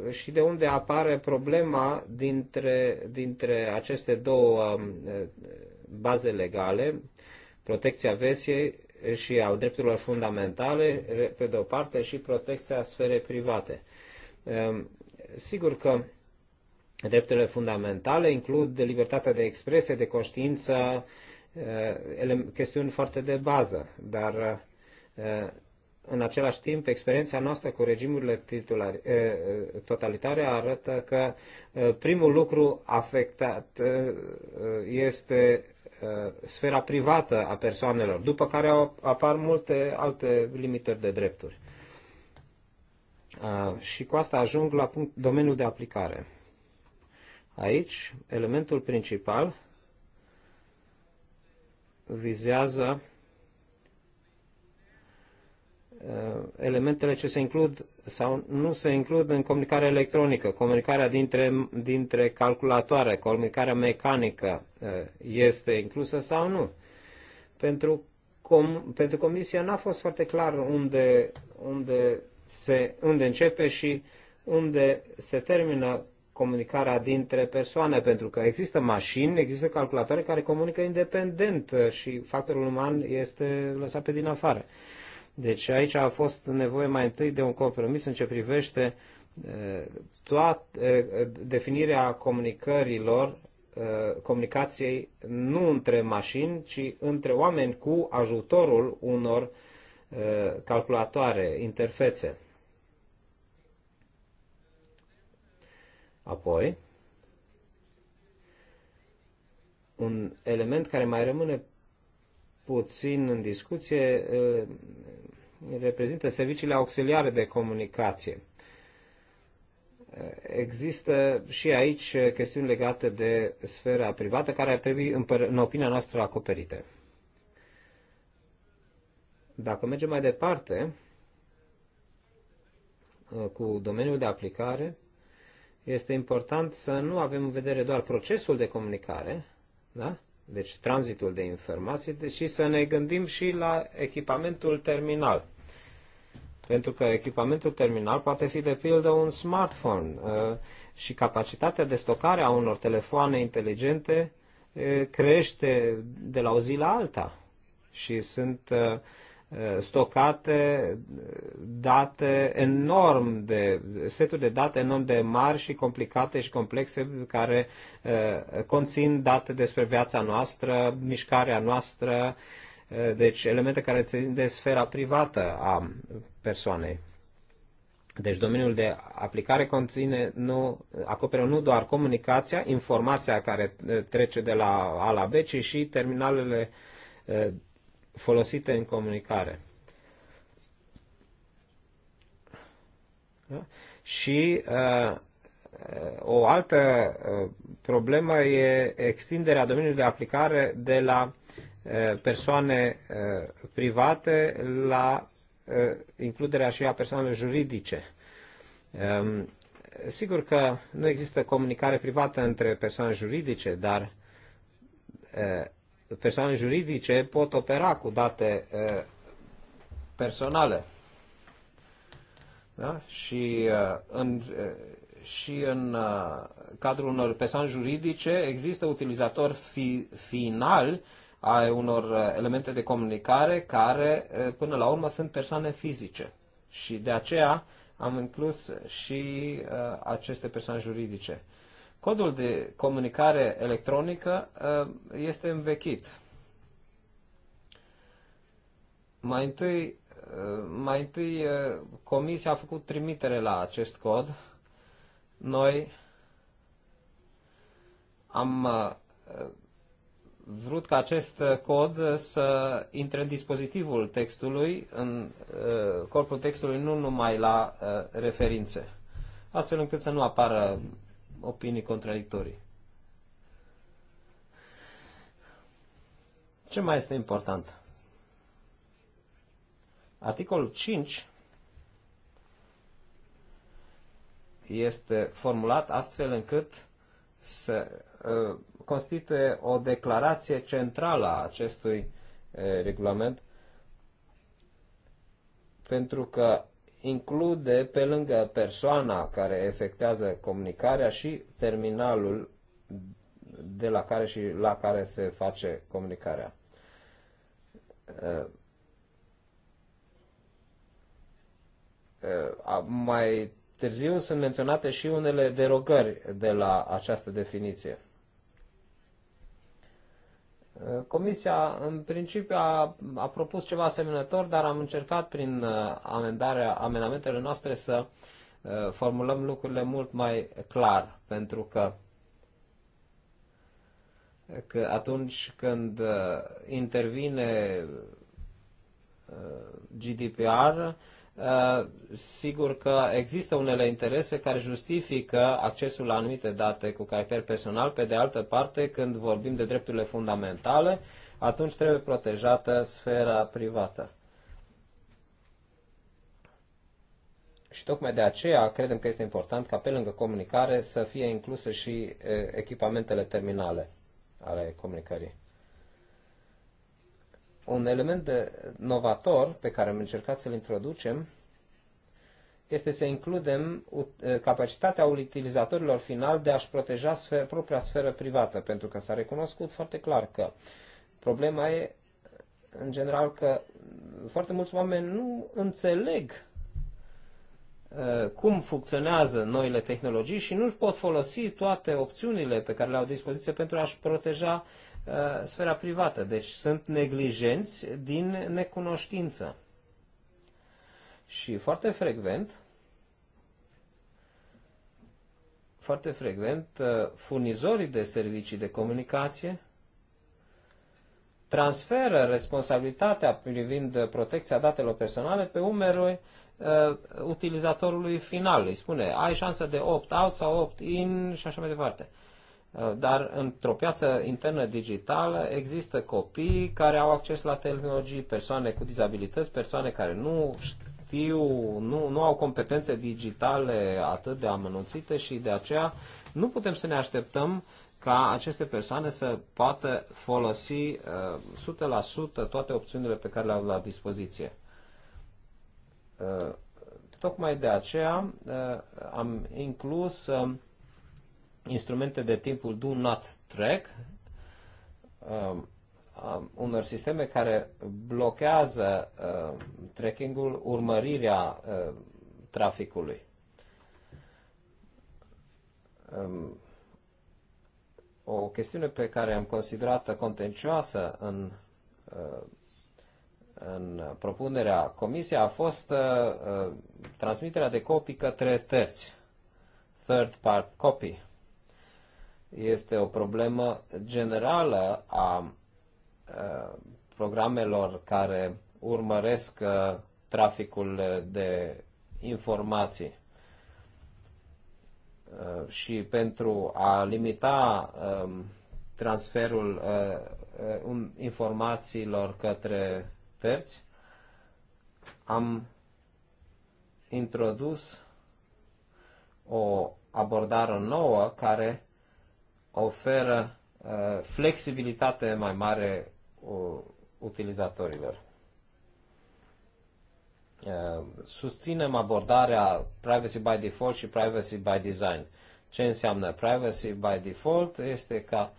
uh, și de unde apare problema dintre, dintre aceste două um, baze legale, protecția vesiei și a drepturilor fundamentale, pe de o parte, și protecția sferei private. Um, sigur că drepturile fundamentale includ libertatea de expresie, de conștiință, Eh, chestiuni foarte de bază, dar eh, în același timp, experiența noastră cu regimurile titulari, eh, totalitare arată că primul lucru afectat este sfera privată a persoanelor, după care apar multe alte limitări de drepturi. Ah, și cu asta ajung la punct, domeniul de aplicare. Aici, elementul principal vizează uh, elementele ce se includ sau nu se includ în comunicarea electronică, comunicarea dintre, dintre calculatoare, comunicarea mecanică uh, este inclusă sau nu. Pentru, com, pentru Comisia n-a fost foarte clar unde, unde, se, unde începe și unde se termină comunicarea dintre persoane, pentru că există mașini, există calculatoare care comunică independent uh, și factorul uman este lăsat pe din afară. Deci aici a fost nevoie mai întâi de un compromis în ce privește uh, toată uh, definirea comunicărilor, comunicației nu între mașini, ci între oameni cu ajutorul unor calculatoare, interfețe. Apoi, un element care mai rămâne puțin în discuție uh, reprezintă serviciile auxiliare de comunicație. Uh, există și aici uh, chestiuni legate de sfera privată care ar trebui, în opinia noastră, acoperite. Dacă mergem mai departe cu domeniul de aplicare, este important să nu avem în vedere doar procesul de comunicare, da? deci tranzitul de informații, deci și să ne gândim și la echipamentul terminal. Pentru că echipamentul terminal poate fi de pildă un smartphone uh, și capacitatea de stocare a unor telefoane inteligente uh, crește de la o zi la alta și sunt uh, stocate date enorm de, seturi de date enorm de mari și complicate și complexe care eh, conțin date despre viața noastră, mișcarea noastră, eh, deci elemente care țin de sfera privată a persoanei. Deci domeniul de aplicare conține nu, acoperă nu doar comunicația, informația care eh, trece de la A la B, ci și terminalele folosite în comunicare. Da? Și uh, uh o altă uh, problemă e extinderea domeniului de aplicare de la uh, persoane uh, private la uh, includerea și a persoanelor juridice. Um, sigur că nu există comunicare privată între persoane juridice, dar uh, persoane juridice pot opera cu date personale. Da? Și, în, și în cadrul unor persoane juridice există utilizator fi, final a unor elemente de comunicare care, până la urmă, sunt persoane fizice. Și de aceea am inclus și aceste persoane juridice. Codul de comunicare electronică ă, este învechit. Mai întâi, ă, mai întâi ă, comisia a făcut trimitere la acest cod. Noi am vrut ca acest cod să intre în dispozitivul textului, în corpul textului, nu numai la referințe, astfel încât să nu apară opinii contradictorii. Ce mai este important? Articolul 5 este formulat astfel încât să constituie o declarație centrală a acestui regulament, pentru că include pe lângă persoana care efectează comunicarea și terminalul de la care și la care se face comunicarea. Uh, uh, mai târziu sunt menționate și unele derogări de la această definiție. Comisia, în principiu, a, a propus ceva asemănător, dar am încercat prin uh, amendarea amendamentele noastre să uh, formulăm lucrurile mult mai clar, pentru că, că atunci când uh, intervine GDPR, Uh, sigur că există unele interese care justifică accesul la anumite date cu caracter personal. Pe de altă parte, când vorbim de drepturile fundamentale, atunci trebuie protejată sfera privată. Și tocmai de aceea credem că este important ca pe lângă comunicare să fie incluse și uh, echipamentele terminale ale comunicării. Un element de novator pe care am încercat să-l introducem este să includem eh, capacitatea utilizatorilor final de a-și proteja sfer, propria sferă privată, pentru că s-a recunoscut foarte clar că problema e, în general, că foarte mulți oameni nu înțeleg eh, cum funcționează noile tehnologii și nu își pot folosi toate opțiunile pe care le au dispoziție pentru a-și proteja Uh, sfera privată, deci sunt neglijenți din necunoștință. Și foarte frecvent, foarte frecvent, uh, furnizorii de servicii de comunicație transferă responsabilitatea privind protecția datelor personale pe umerul uh, utilizatorului final. Îi spune, ai șansă de opt-out sau opt-in și așa mai departe. Uh, dar într-o piață internă digitală există copii care au acces la tehnologii, persoane cu dizabilități, persoane care nu știu, nu, nu au competențe digitale atât de amănunțite și de aceea nu putem să ne așteptăm ca aceste persoane să poată folosi 100% uh, toate opțiunile pe care le au la dispoziție. Uh, tocmai de aceea am inclus um, instrumente de tipul do not track, um, um, unor sisteme care blochează um, tracking-ul, urmărirea traficului o chestiune pe care am considerat contencioasă în, uh, în propunerea comisiei a fost uh, uh transmiterea de copii către terți, third part copy este o problemă generală a uh, programelor care urmăresc uh, traficul de informații. Uh, și pentru a limita um, transferul informațiilor către terți, am introdus o abordare nouă care oferă uh, flexibilitate mai mare uh, utilizatorilor. Uh, susținem abordarea privacy by default și privacy by design. Ce înseamnă privacy by default este ca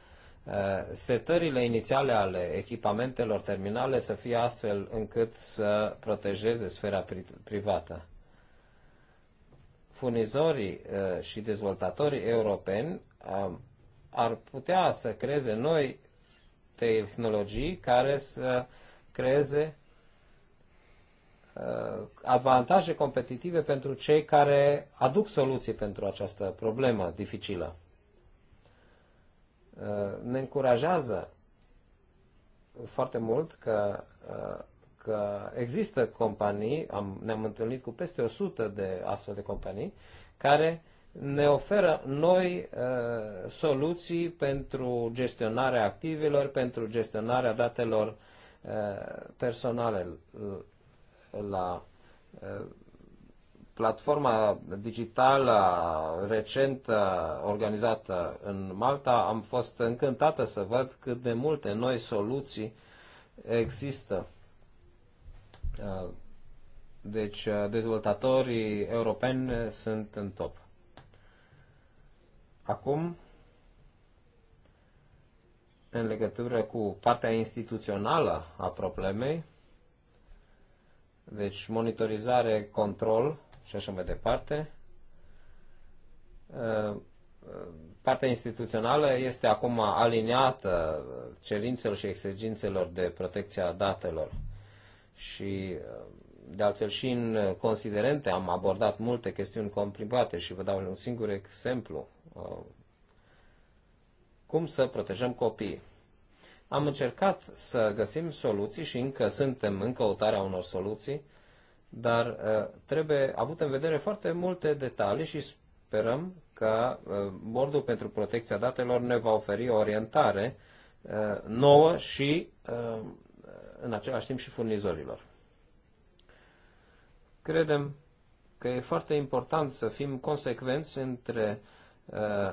setările inițiale ale echipamentelor terminale să fie astfel încât să protejeze sfera privată. Furnizorii și dezvoltatorii europeni ar putea să creeze noi tehnologii care să creeze uh, avantaje competitive pentru cei care aduc soluții pentru această problemă dificilă. Uh, ne încurajează foarte mult că, uh, că există companii, am, ne-am întâlnit cu peste 100 de astfel de companii, care ne oferă noi uh, soluții pentru gestionarea activelor, pentru gestionarea datelor uh, personale la uh, platforma digitală recent organizată în Malta, am fost încântată să văd cât de multe noi soluții există. Uh, deci uh, dezvoltatorii europeni sunt în top. Acum, în legătură cu partea instituțională a problemei, deci monitorizare, control și așa mai departe, uh, partea instituțională este acum aliniată cerințelor și exigențelor de protecția datelor și uh, de altfel și în considerente am abordat multe chestiuni comprimate și vă dau un singur exemplu. Uh, cum să protejăm copiii. Am încercat să găsim soluții și încă suntem în căutarea unor soluții, dar uh, trebuie avut în vedere foarte multe detalii și sperăm că uh, Bordul pentru Protecția Datelor ne va oferi o orientare nouă și în același timp și furnizorilor. Credem că e foarte important să fim consecvenți între uh, Uh,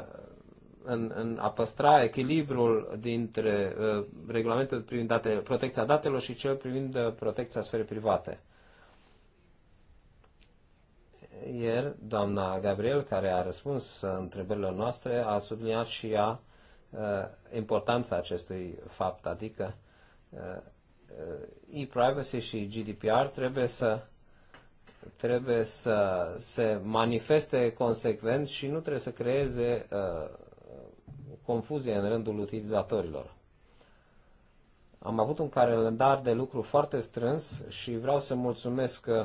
în, în a păstra echilibrul dintre uh, regulamentul privind date, protecția datelor și cel privind uh, protecția sferei private. Ieri, doamna Gabriel, care a răspuns întrebărilor noastre, a subliniat și ea importanța acestui fapt, adică e-privacy și GDPR trebuie să trebuie să se manifeste consecvent și nu trebuie să creeze uh, confuzie în rândul utilizatorilor. Am avut un calendar de lucru foarte strâns și vreau să mulțumesc uh,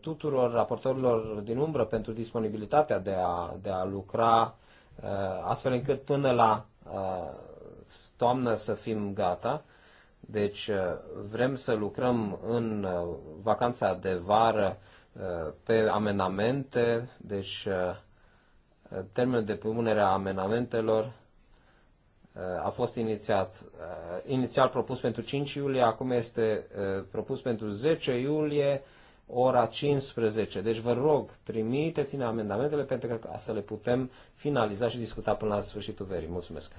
tuturor raportorilor din umbră pentru disponibilitatea de a, de a lucra uh, astfel încât până la uh, toamnă să fim gata deci uh, vrem să lucrăm în uh, vacanța de vară uh, pe amenamente, deci termenul de punere a amenamentelor a fost inițiat, inițial propus pentru 5 iulie, acum este propus pentru 10 iulie, ora 15. Deci vă rog, trimiteți-ne amendamentele pentru ca să le putem finaliza și discuta până la sfârșitul verii. Mulțumesc!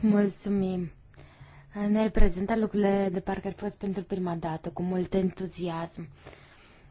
Mulțumim! ne-ai prezentat lucrurile de parcă ar fost pentru prima dată, cu mult entuziasm.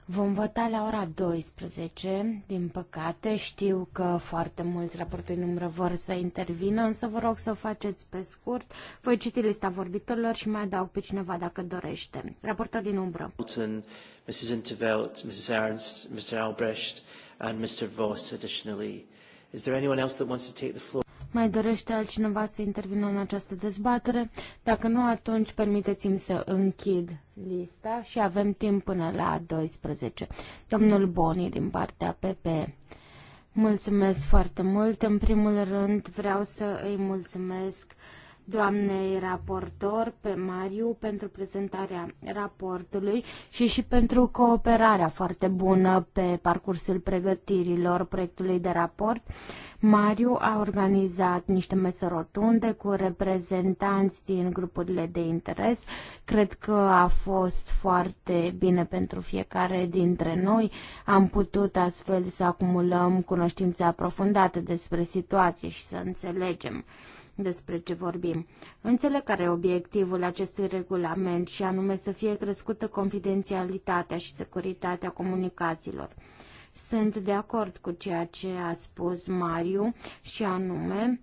Vom vota la ora 12, din păcate. Știu că foarte mulți raporturi numără vor să intervină, însă vă rog să o faceți pe scurt. Voi citi lista vorbitorilor și mai adaug pe cineva dacă dorește. Raportor din umbră. Bolton, Mrs. Intervelt, Mrs. Ernst, Mr. Albrecht and Mr. Voss additionally. Is there anyone else that wants to take the floor? Mai dorește altcineva să intervină în această dezbatere? Dacă nu, atunci permiteți-mi să închid lista și avem timp până la 12. Domnul Boni din partea PP. Mulțumesc foarte mult. În primul rând vreau să îi mulțumesc uh, doamnei raportor, pe Mariu, pentru prezentarea raportului și și pentru cooperarea foarte bună pe parcursul pregătirilor proiectului de raport. Mariu a organizat niște mese rotunde cu reprezentanți din grupurile de interes. Cred că a fost foarte bine pentru fiecare dintre noi. Am putut astfel să acumulăm cunoștințe aprofundate despre situație și să înțelegem despre ce vorbim. Înțeleg care e obiectivul acestui regulament și anume să fie crescută confidențialitatea și securitatea comunicațiilor. Sunt de acord cu ceea ce a spus Mariu și anume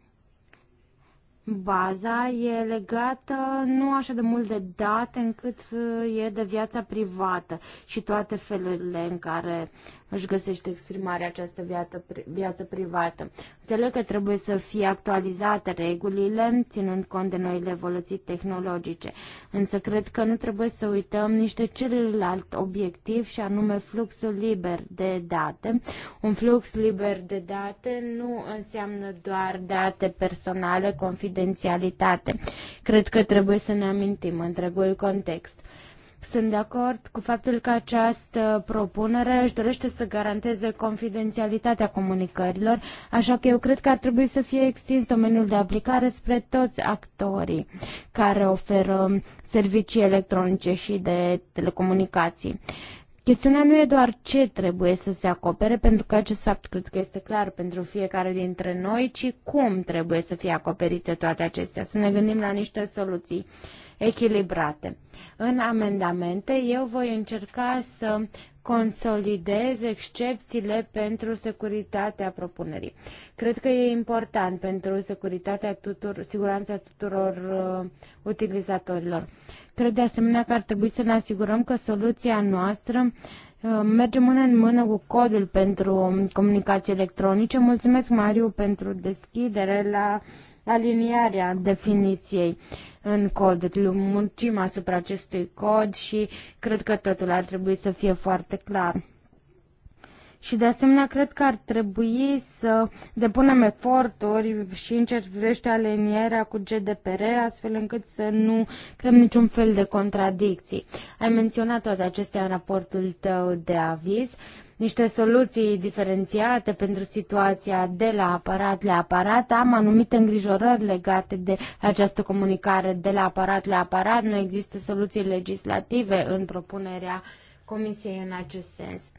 baza e legată nu așa de mult de date încât e de viața privată și toate felurile în care își găsește exprimarea această viață, viață privată. Înțeleg că trebuie să fie actualizate regulile, ținând cont de noile evoluții tehnologice, însă cred că nu trebuie să uităm niște celălalt obiectiv și anume fluxul liber de date. Un flux liber de date nu înseamnă doar date personale, confidențialitate. Cred că trebuie să ne amintim întregul context. Sunt de acord cu faptul că această propunere își dorește să garanteze confidențialitatea comunicărilor, așa că eu cred că ar trebui să fie extins domeniul de aplicare spre toți actorii care oferă servicii electronice și de telecomunicații. Chestiunea nu e doar ce trebuie să se acopere, pentru că acest fapt cred că este clar pentru fiecare dintre noi, ci cum trebuie să fie acoperite toate acestea, să ne gândim la niște soluții. Uh, echilibrate. În amendamente eu voi încerca să consolidez excepțiile pentru securitatea propunerii. Cred că e important pentru securitatea tuturor, siguranța tuturor uh, utilizatorilor. Cred de asemenea că ar trebui să ne asigurăm că soluția noastră Mergem uh, merge mână în mână cu codul pentru comunicații electronice. Mulțumesc, Mariu, pentru deschidere la alinierea definiției. Uh, în cod. Deci, muncim asupra acestui cod și cred că totul ar trebui să fie foarte clar. Și de asemenea, cred că ar trebui să depunem eforturi și în ce privește alinierea cu GDPR, astfel încât să nu creăm niciun fel de contradicții. Ai menționat toate acestea în raportul tău de aviz. Uh, niște soluții diferențiate pentru situația de la aparat la aparat. Am anumite îngrijorări legate de această comunicare de la aparat la aparat. Nu există soluții legislative în propunerea Comisiei în acest sens.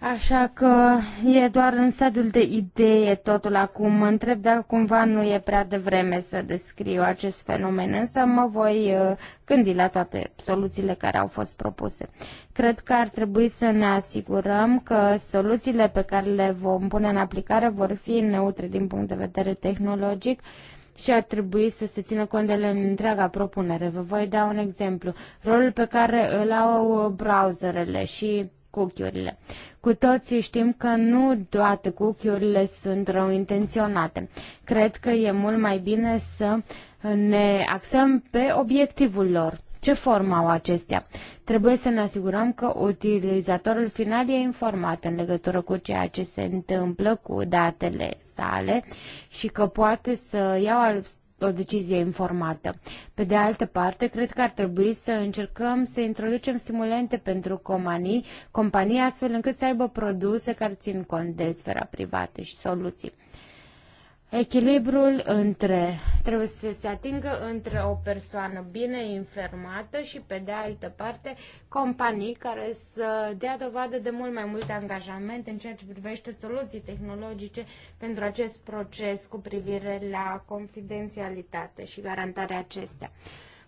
Așa că e doar în stadiul de idee totul acum. Mă întreb dacă cumva nu e prea devreme să descriu acest fenomen, însă mă voi uh, gândi la toate soluțiile care au fost propuse. Cred că ar trebui să ne asigurăm că soluțiile pe care le vom pune în aplicare vor fi neutre din punct de vedere tehnologic și ar trebui să se țină cont de ele întreaga propunere. Vă voi da un exemplu. Rolul pe care îl au uh, browserele și cuchiurile. Cu toții știm că nu toate cuchiurile sunt rău intenționate. Cred că e mult mai bine să ne axăm pe obiectivul lor. Ce formă au acestea? Trebuie să ne asigurăm că utilizatorul final e informat în legătură cu ceea ce se întâmplă cu datele sale și că poate să ia o decizie informată. Pe de altă parte, cred că ar trebui să încercăm să introducem stimulente pentru companii, companii astfel încât să aibă produse care țin cont de sfera privată și soluții. Echilibrul între trebuie să se atingă între o persoană bine informată și pe de altă parte companii care să dea dovadă de mult mai mult angajament în ceea ce privește soluții tehnologice pentru acest proces cu privire la confidențialitate și garantarea acestea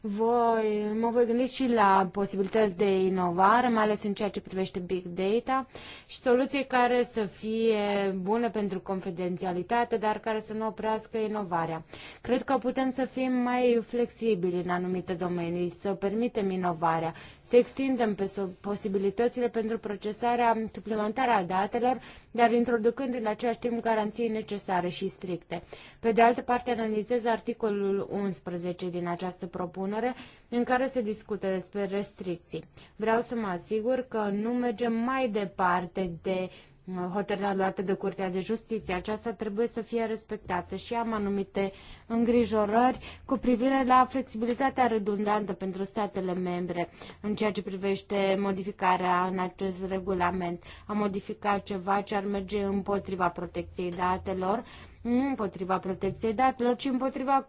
voi, mă voi gândi și la posibilități de inovare, mai ales în ceea ce privește big data și soluții care să fie bune pentru confidențialitate, dar care să nu oprească inovarea. Cred că putem să fim mai flexibili în anumite domenii, să permitem inovarea, să extindem pe posibilitățile pentru procesarea suplimentară a datelor, dar introducând în același timp garanții necesare și stricte. Pe de altă parte, analizez articolul 11 din această propunere propunere în care se discută despre restricții. Vreau să mă asigur că nu mergem mai departe de uh, hotărârea luată de Curtea de Justiție. Aceasta trebuie să fie respectată și am anumite îngrijorări cu privire la flexibilitatea redundantă pentru statele membre în ceea ce privește modificarea în acest regulament. A modificat ceva ce ar merge împotriva protecției datelor nu împotriva protecției datelor, ci împotriva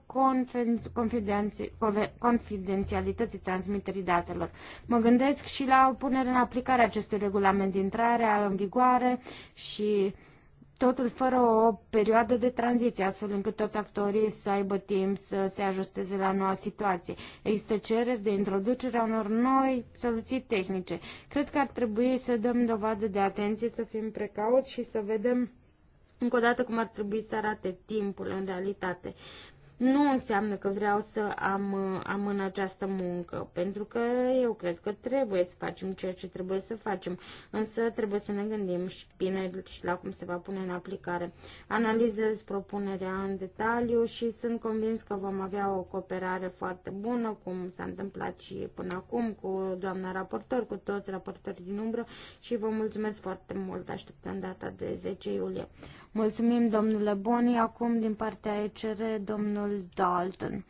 confidențialității transmiterii datelor. Mă gândesc și la punerea în aplicare acestui regulament de intrare în vigoare și totul fără o perioadă de tranziție, astfel încât toți actorii să aibă timp să se ajusteze la noua situație. Există cereri de introducere a unor noi soluții tehnice. Cred că ar trebui să dăm dovadă de atenție, să fim precauți și să vedem încă o dată cum ar trebui să arate timpul în realitate. Nu înseamnă că vreau să am, am în această muncă, pentru că eu cred că trebuie să facem ceea ce trebuie să facem, însă trebuie să ne gândim și bine și la cum se va pune în aplicare. Analizez propunerea în detaliu și sunt convins că vom avea o cooperare foarte bună, cum s-a întâmplat și până acum cu doamna raportor, cu toți raportorii din umbră și vă mulțumesc foarte mult, așteptăm data de 10 iulie. Mulțumim, domnule Boni. Acum, din partea ECR, domnul Dalton.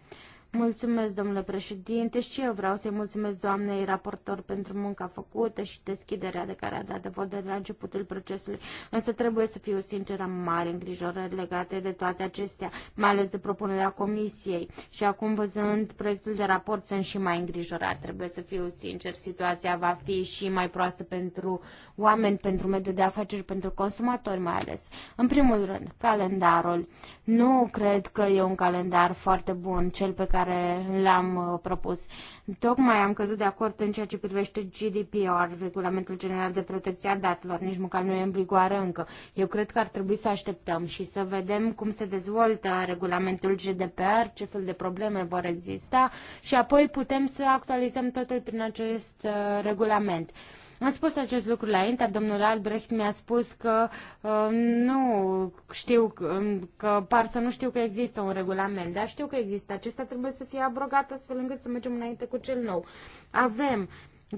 Mulțumesc, domnule președinte, și eu vreau să-i mulțumesc doamnei raportor pentru munca făcută și deschiderea de care a dat de de la începutul procesului, însă trebuie să fiu sincer, am mari îngrijorări legate de toate acestea, mai ales de propunerea comisiei. Și acum, văzând proiectul de raport, sunt și mai îngrijorat, trebuie să fiu sincer, situația va fi și mai proastă pentru oameni, pentru mediul de afaceri, pentru consumatori mai ales. În primul rând, calendarul. Nu cred că e un calendar foarte bun, cel pe care care l-am uh, propus. Tocmai am căzut de acord în ceea ce privește GDPR, Regulamentul General de Protecție a Datelor, nici măcar nu e în vigoare încă. Eu cred că ar trebui să așteptăm și să vedem cum se dezvoltă regulamentul GDPR, ce fel de probleme vor exista și apoi putem să actualizăm totul prin acest uh, regulament. Am spus acest lucru la Inter, domnul Albrecht mi-a spus că uh, nu știu, um, că par să nu știu că există un regulament, dar știu că există. Acesta trebuie să fie abrogat astfel încât să mergem înainte cu cel nou. Avem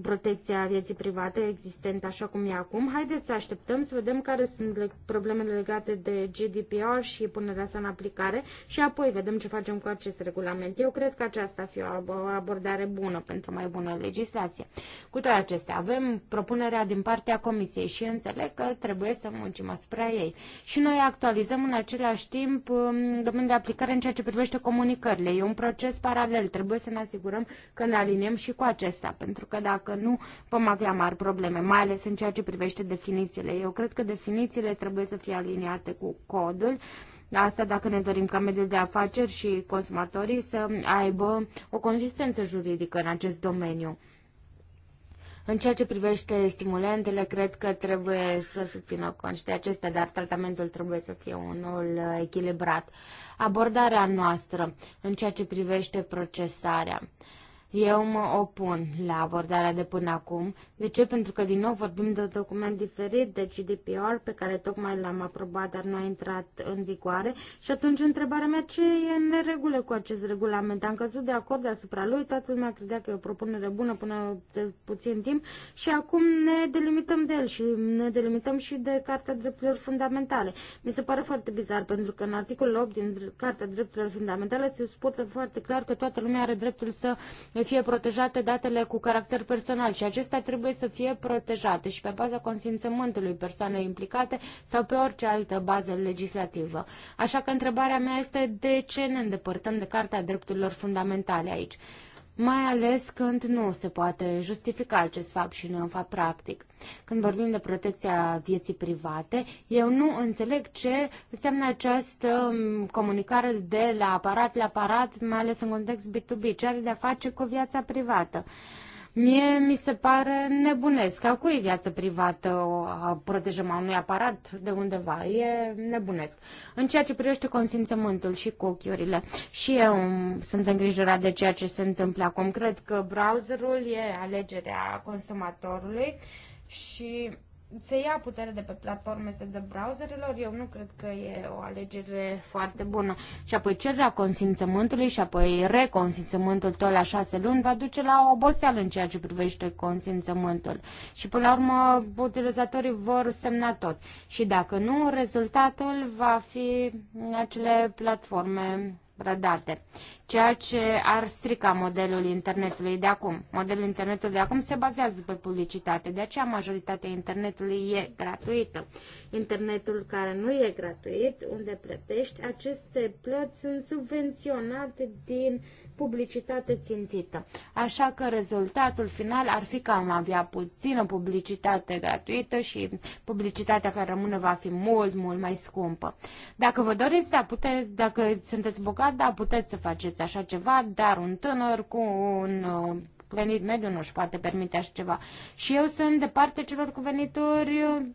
protecția vieții private existentă așa cum e acum. Haideți să așteptăm să vedem care sunt problemele legate de GDPR și punerea sa în aplicare și apoi vedem ce facem cu acest regulament. Eu cred că aceasta fi o abordare bună pentru mai bună legislație. Cu toate acestea, avem propunerea din partea Comisiei și înțeleg că trebuie să muncim asupra ei. Și noi actualizăm în același timp um, domeniul de aplicare în ceea ce privește comunicările. E un proces paralel. Trebuie să ne asigurăm că ne aliniem și cu acesta, pentru că dacă dacă nu, vom avea mari probleme, mai ales în ceea ce privește definițiile. Eu cred că definițiile trebuie să fie aliniate cu codul. Asta dacă ne dorim ca mediul de afaceri și consumatorii să aibă o consistență juridică în acest domeniu. În ceea ce privește stimulentele, cred că trebuie să se țină cont și de acestea, dar tratamentul trebuie să fie unul echilibrat. Abordarea noastră în ceea ce privește procesarea. Uh, eu mă opun la abordarea de până acum. De ce? Pentru că, din nou, vorbim de un document diferit de deci GDPR, pe care tocmai l-am aprobat, dar nu a intrat în vigoare. Și atunci, întrebarea mea, ce e în regulă cu acest regulament? Am căzut de acord asupra lui, toată lumea credea că e o propunere bună până de puțin timp și acum ne delimităm de el și ne delimităm și de Cartea Drepturilor Fundamentale. Mi se pare foarte bizar, pentru că în articolul 8 din Cartea Drepturilor Fundamentale se spune foarte clar că toată lumea are dreptul să să fie protejate datele cu caracter personal și acestea trebuie să fie protejate și pe baza consimțământului persoanei implicate sau pe orice altă bază legislativă. Așa că întrebarea mea este de ce ne îndepărtăm de Carta Drepturilor Fundamentale aici? mai ales când nu se poate justifica acest fapt și nu e un fapt practic. Când vorbim de protecția vieții private, eu nu înțeleg ce înseamnă această um, comunicare de la aparat la aparat, mai ales în context B2B, ce are de-a face cu viața privată. Uh, Mie mi se pare nebunesc. A cui e viață privată a protejăm a unui aparat de undeva? E nebunesc. În ceea ce privește consimțământul și cu ochiurile. Și eu sunt îngrijorat de ceea ce se întâmplă acum. Cred că browserul e alegerea consumatorului și se ia putere de pe platforme, se dă browserelor, eu nu cred că e o alegere foarte bună. Și apoi cererea consimțământului și apoi reconsimțământul tot la șase luni va duce la oboseală în ceea ce privește consimțământul. Și până la urmă utilizatorii vor semna tot. Și dacă nu, rezultatul va fi acele platforme trădate, ceea ce ar strica modelul internetului de acum. Modelul internetului de acum se bazează pe publicitate, de aceea majoritatea internetului e gratuită. Internetul care nu e gratuit, unde plătești, aceste plăți sunt subvenționate din uh, publicitate țintită. Așa că rezultatul final ar fi că am avea puțină publicitate gratuită și publicitatea care rămâne va fi mult, mult mai scumpă. Dacă vă doriți, da, puteți, dacă sunteți bogat, da, puteți să faceți așa ceva, dar un tânăr cu un uh, venit mediu nu își poate permite așa ceva. Și eu sunt de partea celor cu venituri uh,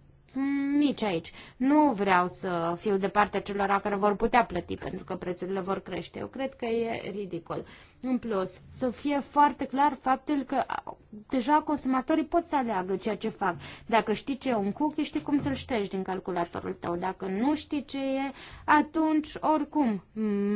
nici aici. Nu vreau să fiu de partea celor care vor putea plăti pentru că prețurile vor crește. Eu cred că e ridicol. În plus, să fie foarte clar faptul că deja consumatorii pot să aleagă ceea ce fac. Dacă știi ce e un cookie, știi cum să-l ștești din calculatorul tău. Dacă nu știi ce e, atunci oricum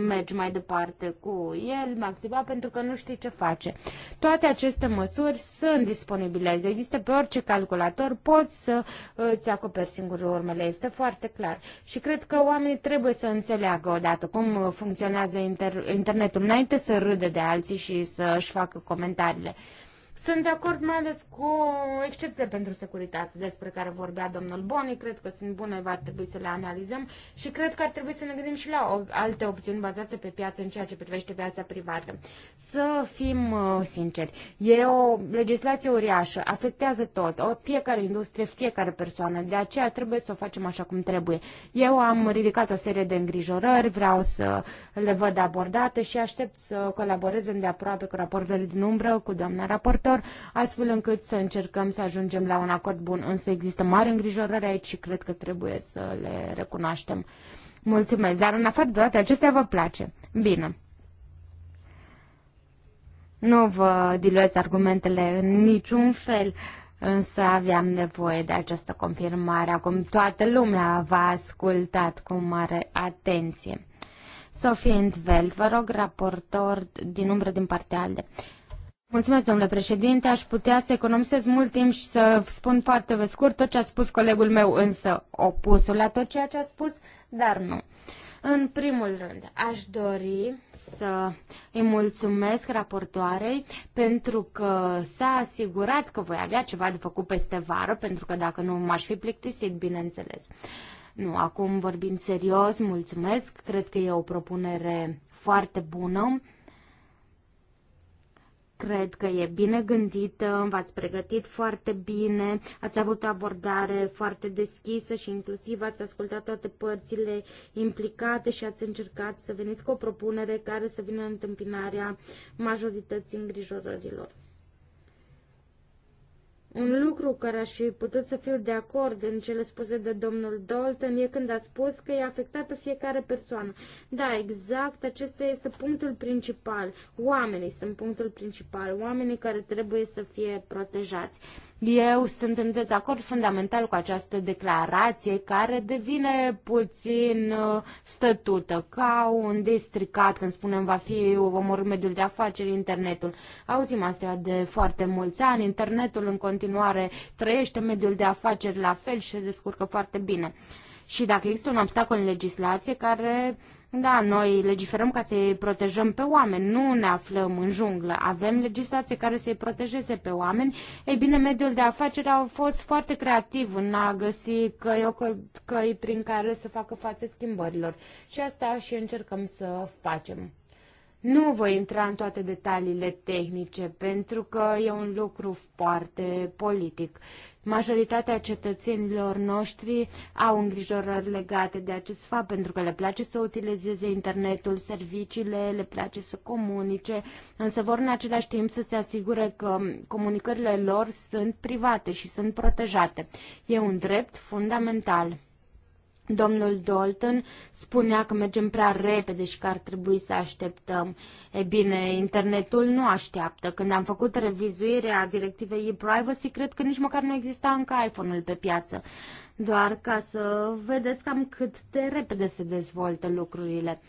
mergi mai departe cu el, activa, pentru că nu știi ce face. Toate aceste măsuri sunt disponibile. Există pe orice calculator, poți să uh, îți acoperi singurul urmele. Este foarte clar. Și cred că oamenii trebuie să înțeleagă odată cum uh, funcționează inter- internetul înainte să râde de alții și să-și facă comentariile. Sunt de acord mai ales cu excepțiile pentru securitate despre care vorbea domnul Boni, cred că sunt bune, va trebui să le analizăm și cred că ar trebui să ne gândim și la alte opțiuni bazate pe piață în ceea ce privește viața privată. Să fim uh, sinceri, e o legislație uriașă, afectează tot, o, fiecare industrie, fiecare persoană, de aceea trebuie să o facem așa cum trebuie. Eu am ridicat o serie de îngrijorări, vreau să le văd abordate și aștept să colaborez îndeaproape cu raportele din umbră, cu doamna raport raportor, astfel încât să încercăm să ajungem la un acord bun. Însă există mare îngrijorare aici și cred că trebuie să le recunoaștem. Mulțumesc, dar în afară de toate acestea vă place. Bine. Nu vă diluez argumentele în niciun fel, însă aveam nevoie de această confirmare. Acum toată lumea v-a ascultat cu mare atenție. Sofie Entveld, vă rog, raportor din umbră din partea ALDE. Mulțumesc, domnule președinte. Aș putea să economisez mult timp și să spun foarte pe scurt tot ce a spus colegul meu, însă opusul la tot ceea ce a spus, dar nu. În primul rând, aș dori să îi mulțumesc raportoarei pentru că s-a asigurat că voi avea ceva de făcut peste vară, pentru că dacă nu m-aș fi plictisit, bineînțeles. Nu, acum vorbind serios, mulțumesc, cred că e o propunere foarte bună Cred că e bine gândită, v-ați pregătit foarte bine, ați avut o abordare foarte deschisă și inclusiv ați ascultat toate părțile implicate și ați încercat să veniți cu o propunere care să vină în întâmpinarea majorității îngrijorărilor. Un lucru care aș fi putut să fiu de acord în cele spuse de domnul Dalton e când a spus că e afectat pe fiecare persoană. Da, exact, acesta este punctul principal. Oamenii sunt punctul principal, oamenii care trebuie să fie protejați. Eu sunt în dezacord fundamental cu această declarație care devine puțin uh, stătută, ca un districat, când spunem va fi omorât mediul de afaceri, internetul. Auzim astea de foarte mulți ani, internetul în continuare continuare trăiește mediul de afaceri la fel și se descurcă foarte bine. Și dacă există un obstacol în legislație care, da, noi legiferăm ca să-i protejăm pe oameni, nu ne aflăm în junglă, avem legislație care să-i protejeze pe oameni, ei bine, mediul de afaceri a fost foarte creativ în a găsi căi, căi prin care să facă față schimbărilor. Și asta și încercăm să facem. Nu voi intra în toate detaliile tehnice, pentru că e un lucru foarte politic. Majoritatea cetățenilor noștri au îngrijorări legate de acest fapt, pentru că le place să utilizeze internetul, serviciile, le place să comunice, însă vor în același timp să se asigure că comunicările lor sunt private și sunt protejate. E un drept fundamental. Domnul Dalton spunea că mergem prea repede și că ar trebui să așteptăm. E bine, internetul nu așteaptă. Când am făcut revizuirea directivei e-privacy, cred că nici măcar nu exista încă iPhone-ul pe piață. Doar ca să vedeți cam cât de repede se dezvoltă lucrurile.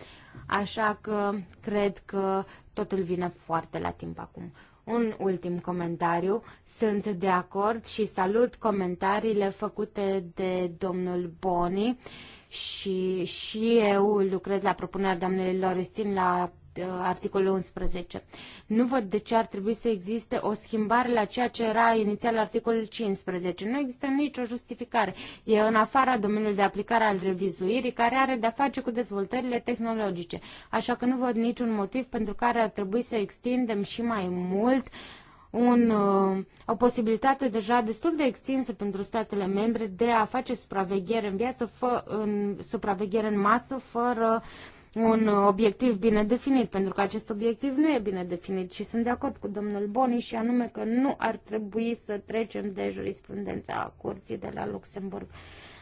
Așa că cred că totul vine foarte la timp acum. Un ultim comentariu. Sunt de acord și salut comentariile făcute de domnul Boni și, și eu lucrez la propunerea doamnei Loristin la Uh, articolul 11. Nu văd de ce ar trebui să existe o schimbare la ceea ce era inițial articolul 15. Nu există nicio justificare. E în afara domeniului de aplicare al revizuirii care are de-a face cu dezvoltările tehnologice. Așa că nu văd niciun motiv pentru care ar trebui să extindem și mai mult un, uh, o posibilitate deja destul de extinsă pentru statele membre de a face supraveghere în viață, fă, în, supraveghere în masă, fără uh, un obiectiv bine definit, pentru că acest obiectiv nu e bine definit și sunt de acord cu domnul Boni și anume că nu ar trebui să trecem de jurisprudența curții de la Luxemburg.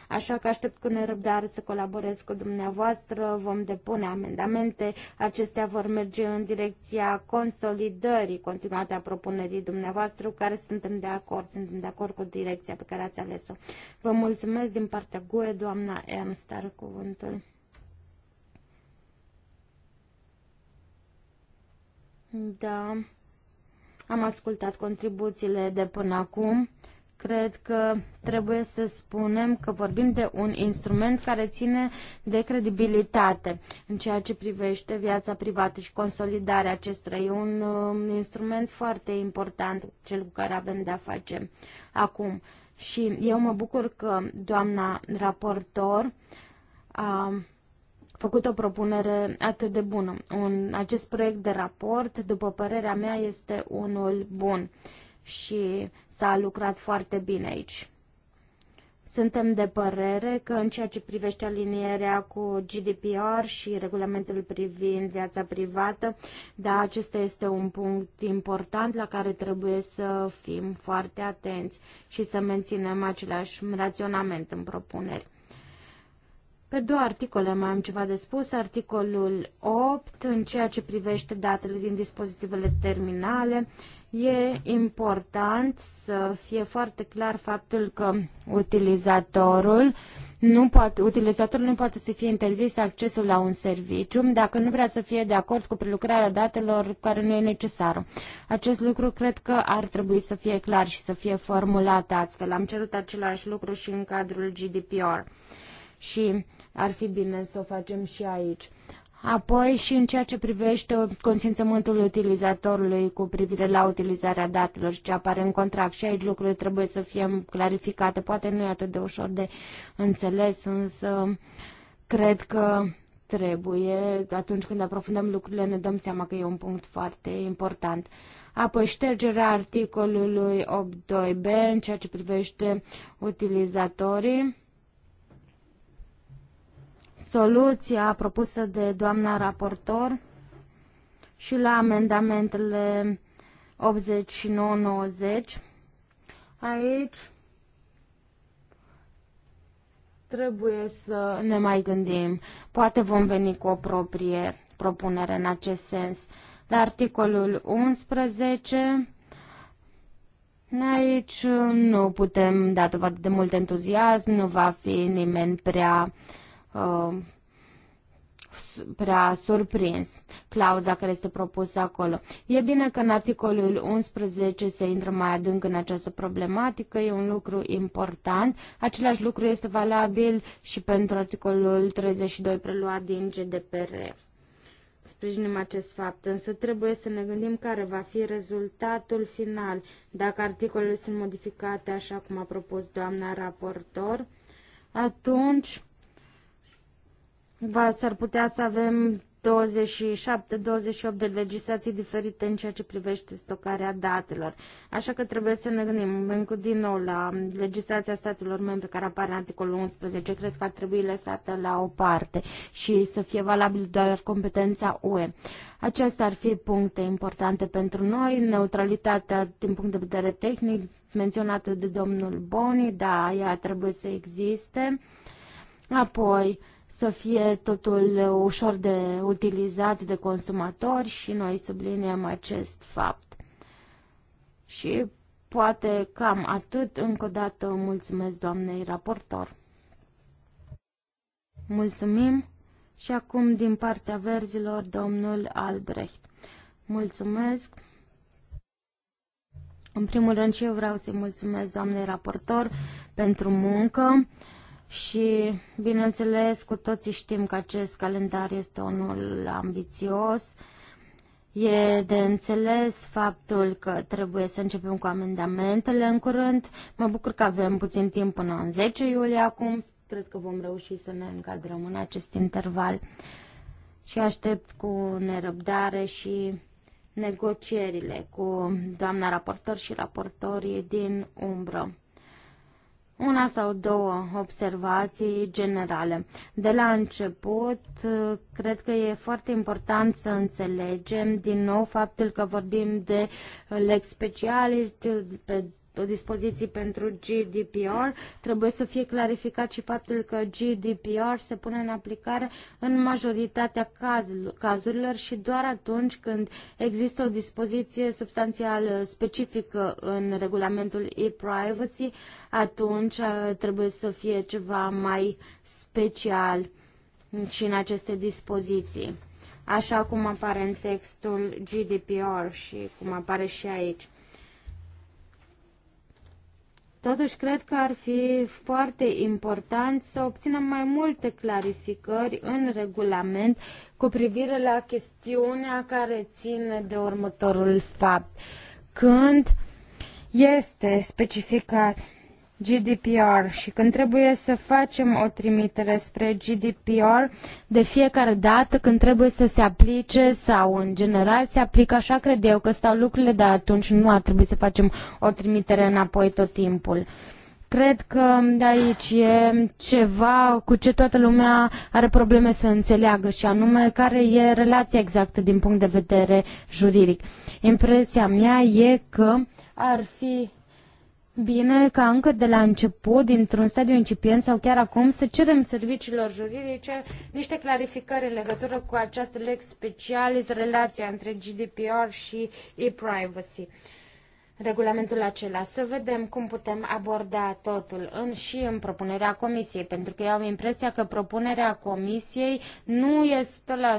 Așa că aștept cu nerăbdare să colaborez cu dumneavoastră, vom depune amendamente, acestea vor merge în direcția consolidării continuate a propunerii dumneavoastră, cu care suntem de acord, suntem de acord cu direcția pe care ați ales-o. Vă mulțumesc din partea GUE, doamna Ernst, are cuvântul. Da, am ascultat contribuțiile de până acum. Cred că trebuie să spunem că vorbim de un instrument care ține de credibilitate în ceea ce privește viața privată și consolidarea acestora. E un uh, instrument foarte important, cel cu care avem de-a face acum. Și eu mă bucur că doamna raportor a făcut o propunere atât de bună. Un, acest proiect de raport, după părerea mea, este unul bun și s-a lucrat foarte bine aici. Suntem de părere că în ceea ce privește alinierea cu GDPR și regulamentul privind viața privată, da, acesta este un punct important la care trebuie să fim foarte atenți și să menținem același raționament în propuneri. Pe două articole mai am ceva de spus. Articolul 8, în ceea ce privește datele din dispozitivele terminale, e important să fie foarte clar faptul că utilizatorul nu poate, utilizatorul nu poate să fie interzis accesul la un serviciu dacă nu vrea să fie de acord cu prelucrarea datelor care nu e necesară. Acest lucru cred că ar trebui să fie clar și să fie formulat astfel. Am cerut același lucru și în cadrul GDPR. Și ar fi bine să o facem și aici. Apoi și în ceea ce privește consimțământul utilizatorului cu privire la utilizarea datelor și ce apare în contract și aici lucrurile trebuie să fie clarificate. Poate nu e atât de ușor de înțeles, însă cred că trebuie, atunci când aprofundăm lucrurile, ne dăm seama că e un punct foarte important. Apoi ștergerea articolului 8.2b în ceea ce privește utilizatorii soluția propusă de doamna raportor și la amendamentele 89-90. Aici trebuie să ne mai gândim. Poate vom veni cu o proprie propunere în acest sens. La articolul 11, aici nu putem da dovadă de mult entuziasm, nu va fi nimeni prea uh, uh, prea surprins clauza care este propusă acolo. E bine că în articolul 11 se intră mai adânc în această problematică, e un lucru important. Același lucru este valabil și pentru articolul 32 preluat din GDPR. Sprijinim acest fapt, însă trebuie să ne gândim care va fi rezultatul final dacă articolele sunt modificate așa cum a propus doamna raportor. Atunci, Va, s-ar putea să avem 27-28 de legislații diferite în ceea ce privește stocarea datelor. Așa că trebuie să ne gândim încă din nou la legislația statelor membre care apare în articolul 11. Cred că ar trebui lăsată la o parte și să fie valabil doar competența UE. Acestea ar fi puncte importante pentru noi. Neutralitatea din punct de vedere tehnic menționată de domnul Boni, da, ea trebuie să existe. Apoi, să fie totul ușor de utilizat de consumatori și noi subliniem acest fapt. Și poate cam atât. Încă o dată mulțumesc doamnei raportor. Mulțumim și acum din partea verzilor domnul Albrecht. Mulțumesc. În primul rând și eu vreau să-i mulțumesc doamnei raportor pentru muncă și, bineînțeles, cu toții știm că acest calendar este unul ambițios. E de înțeles faptul că trebuie să începem cu amendamentele în curând. Mă bucur că avem puțin timp până în 10 iulie acum. Cred că vom reuși să ne încadrăm în acest interval. Și aștept cu nerăbdare și negocierile cu doamna raportor și raportorii din umbră una sau două observații generale. De la început, cred că e foarte important să înțelegem din nou faptul că vorbim de lex specialist, dispoziții pentru GDPR. Trebuie să fie clarificat și faptul că GDPR se pune în aplicare în majoritatea caz cazurilor și doar atunci când există o dispoziție substanțial uh, specifică în regulamentul e-privacy, atunci uh, trebuie să fie ceva mai special și în aceste dispoziții, așa cum apare în textul GDPR și cum apare și aici. Totuși, cred că ar fi foarte important să obținem mai multe clarificări în regulament cu privire la chestiunea care ține de următorul fapt. Când este specificat GDPR și când trebuie să facem o trimitere spre GDPR, de fiecare dată când trebuie să se aplice sau în general se aplică, așa cred eu că stau lucrurile, dar atunci nu ar trebui să facem o trimitere înapoi tot timpul. Cred că de aici e ceva cu ce toată lumea are probleme să înțeleagă și anume care e relația exactă din punct de vedere juridic. Impresia mea e că ar fi bine ca încă de la început, dintr-un stadiu incipient sau chiar acum, să cerem serviciilor juridice niște clarificări în legătură cu această lex specialis, relația între GDPR și e-privacy. Regulamentul acela. Să vedem cum putem aborda totul în și în propunerea comisiei, pentru că eu am impresia că propunerea comisiei nu este 100%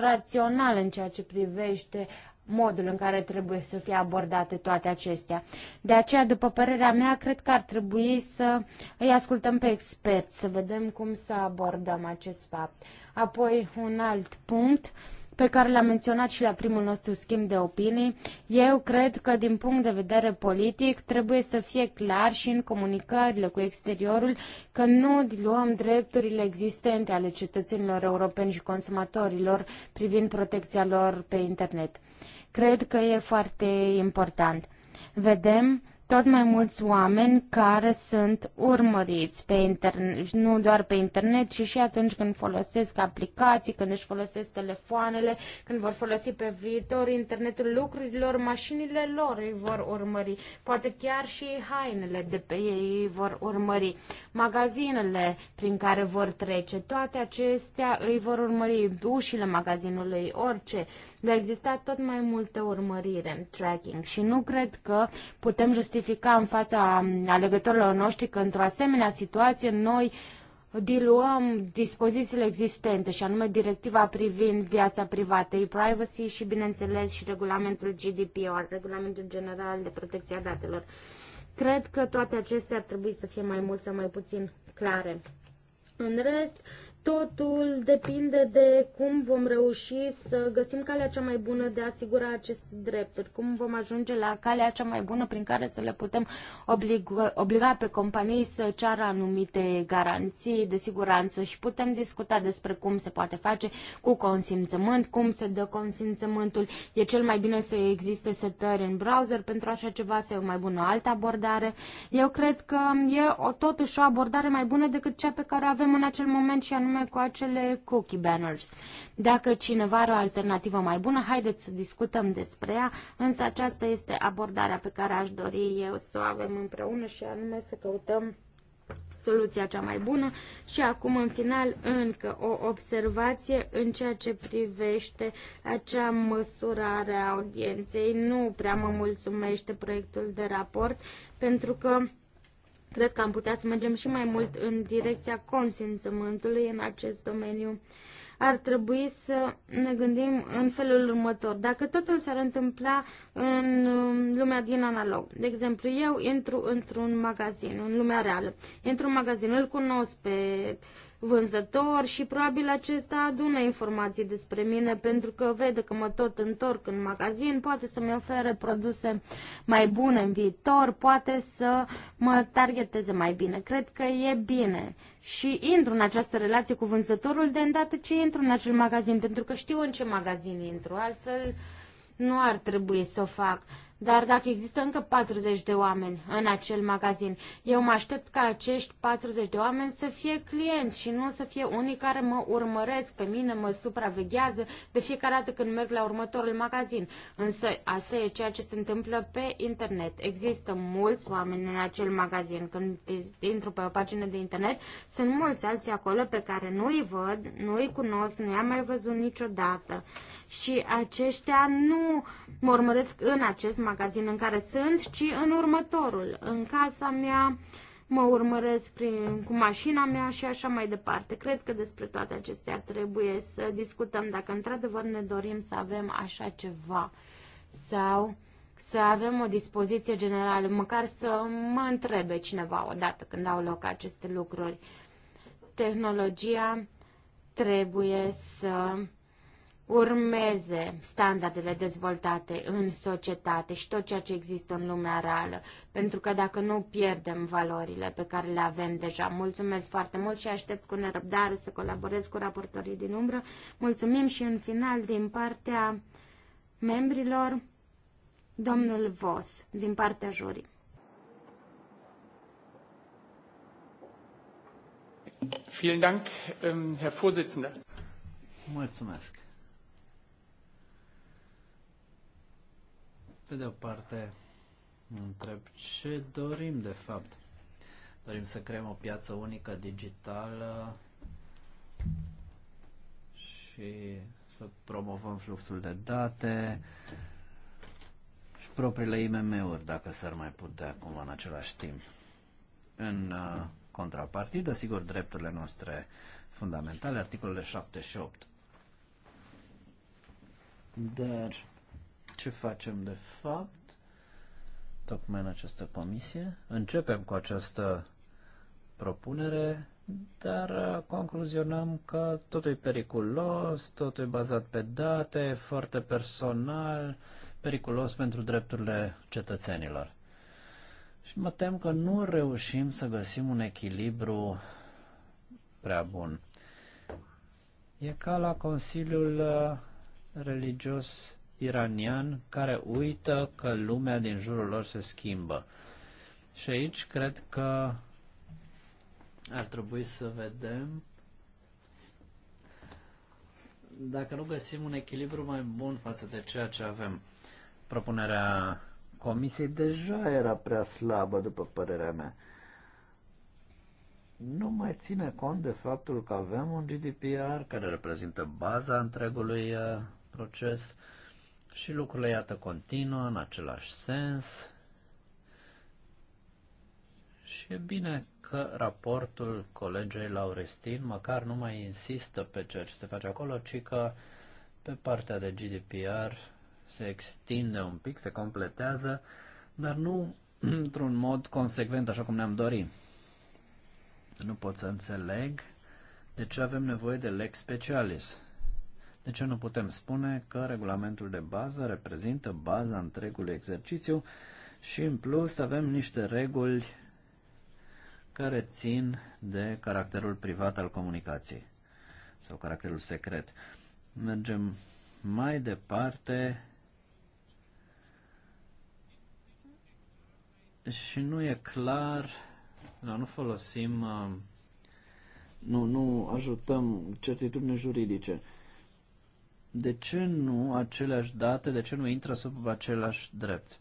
rațională în ceea ce privește modul în care trebuie să fie abordate toate acestea. De aceea, după părerea mea, cred că ar trebui să îi ascultăm pe experți, să vedem cum să abordăm acest fapt. Apoi, un alt punct pe care l-am menționat și la primul nostru schimb de opinii, eu cred că din punct de vedere politic trebuie să fie clar și în comunicările cu exteriorul că nu diluăm drepturile existente ale cetățenilor europeni și consumatorilor privind protecția lor pe internet. Cred că e foarte important. Vedem tot mai mulți oameni care sunt urmăriți pe internet, nu doar pe internet, ci și atunci când folosesc aplicații, când își folosesc telefoanele, când vor folosi pe viitor internetul lucrurilor, mașinile lor îi vor urmări, poate chiar și hainele de pe ei îi vor urmări, magazinele prin care vor trece, toate acestea îi vor urmări, ușile magazinului, orice a exista tot mai multe urmărire, tracking și nu cred că putem justifica în fața alegătorilor noștri că într-o asemenea situație noi diluăm dispozițiile existente și anume directiva privind viața privată, e-privacy și bineînțeles și regulamentul GDPR, regulamentul general de protecție a datelor. Cred că toate acestea ar trebui să fie mai mult sau mai puțin clare. În rest, uh, Totul depinde de cum vom reuși să găsim calea cea mai bună de a asigura aceste drepturi, cum vom ajunge la calea cea mai bună prin care să le putem obliga, obliga pe companii să ceară anumite garanții de siguranță și putem discuta despre cum se poate face cu consimțământ, cum se dă consimțământul. E cel mai bine să existe setări în browser pentru așa ceva, să e o mai bună altă abordare. Eu cred că e o, totuși o abordare mai bună decât cea pe care o avem în acel moment și anume anume cu acele cookie banners. Dacă cineva are o alternativă mai bună, haideți să discutăm despre ea, însă aceasta este abordarea pe care aș dori eu să o avem împreună și anume să căutăm soluția cea mai bună. Și acum, în final, încă o observație în ceea ce privește acea măsurare a audienței. Nu prea mă mulțumește proiectul de raport, pentru că Cred că am putea să mergem și mai mult în direcția consimțământului în acest domeniu. Ar trebui să ne gândim în felul următor. Dacă totul s-ar întâmpla în um, lumea din analog, de exemplu, eu intru într-un magazin, în lumea reală, intru în magazin, îl cunosc pe uh, vânzător și probabil acesta adună informații despre mine pentru că vede că mă tot întorc în magazin, poate să-mi ofere produse mai bune în viitor, poate să mă targeteze mai bine. Cred că e bine și intru în această relație cu vânzătorul de îndată ce intru în acel magazin, pentru că știu în ce magazin intru, altfel nu ar trebui să o fac. Dar dacă există încă 40 de oameni în acel magazin, eu mă aștept ca acești 40 de oameni să fie clienți și nu să fie unii care mă urmăresc pe mine, mă supraveghează de fiecare dată când merg la următorul magazin. Însă asta e ceea ce se întâmplă pe internet. Există mulți oameni în acel magazin. Când intru pe o pagină de internet, sunt mulți alții acolo pe care nu-i văd, nu-i cunosc, nu i-am mai văzut niciodată și aceștia nu mă urmăresc în acest magazin în care sunt, ci în următorul, în casa mea, mă urmăresc prin, cu mașina mea și așa mai departe. Cred că despre toate acestea trebuie să discutăm dacă într-adevăr ne dorim să avem așa ceva sau să avem o dispoziție generală, măcar să mă întrebe cineva odată când au loc aceste lucruri. Tehnologia trebuie să urmeze standardele dezvoltate în societate și tot ceea ce există în lumea reală, pentru că dacă nu pierdem valorile pe care le avem deja. Mulțumesc foarte mult și aștept cu nerăbdare să colaborez cu raportorii din umbră. Mulțumim și în final din partea membrilor domnul Vos, din partea jurii. Vielen Dank, ähm, Herr Vorsitzender. Mulțumesc. Pe de o parte, întreb ce dorim de fapt. Dorim să creăm o piață unică digitală și să promovăm fluxul de date și propriile IMM-uri, dacă s-ar mai putea cumva în același timp. În uh, contrapartidă, sigur, drepturile noastre fundamentale, articolele 7 și 8. Dar ce facem de fapt tocmai în această comisie. Începem cu această propunere, dar uh, concluzionăm că totul e periculos, totul e bazat pe date, foarte personal, periculos pentru drepturile cetățenilor. Și mă tem că nu reușim să găsim un echilibru prea bun. E ca la Consiliul uh, religios iranian care uită că lumea din jurul lor se schimbă. Și aici cred că ar trebui să vedem dacă nu găsim un echilibru mai bun față de ceea ce avem. Propunerea comisiei deja era prea slabă, după părerea mea. Nu mai ține cont de faptul că avem un GDPR care reprezintă baza întregului uh, proces și lucrurile, iată, continuă în același sens. Și e bine că raportul colegei Laurestin măcar nu mai insistă pe ceea ce se face acolo, ci că pe partea de GDPR se extinde un pic, se completează, dar nu *clears throat* într-un mod consecvent, așa cum ne-am dorit. Nu pot să înțeleg de ce avem nevoie de lex specialis. De ce nu putem spune că regulamentul de bază reprezintă baza întregului exercițiu și în plus avem niște reguli care țin de caracterul privat al comunicației sau caracterul secret. Mergem mai departe și nu e clar, no, da, nu folosim, uh, nu, nu ajutăm certitudine juridice de ce nu aceleași date, de ce nu intră sub același drept?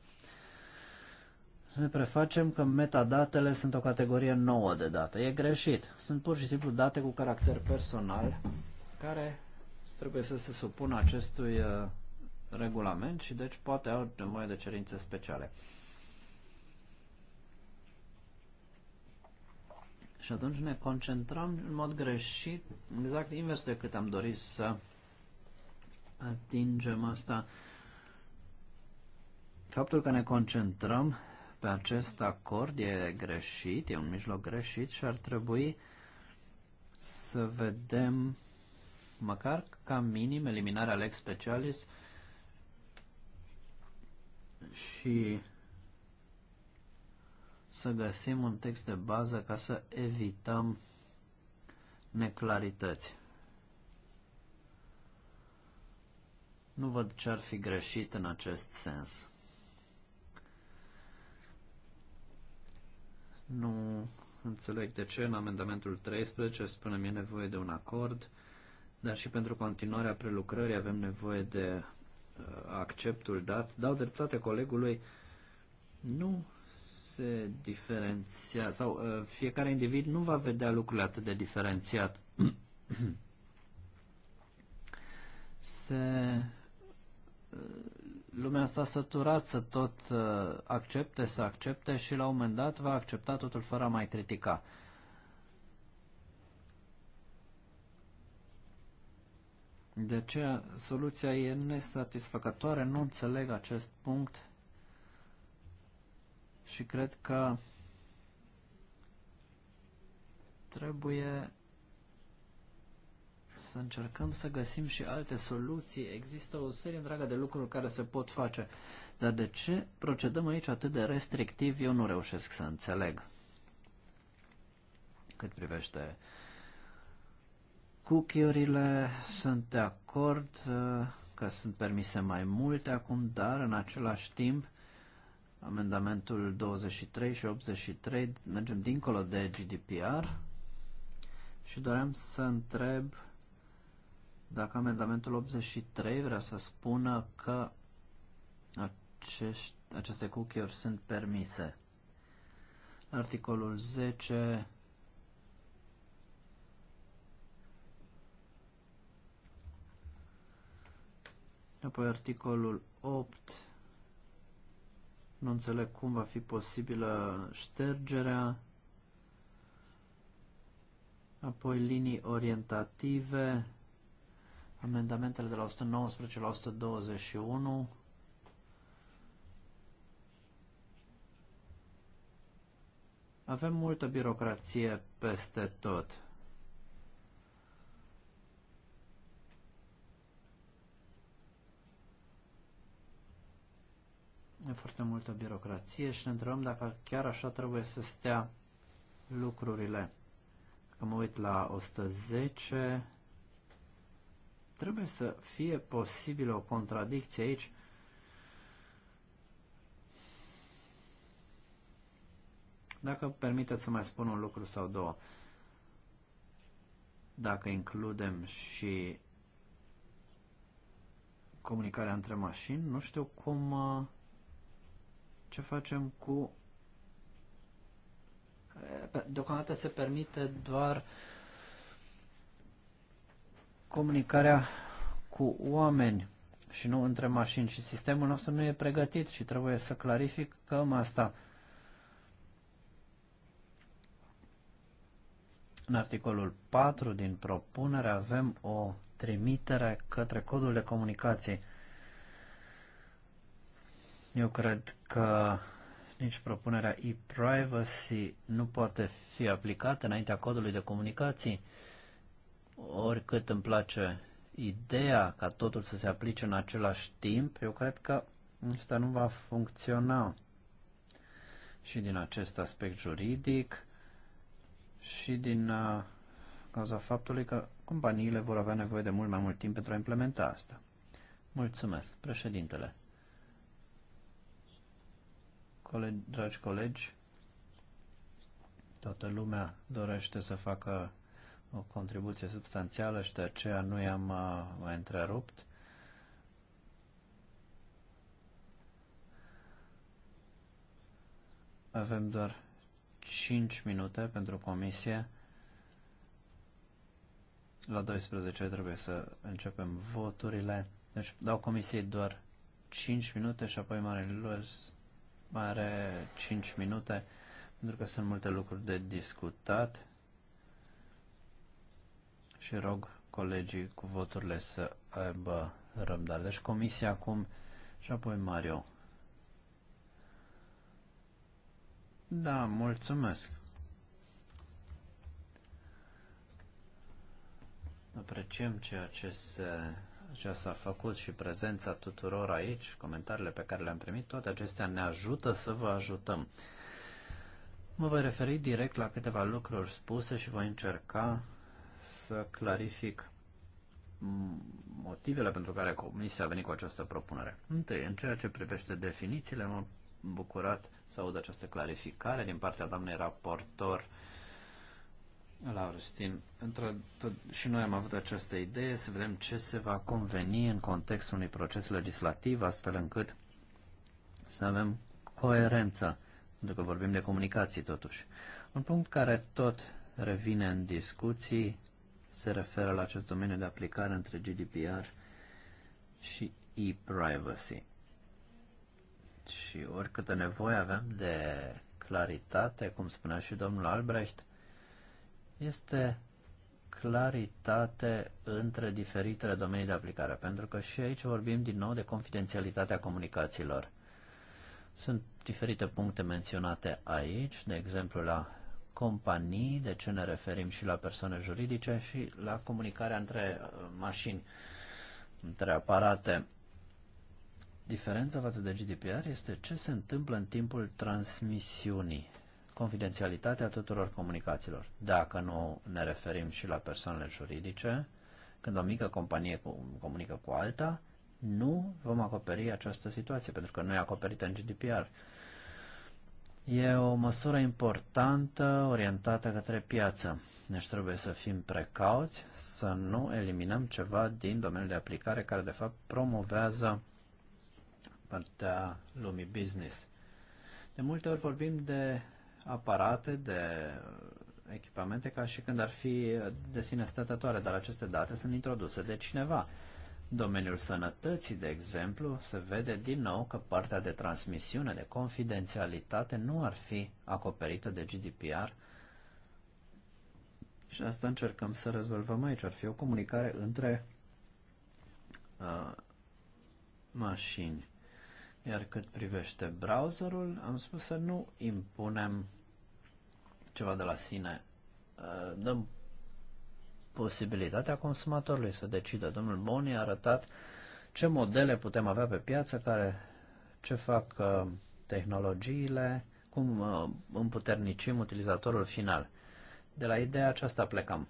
Ne prefacem că metadatele sunt o categorie nouă de date. E greșit. Sunt pur și simplu date cu caracter personal care trebuie să se supună acestui uh, regulament și deci poate au nevoie de cerințe speciale. Și atunci ne concentrăm în mod greșit, exact invers decât am dorit să atingem asta. Faptul că ne concentrăm pe acest acord e greșit, e un mijloc greșit și ar trebui să vedem măcar ca minim eliminarea lex specialis și să găsim un text de bază ca să evităm neclarități. Nu văd ce ar fi greșit în acest sens. Nu înțeleg de ce în amendamentul 13 spunem e nevoie de un acord, dar și pentru continuarea prelucrării avem nevoie de uh, acceptul dat. Dau dreptate colegului, nu se diferenția sau uh, fiecare individ nu va vedea lucrurile atât de diferențiat. *clears throat* se lumea s-a săturat să tot uh, accepte, să accepte și la un moment dat va accepta totul fără a mai critica. De ce soluția e nesatisfăcătoare, nu înțeleg acest punct și cred că trebuie să încercăm să găsim și alte soluții. Există o serie întreagă de lucruri care se pot face. Dar de ce procedăm aici atât de restrictiv, eu nu reușesc să înțeleg. Cât privește cookie-urile, sunt de acord uh, că sunt permise mai multe acum, dar în același timp amendamentul 23 și 83 mergem dincolo de GDPR și doream să întreb dacă amendamentul 83 vrea să spună că acești, aceste cookie-uri sunt permise. Articolul 10 Apoi articolul 8 nu înțeleg cum va fi posibilă ștergerea. Apoi linii orientative. Amendamentele de la 119 la 121 Avem multă birocrație peste tot. E foarte multă birocrație și ne întrebăm dacă chiar așa trebuie să stea lucrurile. Dacă mă uit la 110, trebuie să fie posibilă o contradicție aici. Dacă permiteți să mai spun un lucru sau două, dacă includem și comunicarea între mașini, nu știu cum uh, ce facem cu eh, deocamdată se permite doar uh, comunicarea cu oameni și nu între mașini și sistemul nostru nu e pregătit și trebuie să clarificăm asta. În articolul 4 din propunere avem o trimitere către codul de comunicații. Eu cred că nici propunerea e-privacy nu poate fi aplicată înaintea codului de comunicații oricât îmi place ideea ca totul să se aplice în același timp, eu cred că asta nu va funcționa și din acest aspect juridic și din uh, cauza faptului că companiile vor avea nevoie de mult mai mult timp pentru a implementa asta. Mulțumesc, președintele. Colegi, dragi colegi, toată lumea dorește să facă o contribuție substanțială și de aceea nu i-am uh, mai întrerupt. Avem doar 5 minute pentru comisie. La 12 trebuie să începem voturile. Deci dau comisiei doar 5 minute și apoi mare Lewis are 5 minute pentru că sunt multe lucruri de discutat și rog colegii cu voturile să aibă răbdare. Deci comisia acum și apoi Mario. Da, mulțumesc. Apreciem ceea ce se ce s-a făcut și prezența tuturor aici, comentariile pe care le-am primit, toate acestea ne ajută să vă ajutăm. Mă voi referi direct la câteva lucruri spuse și voi încerca să clarific motivele pentru care Comisia a venit cu această propunere. Întâi, în ceea ce privește definițiile, m-am bucurat să aud această clarificare din partea doamnei raportor Laurustin. Într- și noi am avut această idee să vedem ce se va conveni în contextul unui proces legislativ, astfel încât să avem coerență, pentru că vorbim de comunicații totuși. Un punct care tot revine în discuții se referă la acest domeniu de aplicare între GDPR și e-privacy. Și oricâtă nevoie avem de claritate, cum spunea și domnul Albrecht, este claritate între diferitele domenii de aplicare, pentru că și aici vorbim din nou de confidențialitatea comunicațiilor. Sunt diferite puncte menționate aici, de exemplu la companii, de ce ne referim și la persoane juridice și la comunicarea între uh, mașini, între aparate. Diferența față de GDPR este ce se întâmplă în timpul transmisiunii, confidențialitatea tuturor comunicațiilor. Dacă nu ne referim și la persoanele juridice, când o mică companie comunică cu alta, nu vom acoperi această situație, pentru că nu e acoperită în GDPR. E o măsură importantă orientată către piață. Deci trebuie să fim precauți, să nu eliminăm ceva din domeniul de aplicare care de fapt promovează partea lumii business. De multe ori vorbim de aparate, de echipamente ca și când ar fi de sine stătătoare, dar aceste date sunt introduse de cineva domeniul sănătății, de exemplu, se vede din nou că partea de transmisiune, de confidențialitate nu ar fi acoperită de GDPR și asta încercăm să rezolvăm aici. Ar fi o comunicare între uh, mașini. Iar cât privește browserul, am spus să nu impunem ceva de la sine. Uh, dăm posibilitatea consumatorului să decidă. Domnul Boni a arătat ce modele putem avea pe piață, care, ce fac uh, tehnologiile, cum uh, împuternicim utilizatorul final. De la ideea aceasta plecăm.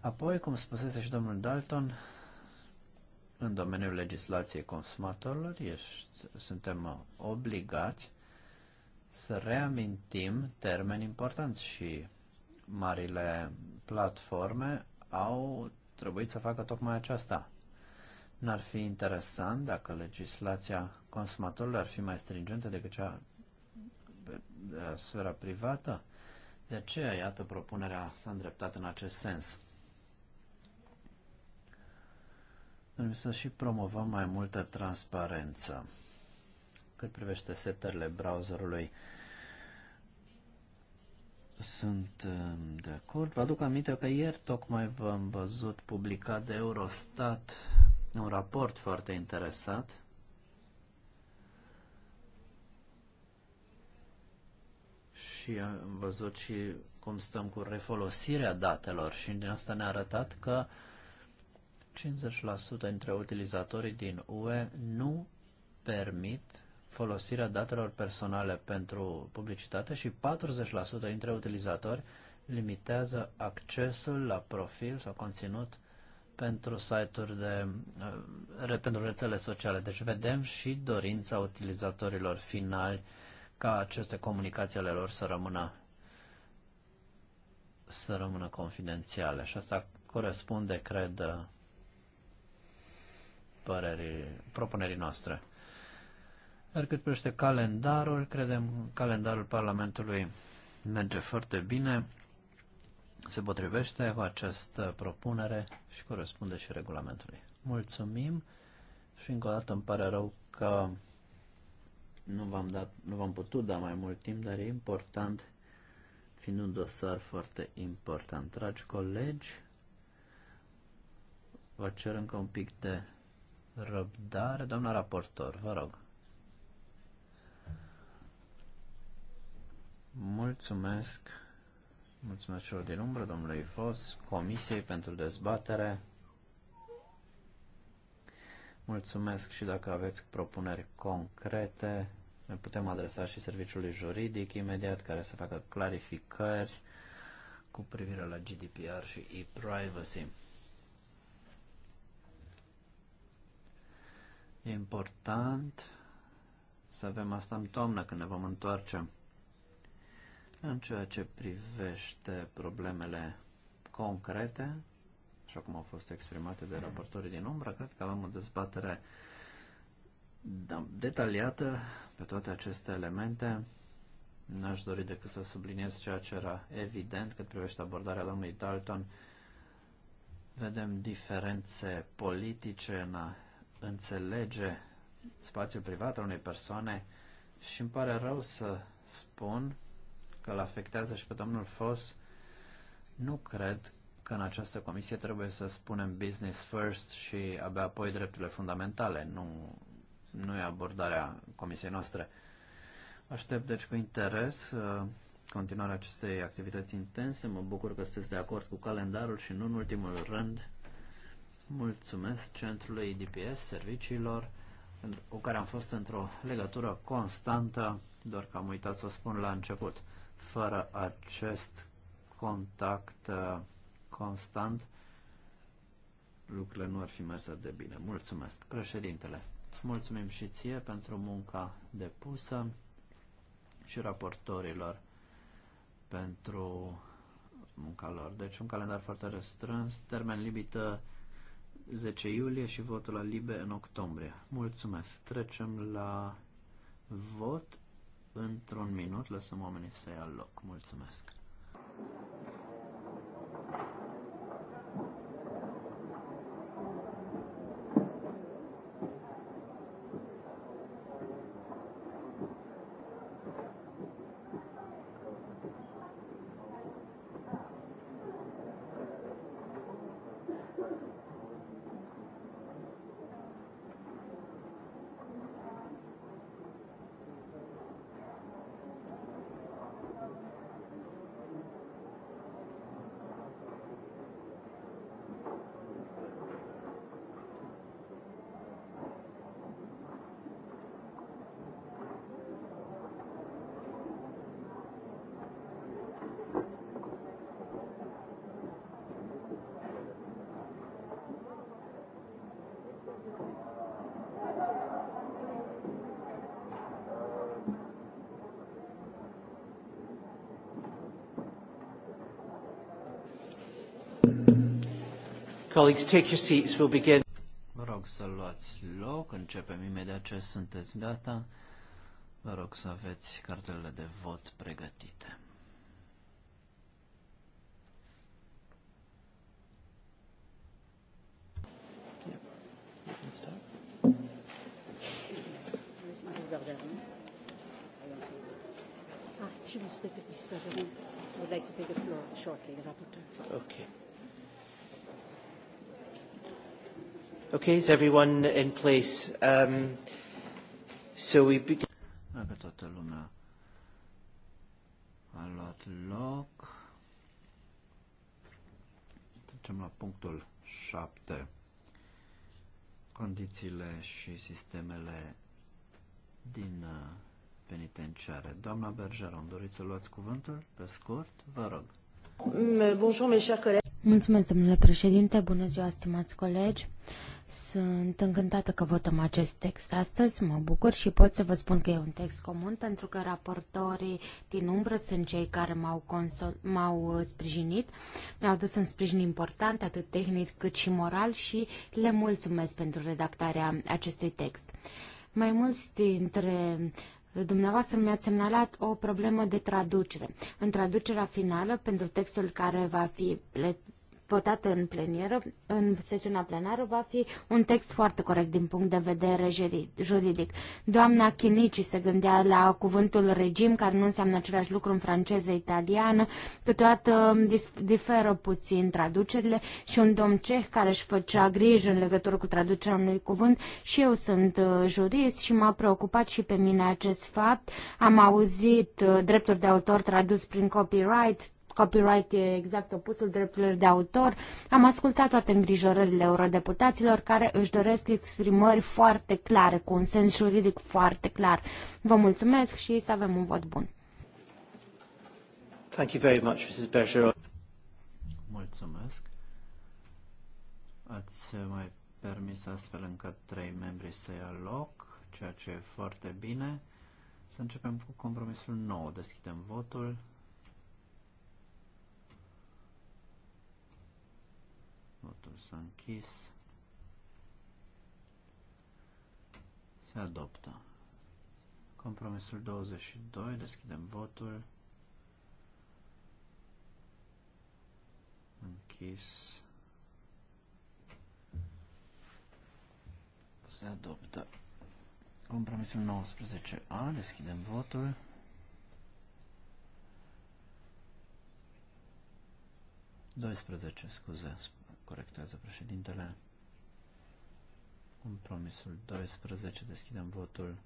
Apoi, cum spusese și domnul Dalton, în domeniul legislației consumatorilor ești, suntem uh, obligați să reamintim termeni importanți și Marile platforme au trebuit să facă tocmai aceasta. N-ar fi interesant dacă legislația consumatorilor ar fi mai stringentă decât cea de eh, sfera privată? De aceea, iată, propunerea s-a îndreptat în acest sens. Trebuie să și promovăm mai multă transparență. Cât privește setările browserului, sunt ehm, de acord. Vă aduc aminte că ieri tocmai v-am văzut publicat de Eurostat un raport foarte interesat și am văzut și cum stăm cu refolosirea datelor și din asta ne-a arătat că 50% dintre utilizatorii din UE nu permit folosirea datelor personale pentru publicitate și 40% dintre utilizatori limitează accesul la profil sau conținut pentru site-uri de, eh, pentru rețele sociale. Deci vedem și dorința utilizatorilor finali ca aceste comunicații ale lor să rămână să rămână confidențiale și asta corespunde, cred, părerii, propunerii noastre. Dar cât privește calendarul, credem calendarul Parlamentului merge foarte bine, se potrivește cu această propunere și corespunde și regulamentului. Mulțumim și încă o dată îmi pare rău că nu v-am, dat, nu v-am putut da mai mult timp, dar e important, fiind un dosar foarte important. Dragi colegi, vă cer încă un pic de răbdare. Doamna raportor, vă rog. Mulțumesc. Mulțumesc celor din umbră, domnului Fos, Comisiei pentru dezbatere. Mulțumesc și dacă aveți propuneri concrete, ne putem adresa și serviciului juridic imediat care să facă clarificări cu privire la GDPR și e-privacy. E important să avem asta în toamnă când ne vom întoarce. În ceea ce privește problemele concrete, așa cum au fost exprimate de raportorii din umbră, cred că avem o dezbatere da, detaliată pe toate aceste elemente. N-aș dori decât să subliniez ceea ce era evident cât privește abordarea domnului Dalton. Vedem diferențe politice în a înțelege spațiul privat al unei persoane și îmi pare rău să spun că îl afectează și pe domnul Foss, nu cred că în această comisie trebuie să spunem business first și abia apoi drepturile fundamentale. Nu, nu e abordarea comisiei noastre. Aștept deci cu interes uh, continuarea acestei activități intense. Mă bucur că sunteți de acord cu calendarul și nu în ultimul rând mulțumesc centrului IDPS, serviciilor cu care am fost într-o legătură constantă, doar că am uitat să o spun la început. Fără acest contact uh, constant, lucrurile nu ar fi mers de bine. Mulțumesc, președintele. Îți mulțumim și ție pentru munca depusă și raportorilor pentru munca lor. Deci un calendar foarte restrâns, termen limită 10 iulie și votul la Libe în octombrie. Mulțumesc. Trecem la vot într-un minut lăsăm oamenii să ia loc. Mulțumesc! Colleagues, take your seats. We'll begin. Vă rog să luați loc, începem imediat ce sunteți gata. Vă rog să aveți cartelele de vot pregătite. Ah, she was to take the piece of would like to take the floor shortly, the rapporteur. Okay. Okay, is everyone in place? Um, so we begin. Dacă toată lumea a luat loc, trecem la punctul 7. Condițiile și sistemele din uh, penitenciare. Doamna Bergeron, doriți să luați cuvântul? Pe scurt, vă rog. Euh, bonjour, mes chers collègues. Mulțumesc, domnule președinte. Bună ziua, stimați colegi. Sunt încântată că votăm acest text astăzi, mă bucur și pot să vă spun că e un text comun pentru că raportorii din umbră sunt cei care m-au, m-au uh, sprijinit, mi-au dus un sprijin important, atât tehnic cât și moral și le mulțumesc pentru redactarea acestui text. Mai mulți dintre Dumneavoastră mi-ați semnalat o problemă de traducere. În traducerea finală, pentru textul care va fi votat în plenieră, în sesiunea plenară, va fi un text foarte corect din punct de vedere juridic. Doamna Chinici se gândea la cuvântul regim, care nu înseamnă același lucru în franceză italiană, câteodată diferă puțin traducerile și un domn ceh care își făcea grijă în legătură cu traducerea unui cuvânt și eu sunt uh, jurist și m-a preocupat și pe mine acest fapt. Am auzit uh, drepturi de autor tradus prin copyright, copyright e exact opusul drepturilor de autor. Am ascultat toate îngrijorările eurodeputaților care își doresc exprimări foarte clare, cu un sens juridic foarte clar. Vă mulțumesc și să avem un vot bun. Thank you very much, Mrs. Mulțumesc. Ați mai permis astfel încât trei membri să ia loc, ceea ce e foarte bine. Să începem cu compromisul nou. Deschidem votul. Votul s-a închis. Se adoptă. Compromisul 22. Deschidem votul. Închis. Se adoptă. Compromisul 19A. Deschidem votul. Doisprezece, scuze, corectează președintele. Compromisul 12, deschidem votul.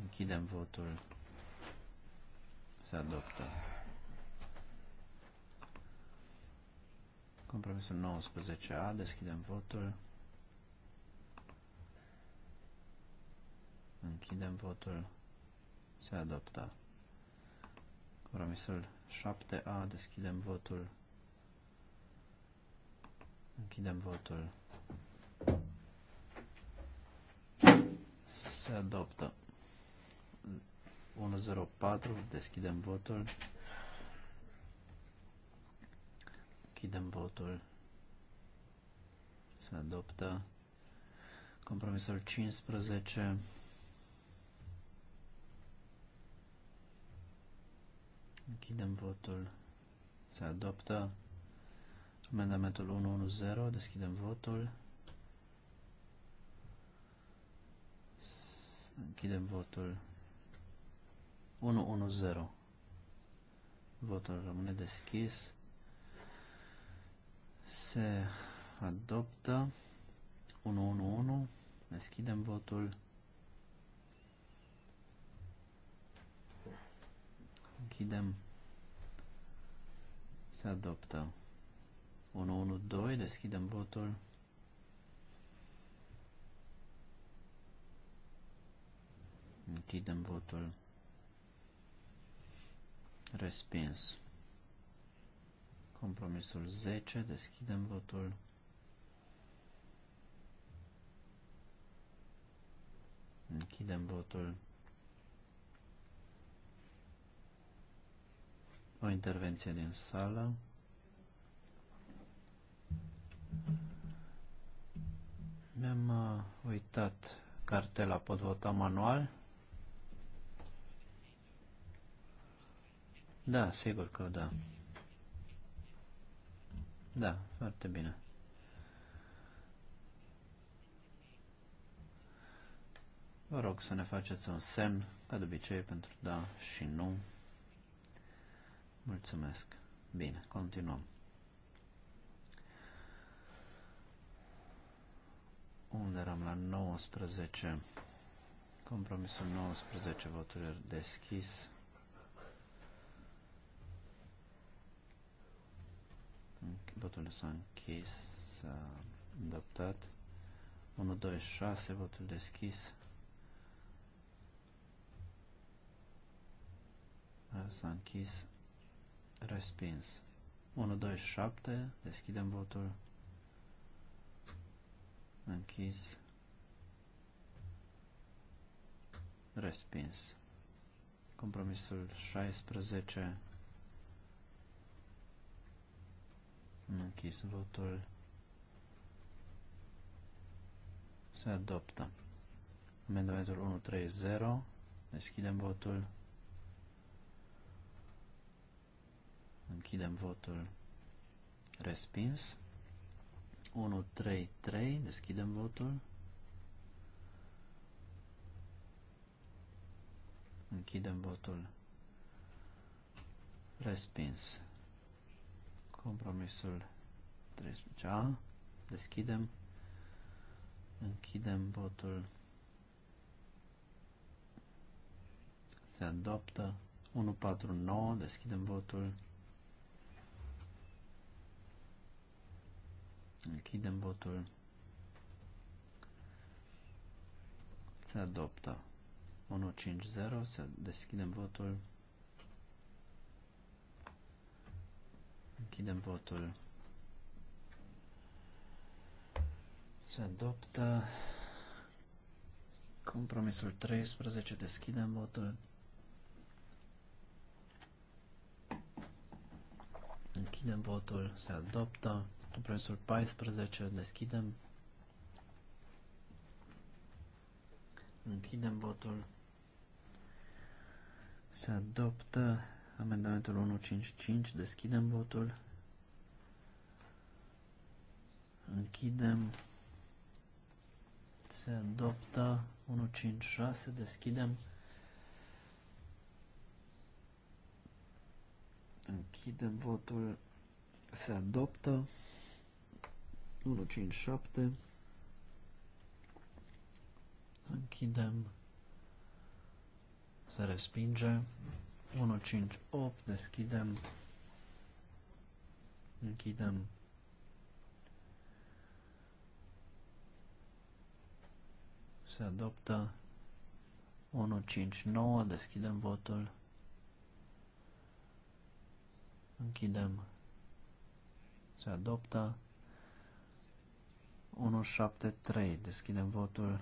Închidem votul. Se adoptă. Compromisul 19A, deschidem votul. Închidem votul. Se adoptă. Compromisul 7A, deschidem votul. Închidem votul. Se adoptă. 104, deschidem votul. Închidem votul. Se adoptă. Compromisul 15. Închidem votul. Se adoptă amendamentul 110. Deschidem votul. Închidem votul. 110. Votul rămâne deschis. Se adoptă 111. Deschidem votul. Închidem. Se adoptă. 112. Deschidem votul. Închidem votul. Respins. Compromisul 10. Deschidem votul. Închidem votul. O intervenție din sală. Mi-am uh, uitat cartela, pot vota manual? Da, sigur că da. Da, foarte bine. Vă rog să ne faceți un semn, ca de obicei, pentru da și nu. Mulțumesc. Bine, continuăm. Unde eram la 19? Compromisul 19, votul deschis. Votul s-a închis, s-a adoptat. 1, 2, 6, votul deschis. S-a închis, Respins. 1, 2, 7. Deschidem votul. Închis. Respins. Compromisul 16. Închis votul. Se adoptă. Amendamentul 130. Deschidem votul. Închidem votul respins. 1, 3, 3. Deschidem votul. Închidem votul respins. Compromisul 13A. Deschidem. Închidem votul. Se adoptă. 149. Deschidem votul. Închidem botul. Se adoptă. 150, să deschidem votul. Închidem votul. Se adoptă. Compromisul 13, deschidem votul. Închidem votul, se adoptă. Compromisul 14, deschidem. Închidem votul. Se adoptă amendamentul 155, deschidem votul. Închidem. Se adoptă 156, deschidem. Închidem votul. Se adoptă 157. Închidem. Se respinge. 158. Deschidem. Închidem. Se adoptă. 159. Deschidem votul. Închidem. Se adoptă. 173. Deschidem votul.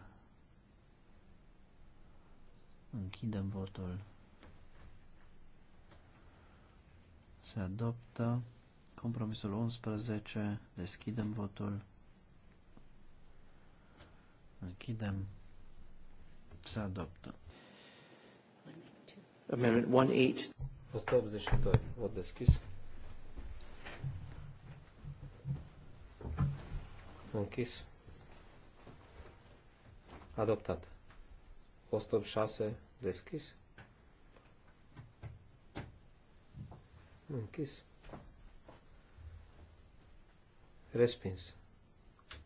Închidem votul. Se adoptă. Compromisul 11. Deschidem votul. Închidem. Se adoptă. Amendment 182. 82. Vot deschis. închis, adoptat. 186 deschis, închis, respins.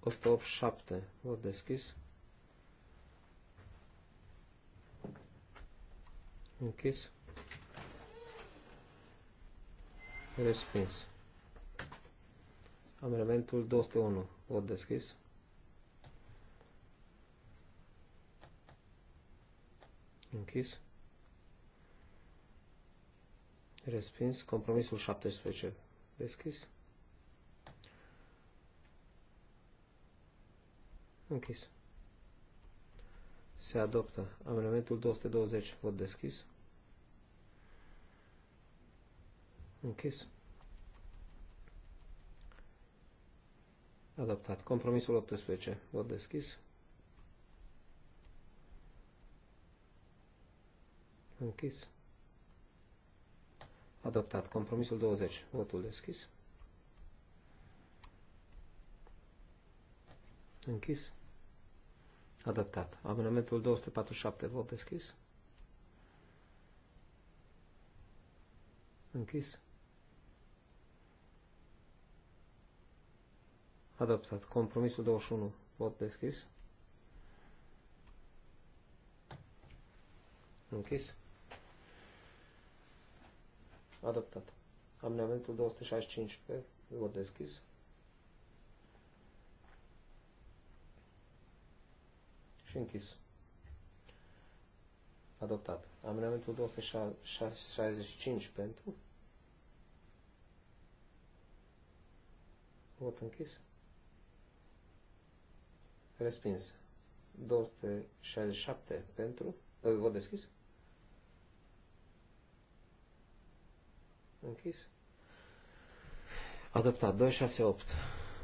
187 vot deschis, închis, respins. Amendamentul 201 Vot deschis. Închis. Respins. Compromisul 17. Deschis. Închis. Se adoptă. Amendamentul 220. Vot deschis. Închis. Adoptat. Compromisul 18. Vot deschis. Închis. Adoptat. Compromisul 20. Votul deschis. Închis. Adoptat. Amendamentul 247. Vot deschis. Închis. Adoptat. Compromisul 21. Vot deschis. Închis. Adoptat. Amendamentul 265 pe vot deschis. Și închis. Adoptat. Amendamentul 265 pentru. Vot închis. Respins. 267 pentru. Vă deschis. Închis. Adoptat. 268.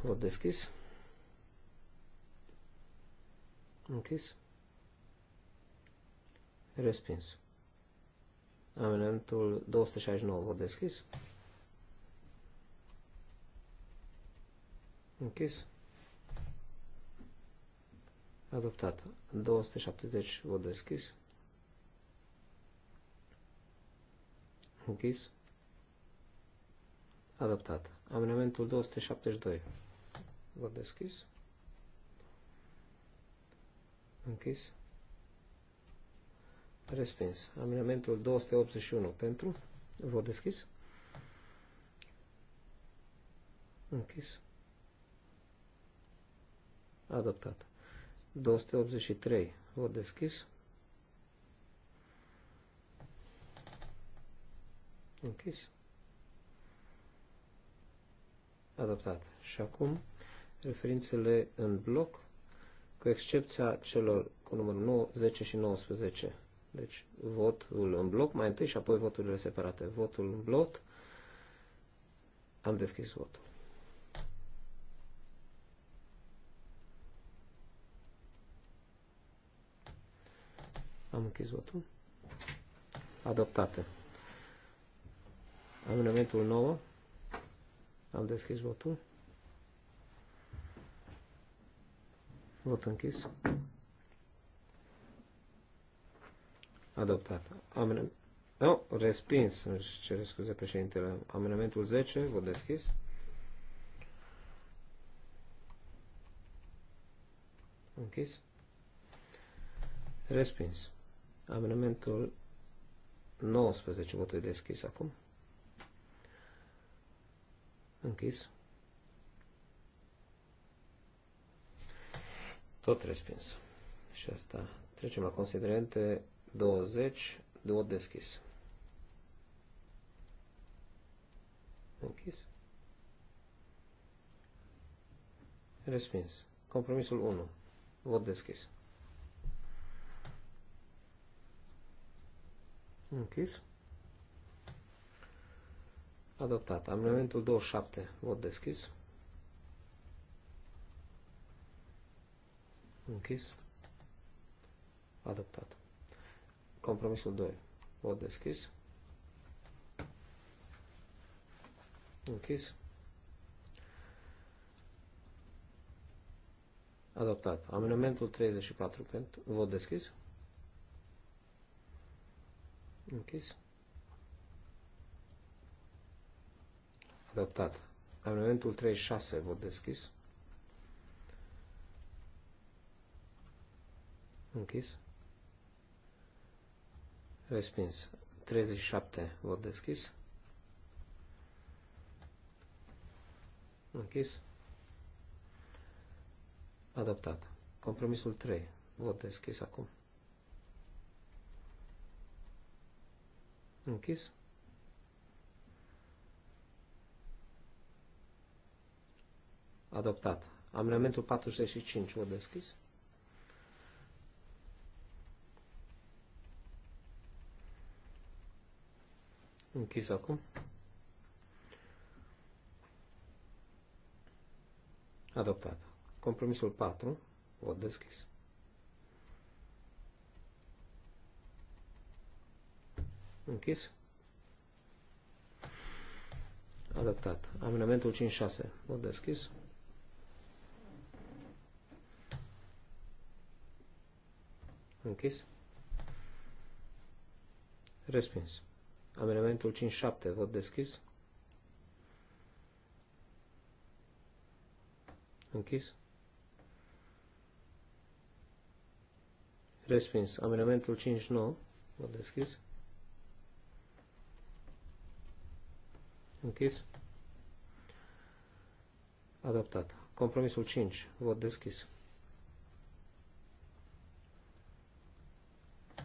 Vă deschis. Închis. Respins. Amendamentul 269. Vă deschis. Închis. Adoptat. 270 vot deschis. Închis. Adoptat. Amendamentul 272. Vot deschis. Închis. Respins. Amendamentul 281 pentru. Vot deschis. Închis. Adoptat. 283. Vot deschis. Închis. Adoptat. Și acum referințele în bloc, cu excepția celor cu numărul 9, 10 și 19. Deci votul în bloc mai întâi și apoi voturile separate. Votul în bloc. Am deschis votul. Am închis votul. Adoptate. Amendamentul 9. Am deschis votul. Vot închis. Adoptat. Amendament. Oh, respins, Îmi cer scuze președintele. Amendamentul 10, vot deschis. Închis. Respins. Amendamentul 19, votul deschis acum. Închis. Tot respins. Și asta. Trecem la considerente 20, vot deschis. Închis. Respins. Compromisul 1. Vot deschis. Închis. Adoptat. Amendamentul 27. Vot deschis. Închis. Adoptat. Compromisul 2. Vot deschis. Închis. Adoptat. Amendamentul 34 vot deschis. Închis. Adaptat. Amendamentul 36, vot deschis. Închis. Respins. 37, vot deschis. Închis. Adaptat. Compromisul 3. Vot deschis acum. Închis. Adoptat. Amendamentul 45. Vă deschis. Închis acum. Adoptat. Compromisul 4. vă deschis. Închis. Adaptat. Amendamentul 5-6. Vot deschis. Închis. Respins. Amendamentul 5-7. Vot deschis. Închis. Respins. Amendamentul 5-9. Vot deschis. Închis. Închis. Adoptat. Compromisul 5. Vot deschis.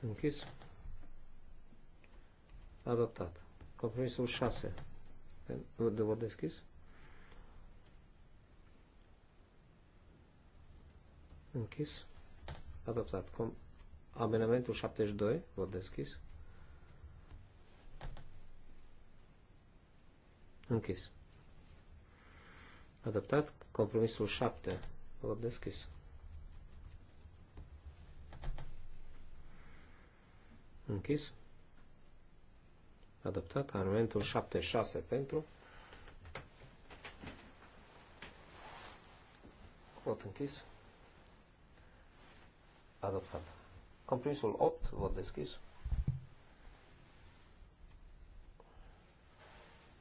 Închis. Adoptat. Compromisul 6. De vot deschis. Închis. Adoptat. Com Amenamentul 72. Vot deschis. Închis. Adaptat Compromisul 7. Vot deschis. Închis. Adoptat. Amendamentul 76 pentru. Vot închis. Adoptat. Compromisul 8. Vot deschis.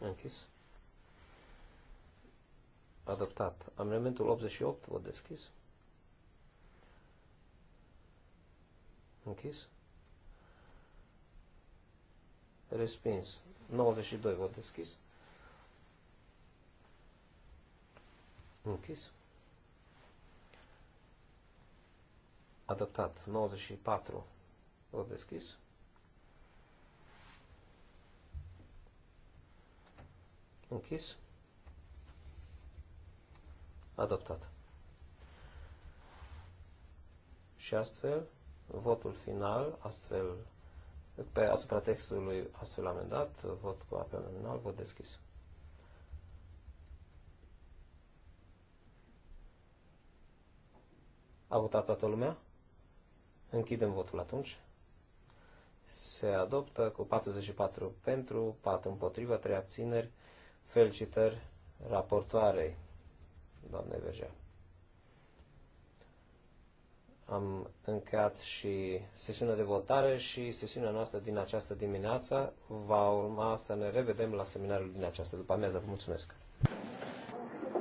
Închis adoptat. Amendamentul 88, vă deschis. Închis. Respins. 92, vă deschis. Închis. Adoptat. 94, vă deschis. Închis adoptat. Și astfel, votul final, astfel, pe asupra textului astfel amendat, vot cu apel nominal, vot deschis. A votat toată lumea? Închidem votul atunci. Se adoptă cu 44 pentru, 4 împotriva, 3 abțineri. Felicitări raportoarei. Doamne Vegea. Am încheiat și sesiunea de votare și sesiunea noastră din această dimineață. Va urma să ne revedem la seminarul din această după amiază. Vă mulțumesc!